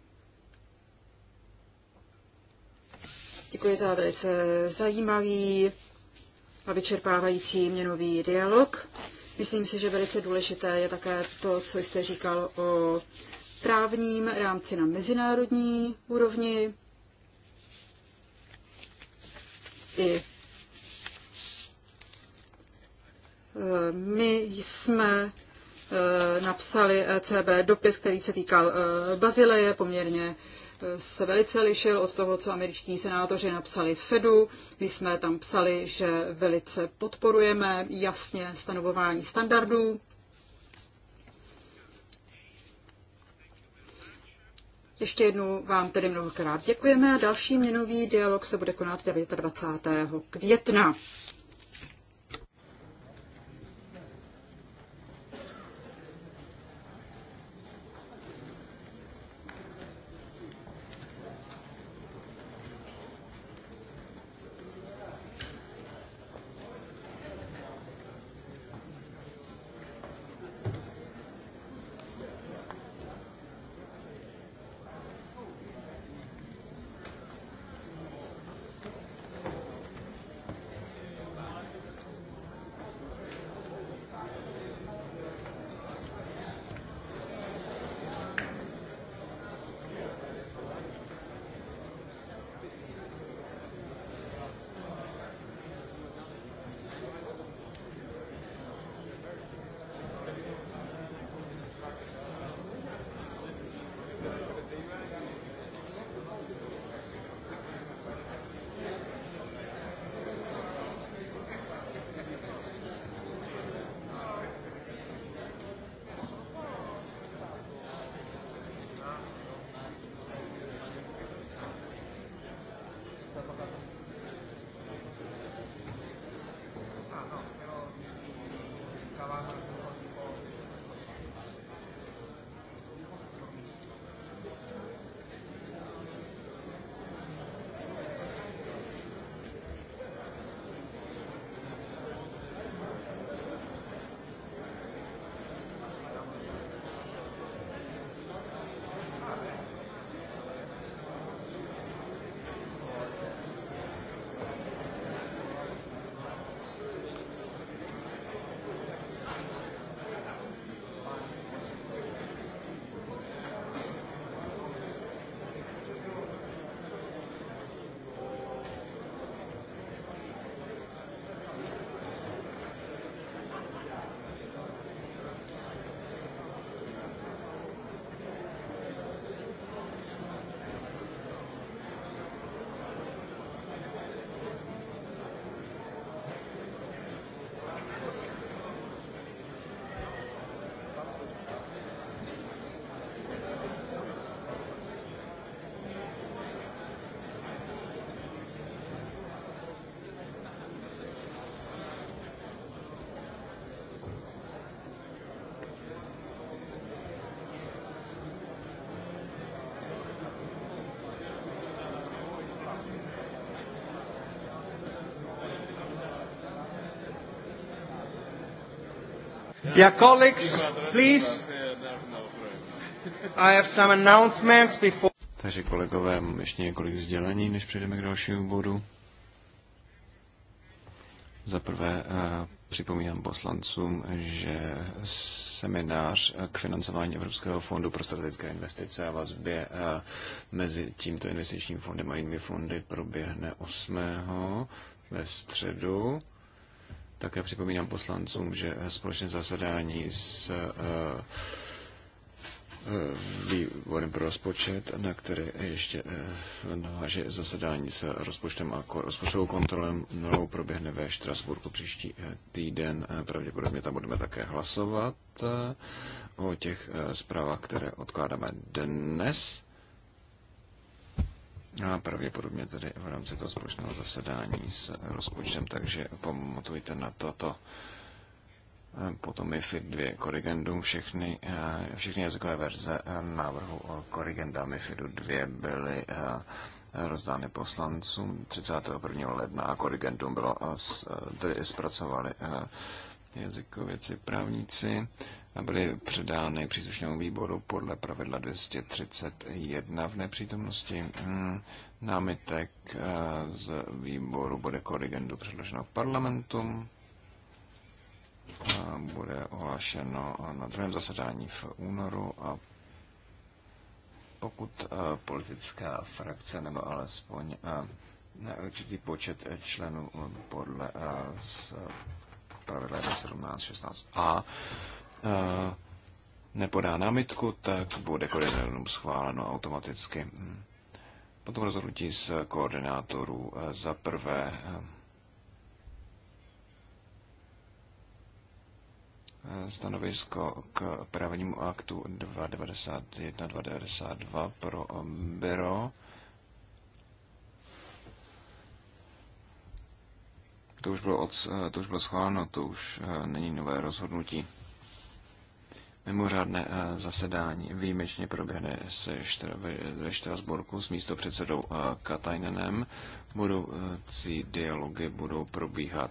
Děkuji za velice zajímavý a vyčerpávající měnový dialog. Myslím si, že velice důležité je také to, co jste říkal o právním rámci na mezinárodní úrovni i eh, my jsme Eh, napsali ECB dopis, který se týkal eh, Bazileje, poměrně eh, se velice lišil od toho, co američtí senátoři napsali Fedu. My jsme tam psali, že velice podporujeme jasně stanovování standardů. Ještě jednou vám tedy mnohokrát děkujeme a další měnový dialog se bude konat 29. května. Yeah, colleagues, please. I have some announcements before... Takže kolegové, mám ještě několik sdělení, než přejdeme k dalšímu bodu. Za prvé eh, připomínám poslancům, že seminář k financování Evropského fondu pro strategické investice a vazbě eh, mezi tímto investičním fondem a jinými fondy proběhne 8. ve středu také připomínám poslancům, že společné zasedání s eh, eh, výborem pro rozpočet, na které ještě eh, naváže zasedání s rozpočtem a rozpočtovou kontrolou proběhne ve Štrasburku příští týden. Pravděpodobně tam budeme také hlasovat o těch zprávách, které odkládáme dnes. A pravděpodobně tedy v rámci toho společného zasedání s rozpočtem, takže pamatujte na toto. Potom FIT 2 korrigendum, všechny, všechny jazykové verze návrhu o korrigenda MIFIDu 2 byly rozdány poslancům 31. ledna a korrigendum bylo, tedy zpracovali jazykověci, právníci a byly předány příslušnému výboru podle pravidla 231 v nepřítomnosti mm, námitek eh, z výboru bude korigendu předloženo parlamentu. Bude ohlášeno na druhém zasedání v únoru a pokud eh, politická frakce nebo alespoň eh, určitý počet členů podle pravidla 17, 16a, eh, nepodá námitku, tak bude koordinátorům schváleno automaticky. Potom rozhodnutí z koordinátorů eh, za prvé eh, stanovisko k právnímu aktu 291-292 pro byro To už bylo, od, eh, to už bylo schváleno, to už eh, není nové rozhodnutí. Mimořádné eh, zasedání výjimečně proběhne se ve Štrasburku s předsedou Katajnenem. Budoucí dialogy budou probíhat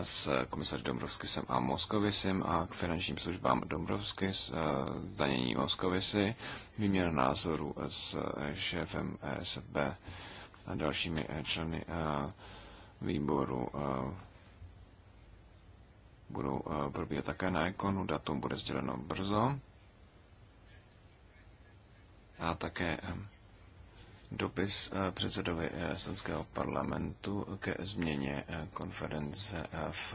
s komisařem Dombrovskisem a Moskovisem a k finančním službám Dombrovskis, zdanění Moskovisy, výměna názoru s šéfem SB a dalšími členy výboru budou probíhat také na ikonu, datum bude sděleno brzo. A také ehm, dopis e, předsedovi e, Estonského parlamentu ke změně e, konference v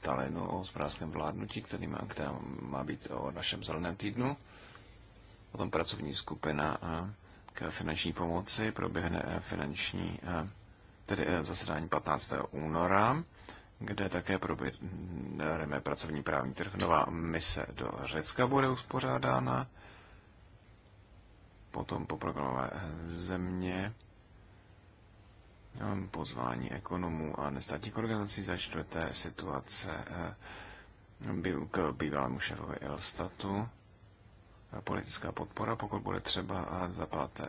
Talinu o hospodářském vládnutí, který má, která má být o našem zeleném týdnu. Potom pracovní skupina k finanční pomoci proběhne finanční tedy eh, zasedání 15. února, kde také proběhneme pracovní právní trh. Nová mise do Řecka bude uspořádána, potom po programové eh, země pozvání ekonomů a nestátních organizací za čtvrté situace eh, k bývalému šéfovi Elstatu politická podpora, pokud bude třeba, a za páté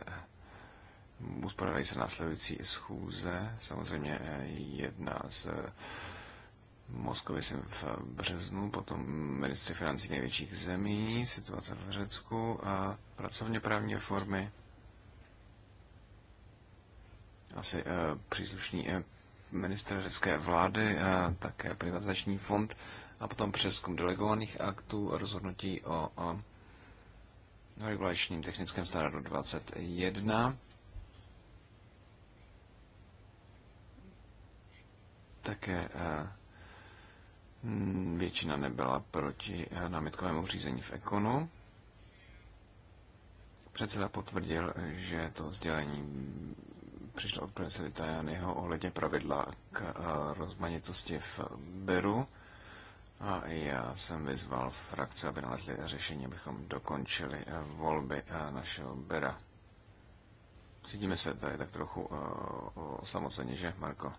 uspořádají se následující schůze. Samozřejmě eh, jedna z jsem eh, v březnu, potom ministři financí největších zemí, situace v Řecku a pracovně právní reformy. Asi e, příslušný e, ministr řecké vlády, a také privatizační fond a potom přeskum delegovaných aktů a rozhodnutí o, o regulačním technickém standardu 21 také eh, většina nebyla proti eh, námitkovému řízení v Ekonu. Předseda potvrdil, že to sdělení přišlo od předsedy Tajanyho ohledně pravidla k eh, rozmanitosti v Beru. A já jsem vyzval frakce, aby nalezli řešení, abychom dokončili volby našeho Bera. Cítíme se tady tak trochu osamoceně, že, Marko?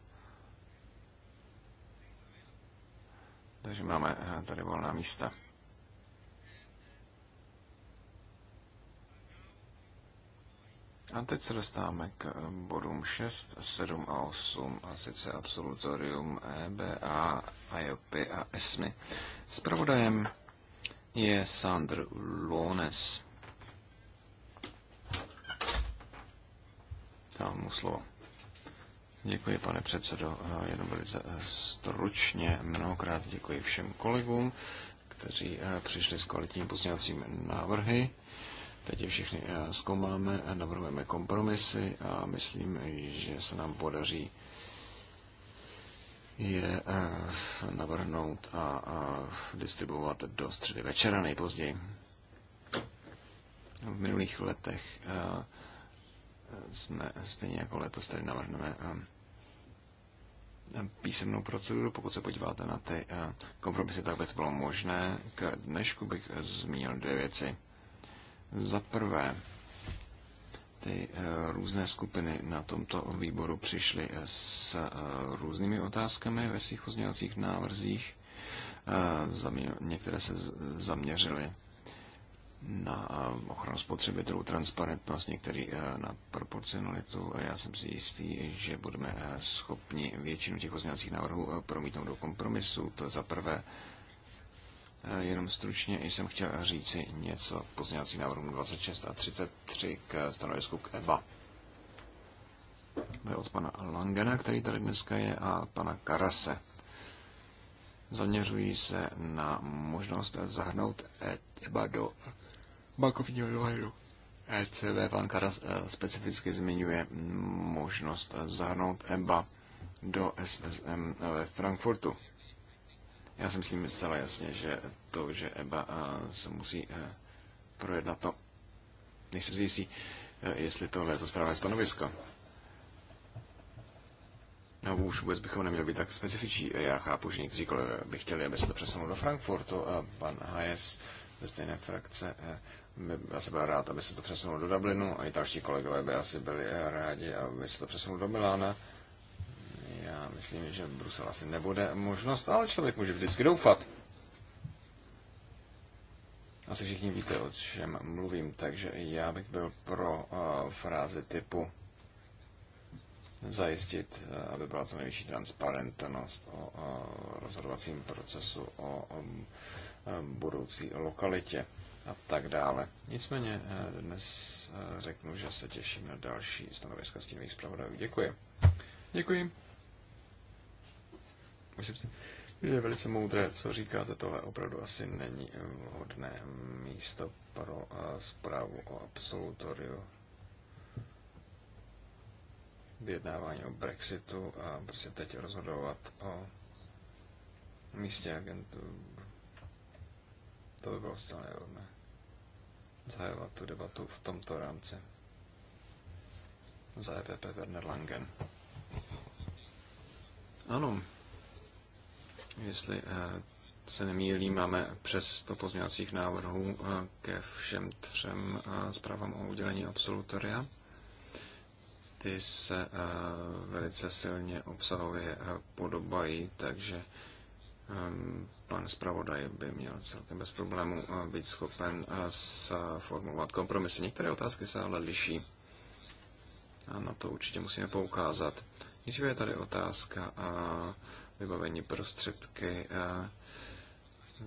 Takže máme eh, tady volná místa. A teď se dostáváme k eh, bodům 6, 7 a 8, a sice absolutorium EBA, IOP a ESMI. Spravodajem je Sandr Lones. Dám mu slovo. Děkuji, pane předsedo. Jenom velice e, stručně mnohokrát děkuji všem kolegům, kteří e, přišli s kvalitními pozměňovacími návrhy. Teď je všechny e, zkoumáme, navrhujeme kompromisy a myslím, že se nám podaří je navrhnout a distribuovat do středy večera nejpozději. V minulých letech jsme stejně jako letos tady navrhneme eh, písemnou proceduru. Pokud se podíváte na ty eh, kompromisy, tak by to bylo možné. K dnešku bych eh, zmínil dvě věci. Za prvé, ty různé skupiny na tomto výboru přišly s různými otázkami ve svých pozměňovacích návrzích. Některé se zaměřily na ochranu spotřebitelů, transparentnost, některý eh, na proporcionalitu. Já jsem si jistý, že budeme eh, schopni většinu těch pozměňovacích návrhů eh, promítnout do kompromisu. To za prvé. Jenom stručně jsem chtěl říci něco k pozměňovacím návrhům 26 a 33 k stanovisku k EBA. To je od pana Langena, který tady dneska je, a pana Karase. Zaměřují se na možnost zahrnout EBA do bankovního dohledu. ECB banka Karas eh, specificky zmiňuje možnost eh, zahrnout EBA do SSM eh, ve Frankfurtu. Já si myslím zcela jasně, že to, že EBA se musí projednat, no, nejsem si jistý, jestli tohle je to správné stanovisko. No už vůbec bychom neměli být tak specifičí. Já chápu, že někteří kolegové by chtěli, aby se to přesunulo do Frankfurtu pan Hayes ze stejné frakce já jsem byl rád, aby se to přesunulo do Dublinu a i další kolegové by asi byli eh, rádi, aby se to přesunulo do Milána. Já myslím, že Brusel asi nebude možnost, ale člověk může vždycky doufat. Asi všichni víte, o čem mluvím, takže já bych byl pro uh, frázi typu zajistit, eh, aby byla co největší transparentnost o rozhodovacím procesu, o budoucí lokalitě a tak dále. Nicméně eh, dnes eh, řeknu, že se těším na další stanoviska stínových zpravodajů. Děkuji. Děkuji. Myslím si, že je velice moudré, co říkáte, tohle opravdu asi není eh, vhodné místo pro zprávu o absolutoriu vyjednávání o Brexitu a prostě teď rozhodovat o místě agentů. To by bylo zcela nevhodné zahajovat tu debatu v tomto rámci. Za EPP Werner Langen. Ano, jestli eh, se nemýlí, máme přes 100 pozměňovacích návrhů eh, ke všem třem eh, zprávám o udělení absolutoria. Ty se velice silně obsahově podobají, takže Ehm, pan zpravodaj by měl celkem bez problémů eh, být schopen eh, formulovat kompromisy. Některé otázky se ale liší a na to určitě musíme poukázat. Nejdříve je tady otázka a eh, vybavení prostředky a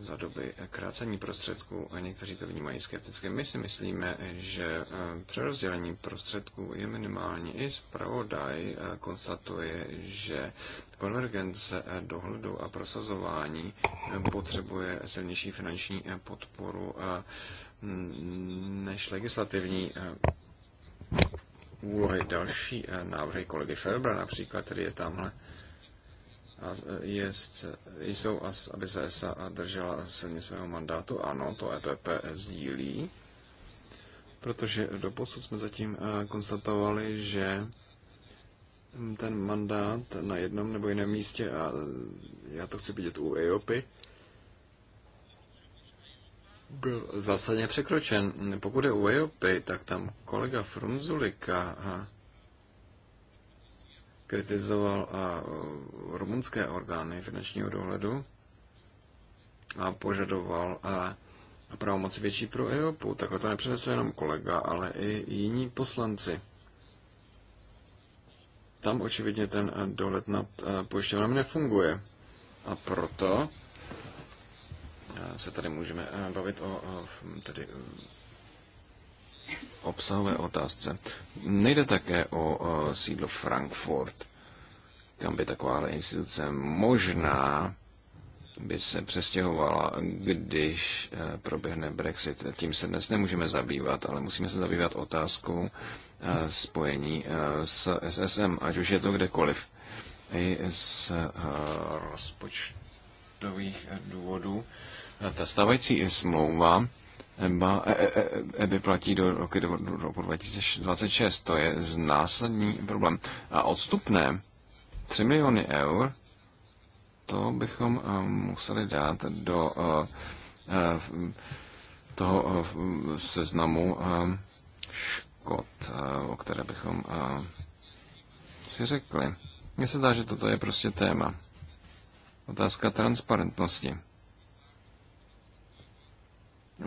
za doby krácení prostředků a někteří to vnímají skepticky. My si myslíme, že eh, přerozdělení prostředků je minimální. I zpravodaj eh, konstatuje, že konvergence eh, dohledu a prosazování potřebuje silnější finanční podporu mm, než legislativní úlohy. Další návrhy kolegy Ferbra například, který je tamhle ISC, jsou, aby se SA držela silně svého mandátu. Ano, to EPP sdílí, protože do posud jsme zatím eh, konstatovali, že ten mandát na jednom nebo jiném místě, a já to chci vidět u EOPy, byl zásadně překročen. Pokud je u EOPy, tak tam kolega Frunzulika a kritizoval a e, rumunské orgány finančního dohledu a požadoval e, a pravomoc větší pro EOPu. Takhle to nepřinesl jenom kolega, ale i jiní poslanci. Tam očividně ten e, dohled nad pojišťovnami nefunguje. A proto se tady můžeme bavit o tedy obsahové otázce. Nejde také o, o sídlo Frankfurt, kam by taková instituce možná by se přestěhovala, když eh, proběhne Brexit. Tím se dnes nemůžeme zabývat, ale musíme se zabývat otázkou eh, spojení eh, s SSM, ať už je to kdekoliv. I z rozpočtových důvodů. Ta stávající smlouva EBA, EBA e, e, platí do roku, do roku 2026. To je následný problém. A odstupné 3 miliony eur, to bychom e, museli dát do toho seznamu škod, o které bychom si řekli. Mně se zdá, že toto je prostě téma. Otázka transparentnosti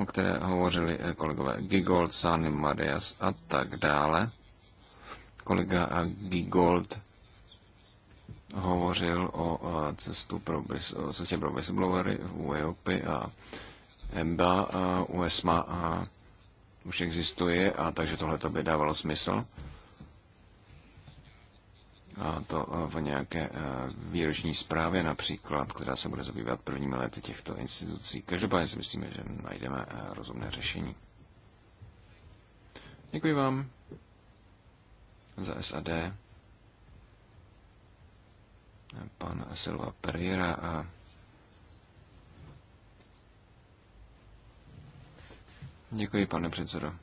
o které hovořili eh, kolegové Gigold, Sany Marias a tak dále. Kolega eh, Gigold hovořil o eh, cestu pro, cestě pro whistleblowery v UEOPy a EMBA a USMA a už existuje a takže tohle by dávalo smysl. A to e, v nějaké e, výroční zprávě například, která se bude zabývat prvními lety těchto institucí. Každopádně si myslíme, že najdeme e, rozumné řešení. Děkuji vám za SAD. Pan Silva Pereira a Děkuji, pane předsedo.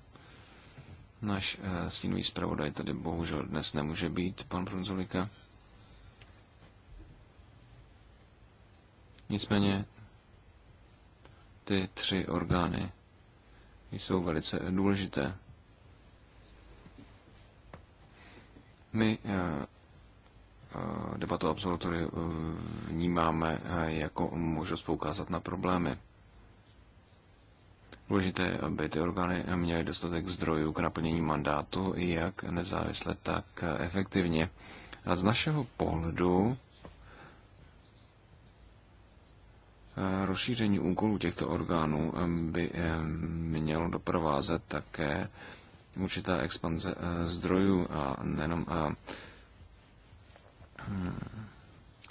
Náš eh, stínový zpravodaj tady bohužel dnes nemůže být, pan Brunzulika. Nicméně ty tři orgány jsou velice důležité. My eh, eh, debatu absolutory vnímáme jako možnost poukázat na problémy. Důležité aby ty orgány měly dostatek zdrojů k naplnění mandátu, jak nezávisle, tak efektivně. A z našeho pohledu eh, rozšíření úkolů těchto orgánů by mělo doprovázet také určitá expanze eh, zdrojů a nejenom eh, hmm,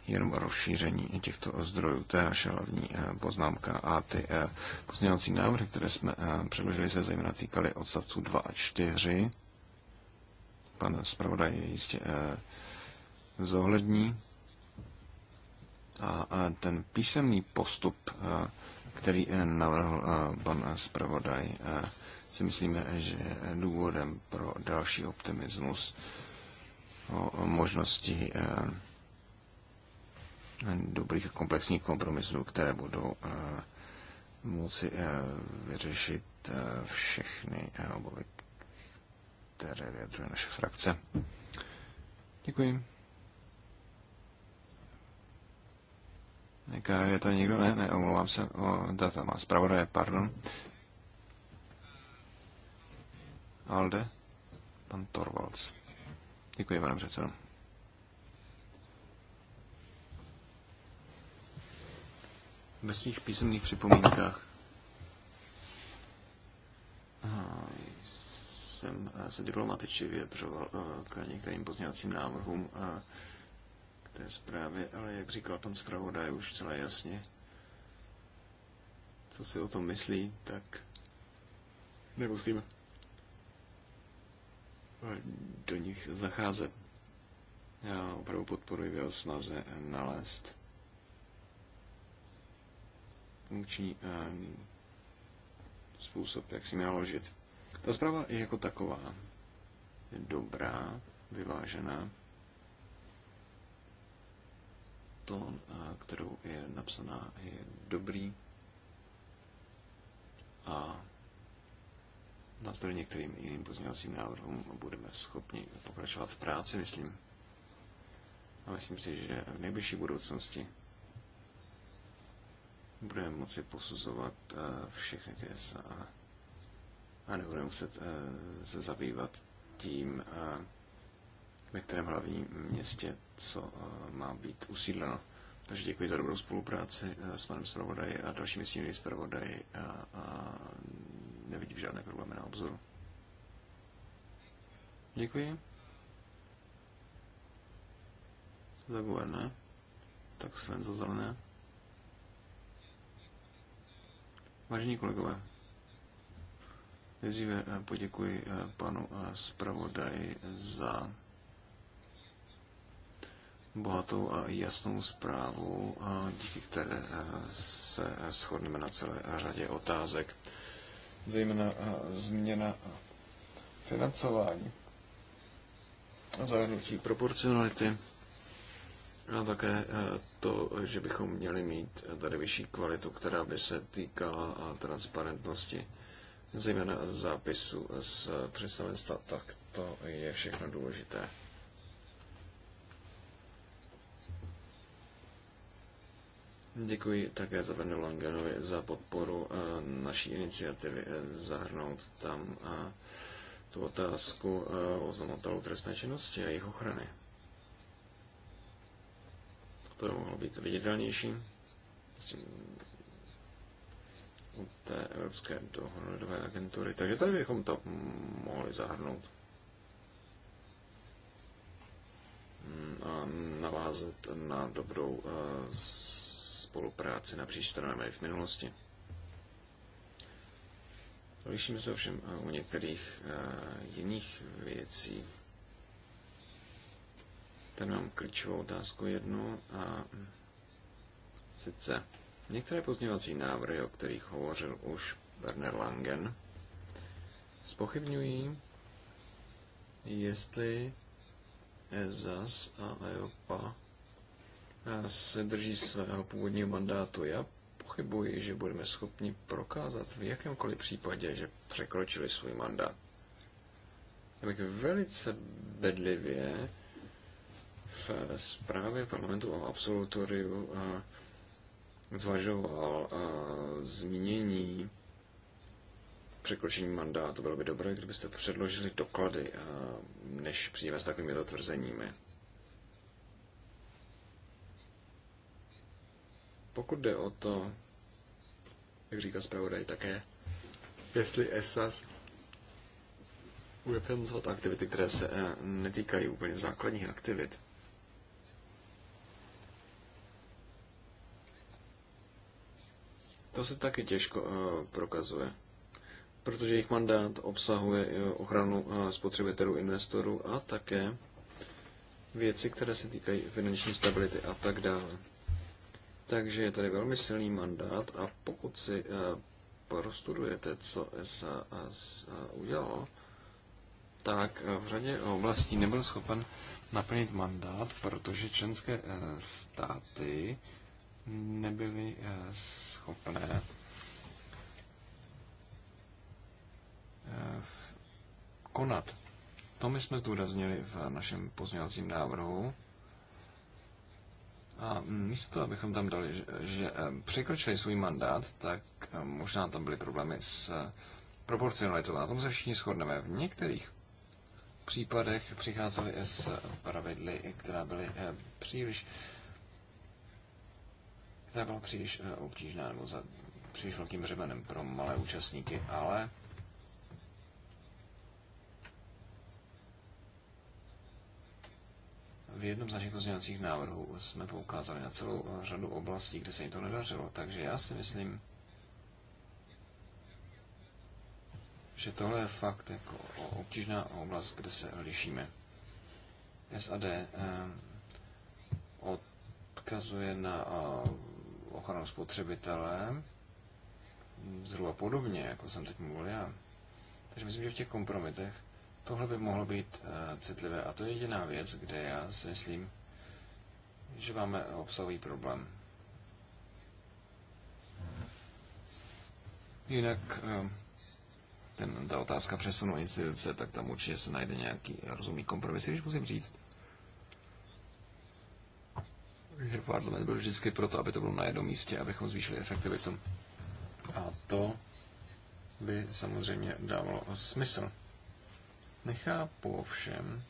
jenom rozšíření těchto zdrojů. To je naše hlavní eh, poznámka. A ty eh, pozměňovací návrhy, které jsme eh, předložili, se zejména týkaly odstavců 2 a 4. Pan zpravodaj je jistě zohlední. A ten písemný postup, který navrhl pan zpravodaj, si myslíme, že je důvodem pro další optimismus o možnosti dobrých komplexních kompromisů, které budou eh, moci eh, vyřešit eh, všechny obavy, které vyjadřuje naše frakce. Děkuji. Jaká je to někdo? Ne, ne, omlouvám se. O, data má zpravodaje, pardon. Alde? Pan Torvalds. Děkuji, pane předsedo. ve svých písemných připomínkách jsem eh, se diplomaticky vyjadřoval eh, k některým pozměňovacím návrhům eh, k té zprávě, ale jak říkal pan zpravodaj už celé jasně, co si o tom myslí, tak nemusím do nich zacházet. Já opravdu podporuji v jeho snaze nalézt funkční eh, způsob, jak si naložit. Ta zpráva je jako taková je dobrá, vyvážená. Tón, eh, kterou je napsaná, je dobrý a na straně některým jiným pozměňovacím návrhům budeme schopni pokračovat v práci, myslím. A myslím si, že v nejbližší budoucnosti budeme moci posuzovat eh, všechny ty SA a nebudeme muset eh, se zabývat tím, eh, ve kterém hlavním městě, co má být usídleno. Takže děkuji za dobrou spolupráci s panem zpravodaji a dalšími stínovými zpravodaji a, a nevidím žádné problémy na obzoru. Děkuji. Za ne? Tak Sven za zelené. Vážení kolegové, nejdříve eh, poděkuji eh, panu eh, zpravodaji za bohatou a jasnou zprávu, díky které se shodneme na celé řadě otázek. Zejména změna financování a zahrnutí proporcionality No a také eh, to, že bychom měli mít tady vyšší kvalitu, která by se týkala eh, transparentnosti, zejména zápisu z představenstva, tak to je všechno důležité. Děkuji také za Venu Langenovi za podporu eh, naší iniciativy zahrnout tam tu otázku oznamovatelů trestné činnosti a jejich ochrany. To by mohlo být viditelnější. U té Evropské dohledové agentury. Takže tady bychom to mohli zahrnout. Hmm, a navázat na dobrou eh, spolupráci napříč stranami v minulosti. Lišíme se ovšem u některých eh, jiných věcí. Tady mám klíčovou otázku jednu a sice některé pozměňovací návrhy, o kterých hovořil už Werner Langen, spochybňují, jestli EZAS a EOPA e e, se drží svého původního mandátu. Já pochybuji, že budeme schopni prokázat v jakémkoliv případě, že překročili svůj mandát. Já bych velice bedlivě v zprávě parlamentu o absolutoriu zvažoval zmínění překročení mandátu. Bylo by dobré, kdybyste předložili doklady, a než přijdeme s takovými dotvrzeními. Pokud jde o to, jak říká zpravodaj také, jestli ESAS bude financovat aktivity, které se e, netýkají úplně základních aktivit, To se taky těžko eh, prokazuje, protože jejich mandát obsahuje eh, ochranu eh, spotřebitelů, investorů a také věci, které se týkají finanční stability a tak dále. Takže je tady velmi silný mandát a pokud si prostudujete, co SAS udělalo, tak v řadě oblastí nebyl schopen naplnit mandát, protože členské státy nebyly eh, schopné eh, konat. To my jsme zdůraznili v našem pozměňovacím návrhu. A místo, abychom tam dali, že eh, překročili svůj mandát, tak možná tam byly problémy s proporcionalitou. Na tom se všichni shodneme. V některých případech přicházeli s pravidly, která byly příliš to bylo příliš eh, obtížné nebo za příliš velkým břemenem pro malé účastníky, ale v jednom z našich pozměňovacích návrhů jsme poukázali na celou eh, řadu oblastí, kde se jim to nedařilo. Takže já si myslím, že tohle je fakt jako obtížná oblast, kde se lišíme. SAD eh, odkazuje na eh, ochranou spotřebitele, zhruba podobně, jako jsem teď mluvil já. Takže myslím, že v těch kompromitech tohle by mohlo být uh, citlivé a to je jediná věc, kde já si myslím, že máme obsahový problém. Jinak uh, ten, ta otázka přesunu instituce, tak tam určitě se najde nějaký rozumný kompromis. Když musím říct, že parlament byl vždycky proto, aby to bylo na jednom místě, abychom zvýšili efektivitu. A to by samozřejmě dávalo smysl. Nechápu ovšem,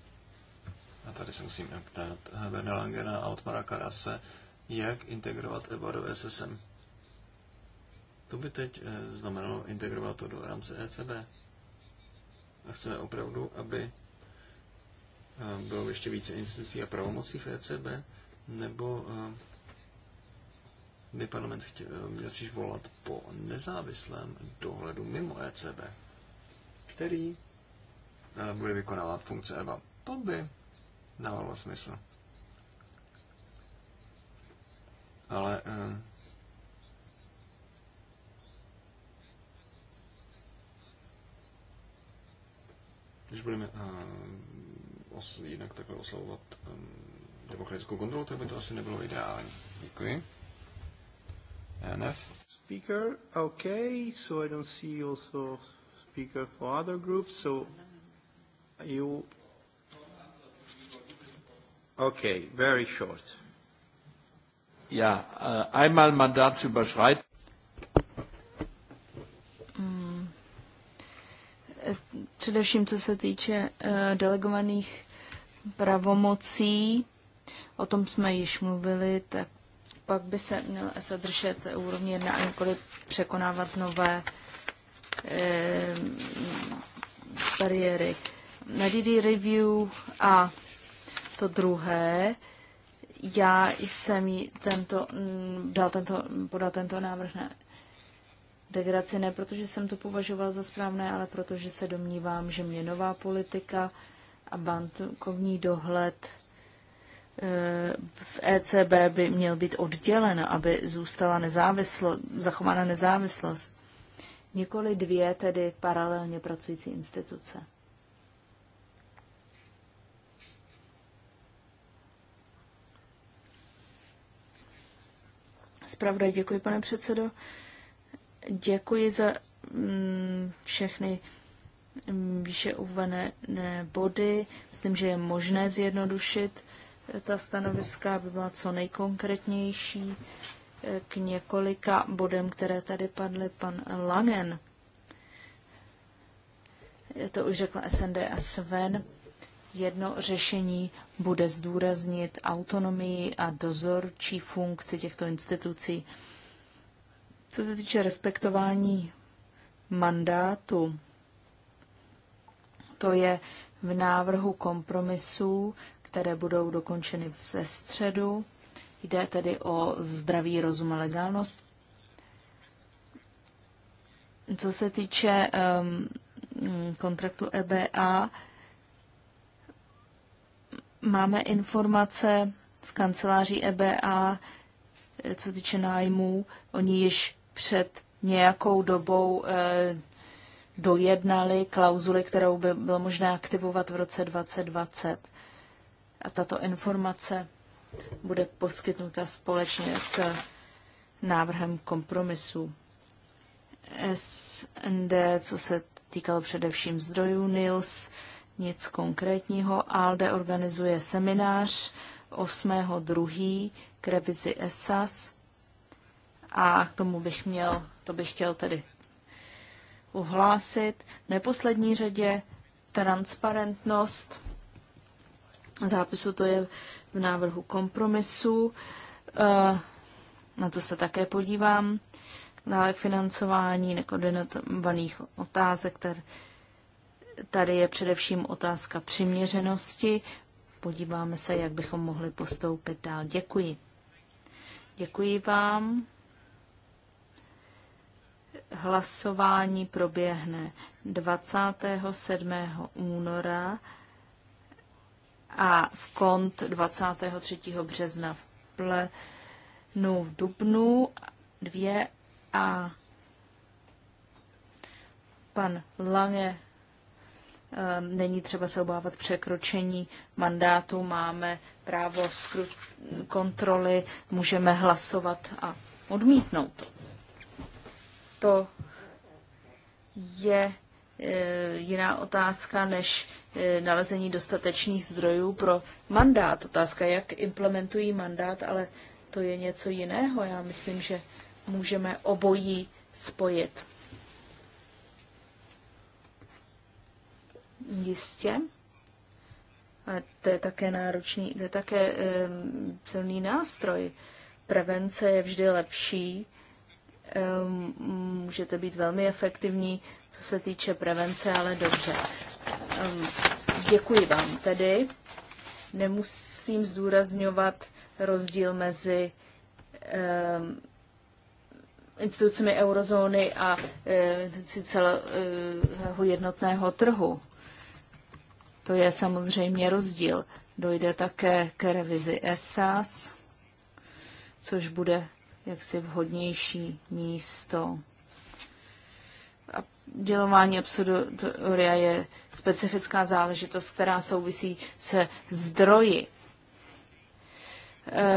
a tady se musím ptát Berna Langena a Otmara Karase, jak integrovat EBA do SSM. To by teď eh, znamenalo integrovat to do rámce ECB. A chceme opravdu, aby eh, bylo ještě více institucí a pravomocí v ECB, nebo eh, by parlament chtěl, eh, měl spíš volat po nezávislém dohledu mimo ECB, který eh, bude vykonávat funkce EBA. To by dávalo smysl. Ale když budeme uh, os, jinak takhle oslavovat um, demokratickou kontrolu, tak by to asi nebylo ideální. Děkuji. E speaker, okay, so I don't see also speaker for other groups, so you... Okay, very short. Ja, uh, einmal Mandatsüberschreitung. Mm. především co se týče äh, delegovaných pravomocí, o tom jsme již mluvili, tak pak by se měl ESA držet úrovně 1 a nikoli překonávat nové e, bariéry. Na DD Review a to druhé, já jsem jí tento, mm, dal tento, podal tento návrh na degradaci ne protože jsem to považoval za správné, ale protože se domnívám, že měnová politika a bankovní dohled – v ECB by měl být oddělen, aby zůstala nezávislo, zachována nezávislost. Nikoli dvě tedy paralelně pracující instituce. Zpravodaj, děkuji, pane předsedo. Děkuji za mm, všechny výše uvedené body. Myslím, že je možné zjednodušit ta stanoviska, aby byla co nejkonkrétnější eh, k několika bodem, které tady padly pan Langen. To už řekla SND a Sven. Jedno řešení bude zdůraznit autonomii a dozorčí funkci těchto institucí. Co se týče respektování mandátu, to je v návrhu kompromisů které budou dokončeny ze středu. Jde tedy o zdravý rozum a legálnost. Co se týče um, kontraktu EBA, máme informace z kanceláří EBA, co týče nájmů. Oni již před nějakou dobou eh, dojednali klauzuly, kterou by bylo možné aktivovat v roce 2020 a tato informace bude poskytnuta společně s návrhem kompromisu. SND, co se týkalo především zdrojů NILS, nic konkrétního. ALDE organizuje seminář 8.2. k revizi ESAS a k tomu bych měl, to bych chtěl tedy uhlásit. V neposlední řadě transparentnost zápisu, to je v návrhu kompromisu. E, na to se také podívám. Dále k financování nekoordinovaných otázek, Tady je především otázka přiměřenosti. Podíváme se, jak bychom mohli postoupit dál. Děkuji. Děkuji vám. Hlasování proběhne 27. února a v kont 23. března v plenu v Dubnu dvě a pan Lange ehm, Není třeba se obávat překročení mandátu, máme právo kontroly, můžeme hlasovat a odmítnout. To je Eh, jiná otázka než eh, nalezení dostatečných zdrojů pro mandát. Otázka, jak implementují mandát, ale to je něco jiného. Já myslím, že můžeme obojí spojit. Jistě. A to je také náročný, to je také um, silný nástroj. Prevence je vždy lepší Ehm, můžete být velmi efektivní, co se týče prevence, ale dobře. Ehm, děkuji vám tedy. Nemusím zdůrazňovat rozdíl mezi ehm, institucemi eurozóny a eh, celého eh, jednotného trhu. To je samozřejmě rozdíl. Dojde také k revizi ESAS, což bude jaksi vhodnější místo. A dělování absurdoria je specifická záležitost, která souvisí se zdroji. E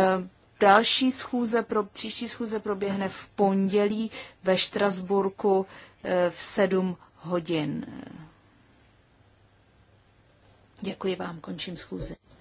Další schůze pro, příští schůze proběhne v pondělí ve Štrasburku e, v 7 hodin. Děkuji vám, končím schůzi.